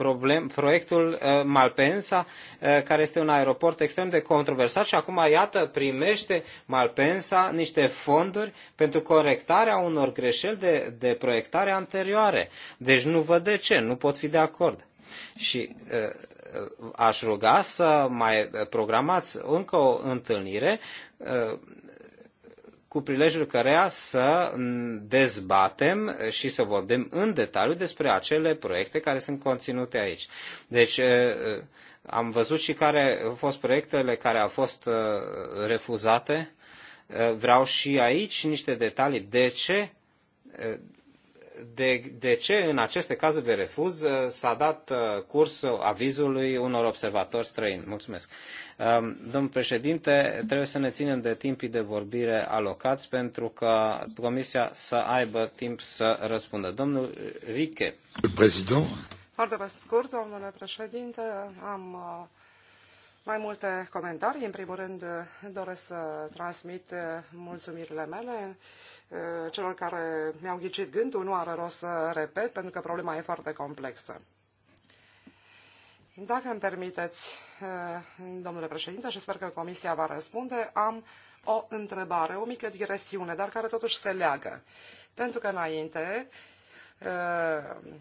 problem, proiectul uh, Malpensa, uh, care este un aeroport extrem de controversat și acum, iată, primește Malpensa niște fonduri pentru corectarea unor greșeli de, de proiectare anterioare. Deci nu văd de ce, nu pot fi de acord. Și uh, aș ruga să mai programați încă o întâlnire cu prilejul căreia să dezbatem și să vorbim în detaliu despre acele proiecte care sunt conținute aici. Deci am văzut și care au fost proiectele care au fost refuzate. Vreau și aici niște detalii. De ce de, de ce în aceste cazuri de refuz uh, s-a dat uh, curs avizului unor observatori străini. Mulțumesc. Um, domnul președinte, trebuie să ne ținem de timpii de vorbire alocați pentru că comisia să aibă timp să răspundă. Domnul Riche. Foarte pe scurt, domnule președinte, am uh, mai multe comentarii. În primul rând, doresc să transmit mulțumirile mele Eh, celor care mi-au ghicit gândul, nu are rost să repet, pentru că problema e foarte complexă. Dacă îmi permiteți, eh, domnule președinte, și sper că comisia va răspunde, am o întrebare, o mică digresiune, dar care totuși se leagă. Pentru că înainte, eh,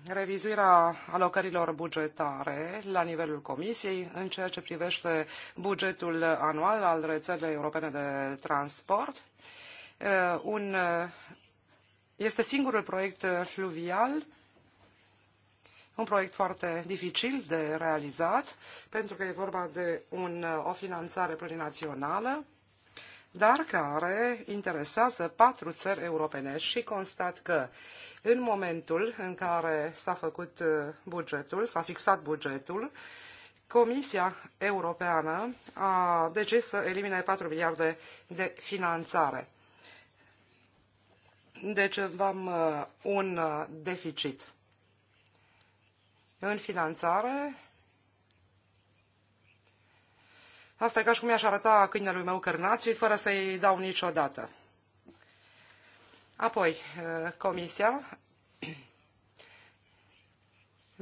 revizuirea alocărilor bugetare la nivelul Comisiei în ceea ce privește bugetul anual al rețelei europene de transport Uh, un, uh, este singurul proiect fluvial, un proiect foarte dificil de realizat, pentru că e vorba de un, uh, o finanțare plurinațională, dar care interesează patru țări europene și constat că în momentul în care s-a făcut bugetul, s-a fixat bugetul, Comisia Europeană a decis să elimine 4 miliarde de finanțare. Deci avem uh, un uh, deficit. În finanțare, asta e ca și cum i-aș arăta câinelui meu cărnații fără să-i dau niciodată. Apoi, uh, comisia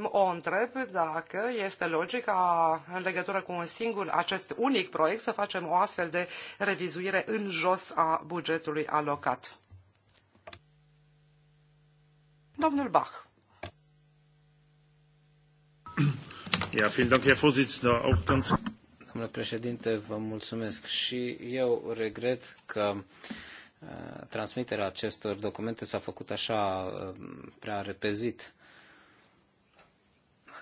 o întreb dacă este logic în legătură cu un singur, acest unic proiect, să facem o astfel de revizuire în jos a bugetului alocat. Domnul Bach. Ja, vielen Dank, Herr Vorsitzender. Auch ganz... Domnule președinte, vă mulțumesc și eu regret că uh, transmiterea acestor documente s-a făcut așa uh, prea repezit.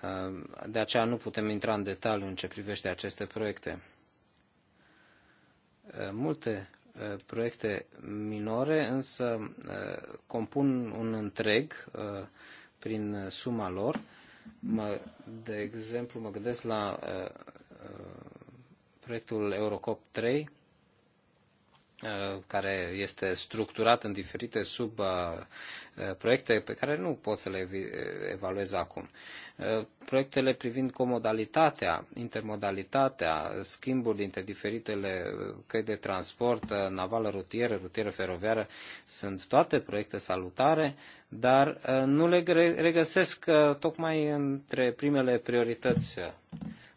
Uh, de aceea nu putem intra în detaliu în ce privește aceste proiecte. Multe Uh, proiecte minore, însă uh, compun un întreg uh, prin suma lor. Mă, de exemplu, mă gândesc la proiectul Eurocop 3, Uh, care este structurat în diferite subproiecte uh, uh, pe care nu pot să le evaluez acum. Proiectele privind comodalitatea, intermodalitatea, schimbul dintre diferitele căi de transport, navală rutieră, rutieră feroviară, sunt toate proiecte salutare, dar nu le regăsesc tocmai între primele priorități.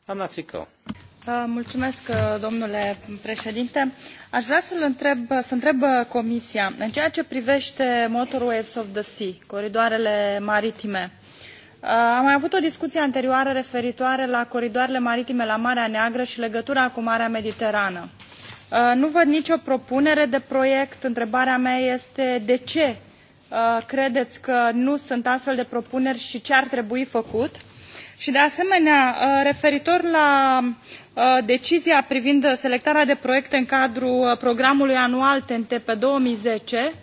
Doamna Țicău. Uh, mulțumesc, uh, domnule președinte. Aș vrea uh, să întreb, să Comisia, în ceea ce privește Motorways of the Sea, coridoarele maritime, am mai avut o discuție anterioară referitoare la coridoarele maritime la Marea Neagră și legătura cu Marea Mediterană. Nu văd nicio propunere de proiect. Întrebarea mea este de ce credeți că nu sunt astfel de propuneri și ce ar trebui făcut? Și de asemenea, uh, referitor la uh, decizia privind selectarea de proiecte în cadrul uh, programului anual TNT pe 2010,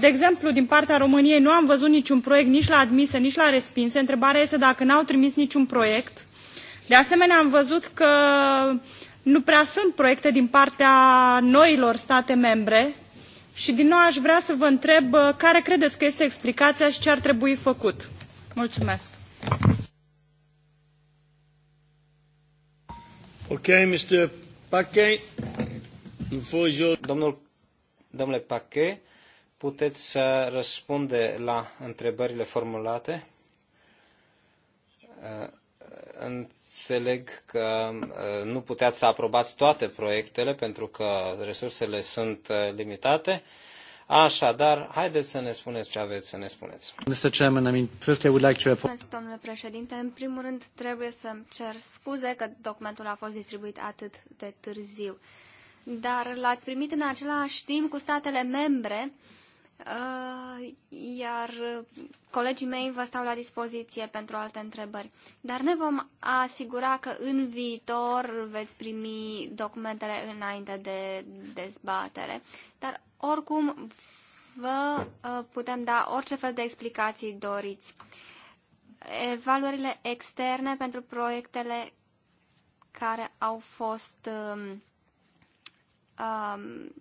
de exemplu, din partea României nu am văzut niciun proiect nici la admise, nici la respinse. Întrebarea este dacă n-au trimis niciun proiect. De asemenea, am văzut că nu prea sunt proiecte din partea noilor state membre și din nou aș vrea să vă întreb care credeți că este explicația și ce ar trebui făcut. Mulțumesc! Ok, Mr. Domnul, domnule Paquet, puteți să răspunde la întrebările formulate. Uh, înțeleg că uh, nu puteți să aprobați toate proiectele pentru că resursele sunt uh, limitate. Așadar, haideți să ne spuneți ce aveți să ne spuneți. Mr. Mulțumesc, domnule președinte. În primul rând, trebuie să cer scuze că documentul a fost distribuit atât de târziu. Dar l-ați primit în același timp cu statele membre uh, Uh, iar colegii mei vă stau la dispoziție pentru alte întrebări. Dar ne vom asigura că în viitor veți primi documentele înainte de dezbatere. Dar oricum vă uh, putem da orice fel de explicații doriți. Evaluările externe pentru proiectele care au fost um, um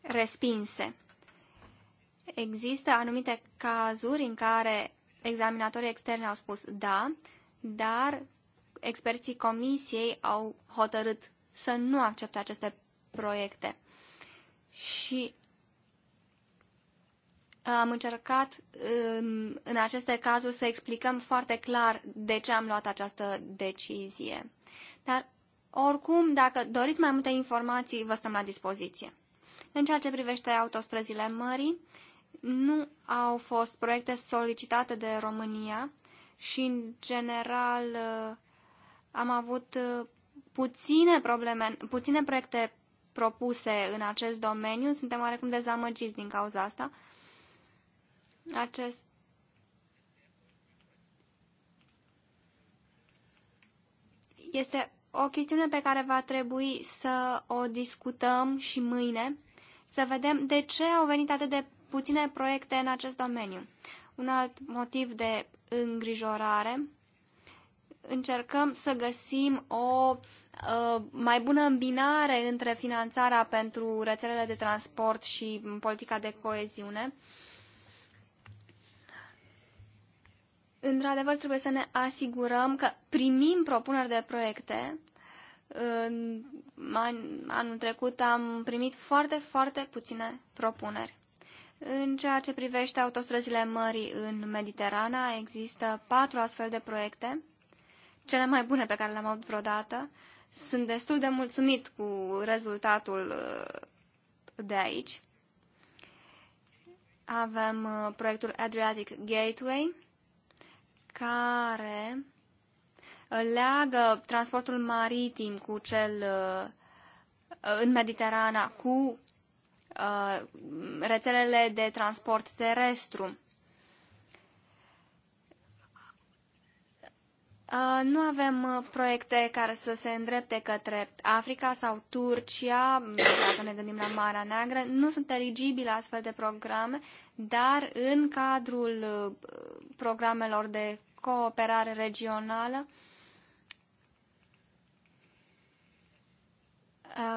respinse. Există anumite cazuri în care examinatorii externi au spus da, dar experții comisiei au hotărât să nu accepte aceste proiecte. Și am încercat în aceste cazuri să explicăm foarte clar de ce am luat această decizie. Dar, oricum, dacă doriți mai multe informații, vă stăm la dispoziție. În ceea ce privește autostrăzile mării, nu au fost proiecte solicitate de România și, în general, uh, am avut uh, puține, probleme, puține proiecte propuse în acest domeniu. Suntem oarecum dezamăgiți din cauza asta. Acest este o chestiune pe care va trebui să o discutăm și mâine, să vedem de ce au venit atât de puține proiecte în acest domeniu. Un alt motiv de îngrijorare, încercăm să găsim o uh, mai bună îmbinare între finanțarea pentru rețelele de transport și politica de coeziune. Într-adevăr, trebuie să ne asigurăm că primim propuneri de proiecte anul trecut am primit foarte, foarte puține propuneri. În ceea ce privește autostrăzile mării în Mediterana, există patru astfel de proiecte, cele mai bune pe care le-am avut vreodată. Sunt destul de mulțumit cu rezultatul uh, de aici. Avem uh, proiectul Adriatic Gateway, care uh, leagă transportul maritim cu cel în Mediterana cu Uh, rețelele de transport terestru. Uh, nu avem uh, proiecte care să se îndrepte către Africa sau Turcia, mm, dacă ne gândim la Marea Neagră. Nu sunt eligibile astfel de programe, dar în cadrul programelor de cooperare regională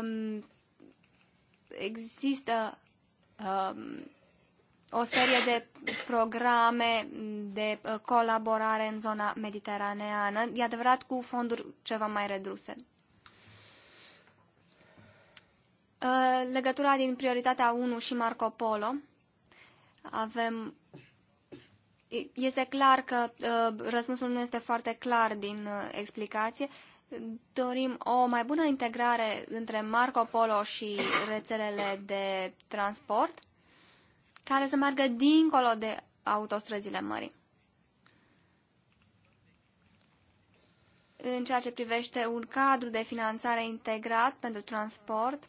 um, există um, o serie de programe de uh, colaborare în zona mediteraneană, e adevărat cu fonduri ceva mai reduse. Uh, legătura din prioritatea 1 și Marco Polo. Avem este clar că uh, răspunsul nu este foarte clar din explicație dorim o mai bună integrare între Marco Polo și rețelele de transport care să meargă dincolo de autostrăzile mării. În ceea ce privește un cadru de finanțare integrat pentru transport,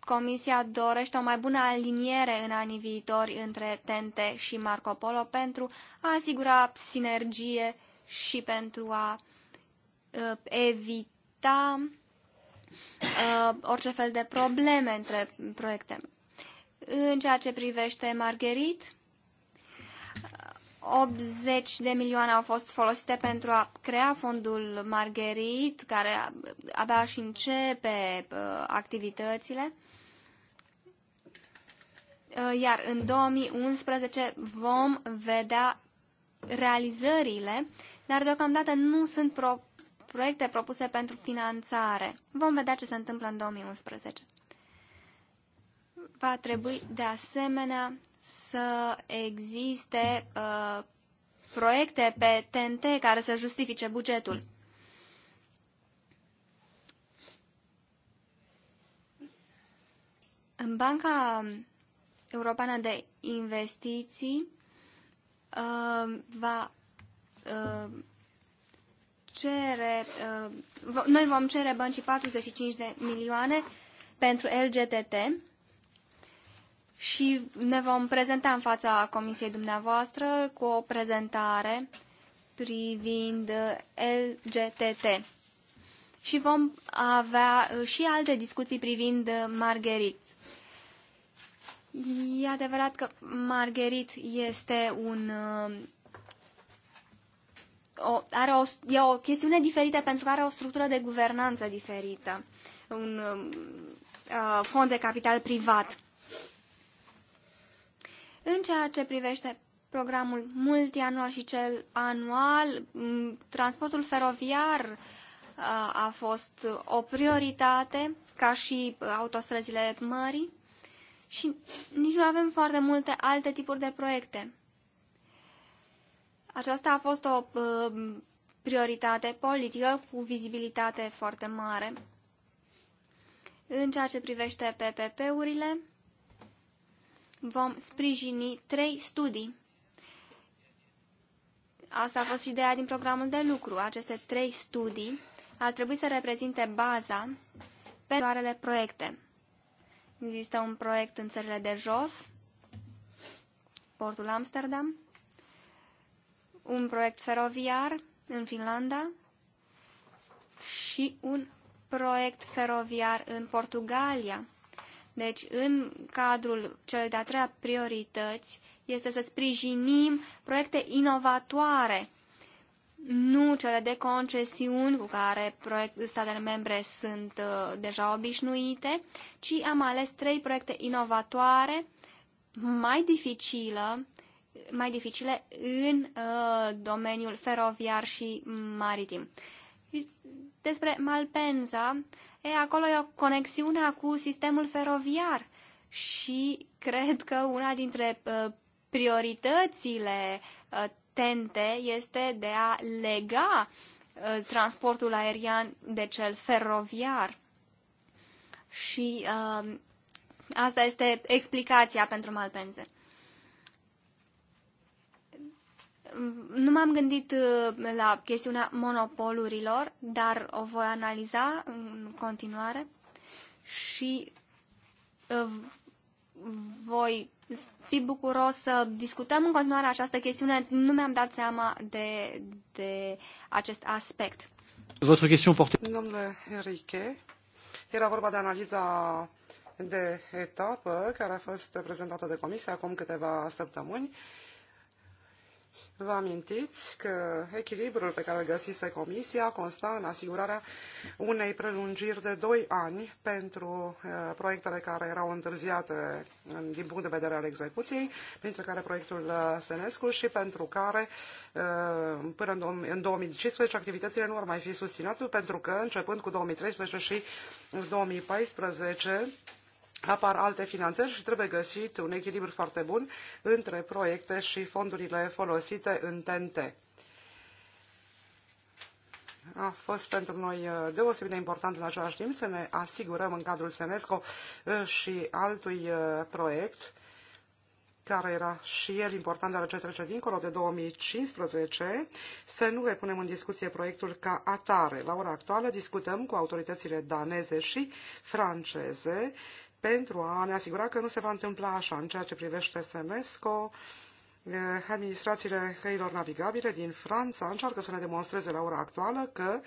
Comisia dorește o mai bună aliniere în anii viitori între TENTE și Marco Polo pentru a asigura sinergie și pentru a uh, evita uh, orice fel de probleme între proiecte. În ceea ce privește Marguerite, uh, 80 de milioane au fost folosite pentru a crea fondul Marguerite, care abia și începe uh, activitățile. Uh, iar în 2011 vom vedea realizările dar deocamdată nu sunt pro proiecte propuse pentru finanțare. Vom vedea ce se întâmplă în 2011. Va trebui de asemenea să existe uh, proiecte pe TNT care să justifice bugetul. În Banca Europeană de Investiții uh, va Uh, cere, uh, noi vom cere băncii 45 de milioane pentru LGTT și ne vom prezenta în fața comisiei dumneavoastră cu o prezentare privind LGTT. Și vom avea și alte discuții privind Margherit. E adevărat că Margherit este un uh, o, are o, e o chestiune diferită pentru că are o structură de guvernanță diferită, un um, uh, fond de capital privat. În ceea ce privește programul multianual și cel anual, um, transportul feroviar uh, a fost o prioritate, ca și uh, autostrăzile mării, și nici nu avem foarte multe alte tipuri de proiecte. Aceasta a fost o uh, prioritate politică cu vizibilitate foarte mare. În ceea ce privește PPP-urile, vom sprijini trei studii. Asta a fost și ideea din programul de lucru. Aceste trei studii ar trebui să reprezinte baza pentru oarele proiecte. Există un proiect în țările de jos, portul Amsterdam, un proiect feroviar în Finlanda și un proiect feroviar în Portugalia. Deci, în cadrul celei de-a treia priorități, este să sprijinim proiecte inovatoare, nu cele de concesiuni cu care statele membre sunt uh, deja obișnuite, ci am ales trei proiecte inovatoare, mai dificilă, mai dificile în uh, domeniul feroviar și maritim. Despre Malpensa, e, acolo e o conexiune cu sistemul feroviar și cred că una dintre uh, prioritățile uh, tente este de a lega uh, transportul aerian de cel feroviar. Și uh, asta este explicația pentru Malpensa. nu m-am gândit uh, la chestiunea monopolurilor, dar o voi analiza în continuare și uh, voi fi bucuros să discutăm în continuare această chestiune. Nu mi-am dat seama de, de acest aspect. Votre question porte... Domnule Enrique, era vorba de analiza de etapă care a fost prezentată de comisie acum câteva săptămâni Vă amintiți că echilibrul pe care îl găsise Comisia consta în asigurarea unei prelungiri de 2 ani pentru uh, proiectele care erau întârziate din punct de vedere al execuției, printre care proiectul uh, Senescu și pentru care uh, până în 2015 activitățile nu ar mai fi susținute pentru că începând cu 2013 și 2014 apar alte finanțări și trebuie găsit un echilibru foarte bun între proiecte și fondurile folosite în TNT. A fost pentru noi uh, deosebit de important în același timp să ne asigurăm în cadrul Senesco uh, și altui uh, proiect care era și el important, deoarece trece dincolo de 2015, să nu le punem în discuție proiectul ca atare. La ora actuală discutăm cu autoritățile daneze și franceze pentru a ne asigura că nu se va întâmpla așa în ceea ce privește SEMESCO, administrațiile căilor navigabile din Franța încearcă să ne demonstreze la ora actuală că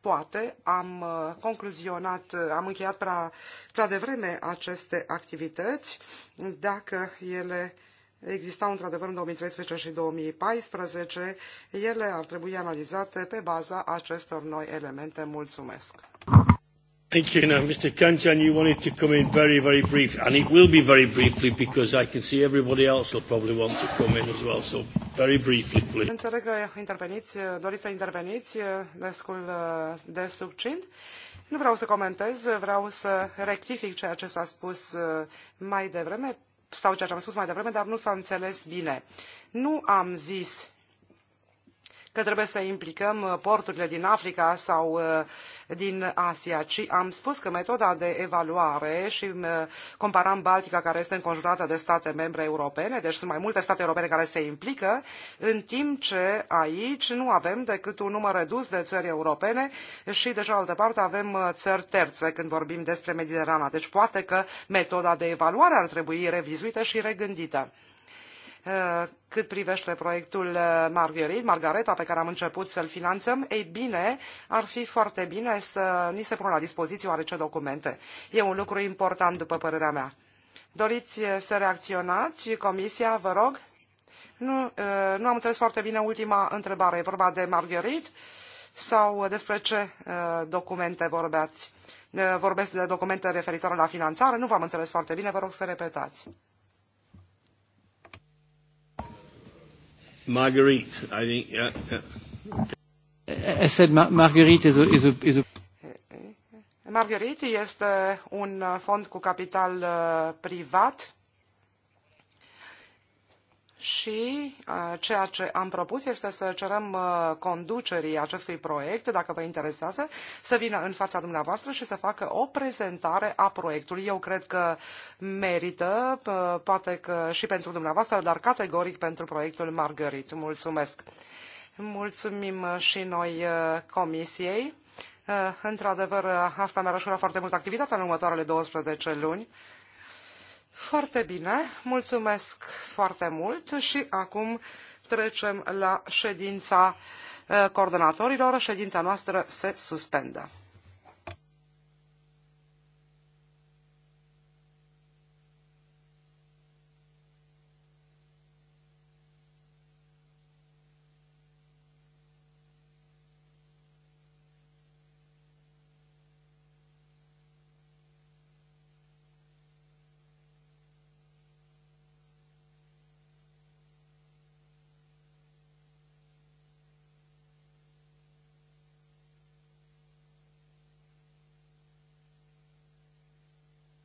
poate am uh, concluzionat, uh, am încheiat prea, prea devreme aceste activități, dacă ele existau într-adevăr în 2013 și 2014, ele ar trebui analizate pe baza acestor noi elemente. Mulțumesc! Thank you. Now, Mr. Kanchan, you wanted to come in very, very brief, and it will be very briefly because I can see everybody else will probably want to come in as well. So, very briefly, please. Înțeleg că interveniți, doriți să interveniți destul de succint. Nu vreau să comentez, vreau să rectific ceea ce s-a spus mai devreme sau ceea ce am spus mai devreme, dar nu s-a înțeles bine. Nu am zis că trebuie să implicăm uh, porturile din Africa sau uh, din Asia, ci am spus că metoda de evaluare și uh, comparam Baltica care este înconjurată de state membre europene, deci sunt mai multe state europene care se implică, în timp ce aici nu avem decât un număr redus de țări europene și de cealaltă parte avem țări terțe când vorbim despre Mediterana. Deci poate că metoda de evaluare ar trebui revizuită și regândită. Eh, cât privește proiectul eh, Marguerite, Margareta, pe care am început să-l finanțăm, ei bine, ar fi foarte bine să ni se pună la dispoziție oarece documente. E un lucru important, după părerea mea. Doriți eh, să reacționați, Comisia, vă rog? Nu, nu am înțeles foarte bine ultima întrebare. E vorba de Marguerite sau despre ce documente vorbeați? Vorbesc de documente referitoare la finanțare? Nu v-am înțeles foarte bine, vă rog să repetați. Marguerite, I think. Yeah, yeah. I said Mar Marguerite is a, is a, is a... Marguerite este un fond cu capital uh, privat și uh, ceea ce am propus este să cerem uh, conducerii acestui proiect, dacă vă interesează, să vină în fața dumneavoastră și să facă o prezentare a proiectului. Eu cred că merită, uh, poate că și pentru dumneavoastră, dar categoric pentru proiectul Margarit. Mulțumesc! Mulțumim și noi Comisiei. Într-adevăr, asta mi-a foarte mult activitatea în următoarele 12 luni foarte bine, mulțumesc foarte mult și acum trecem la ședința eh, coordonatorilor. Ședința noastră se suspendă.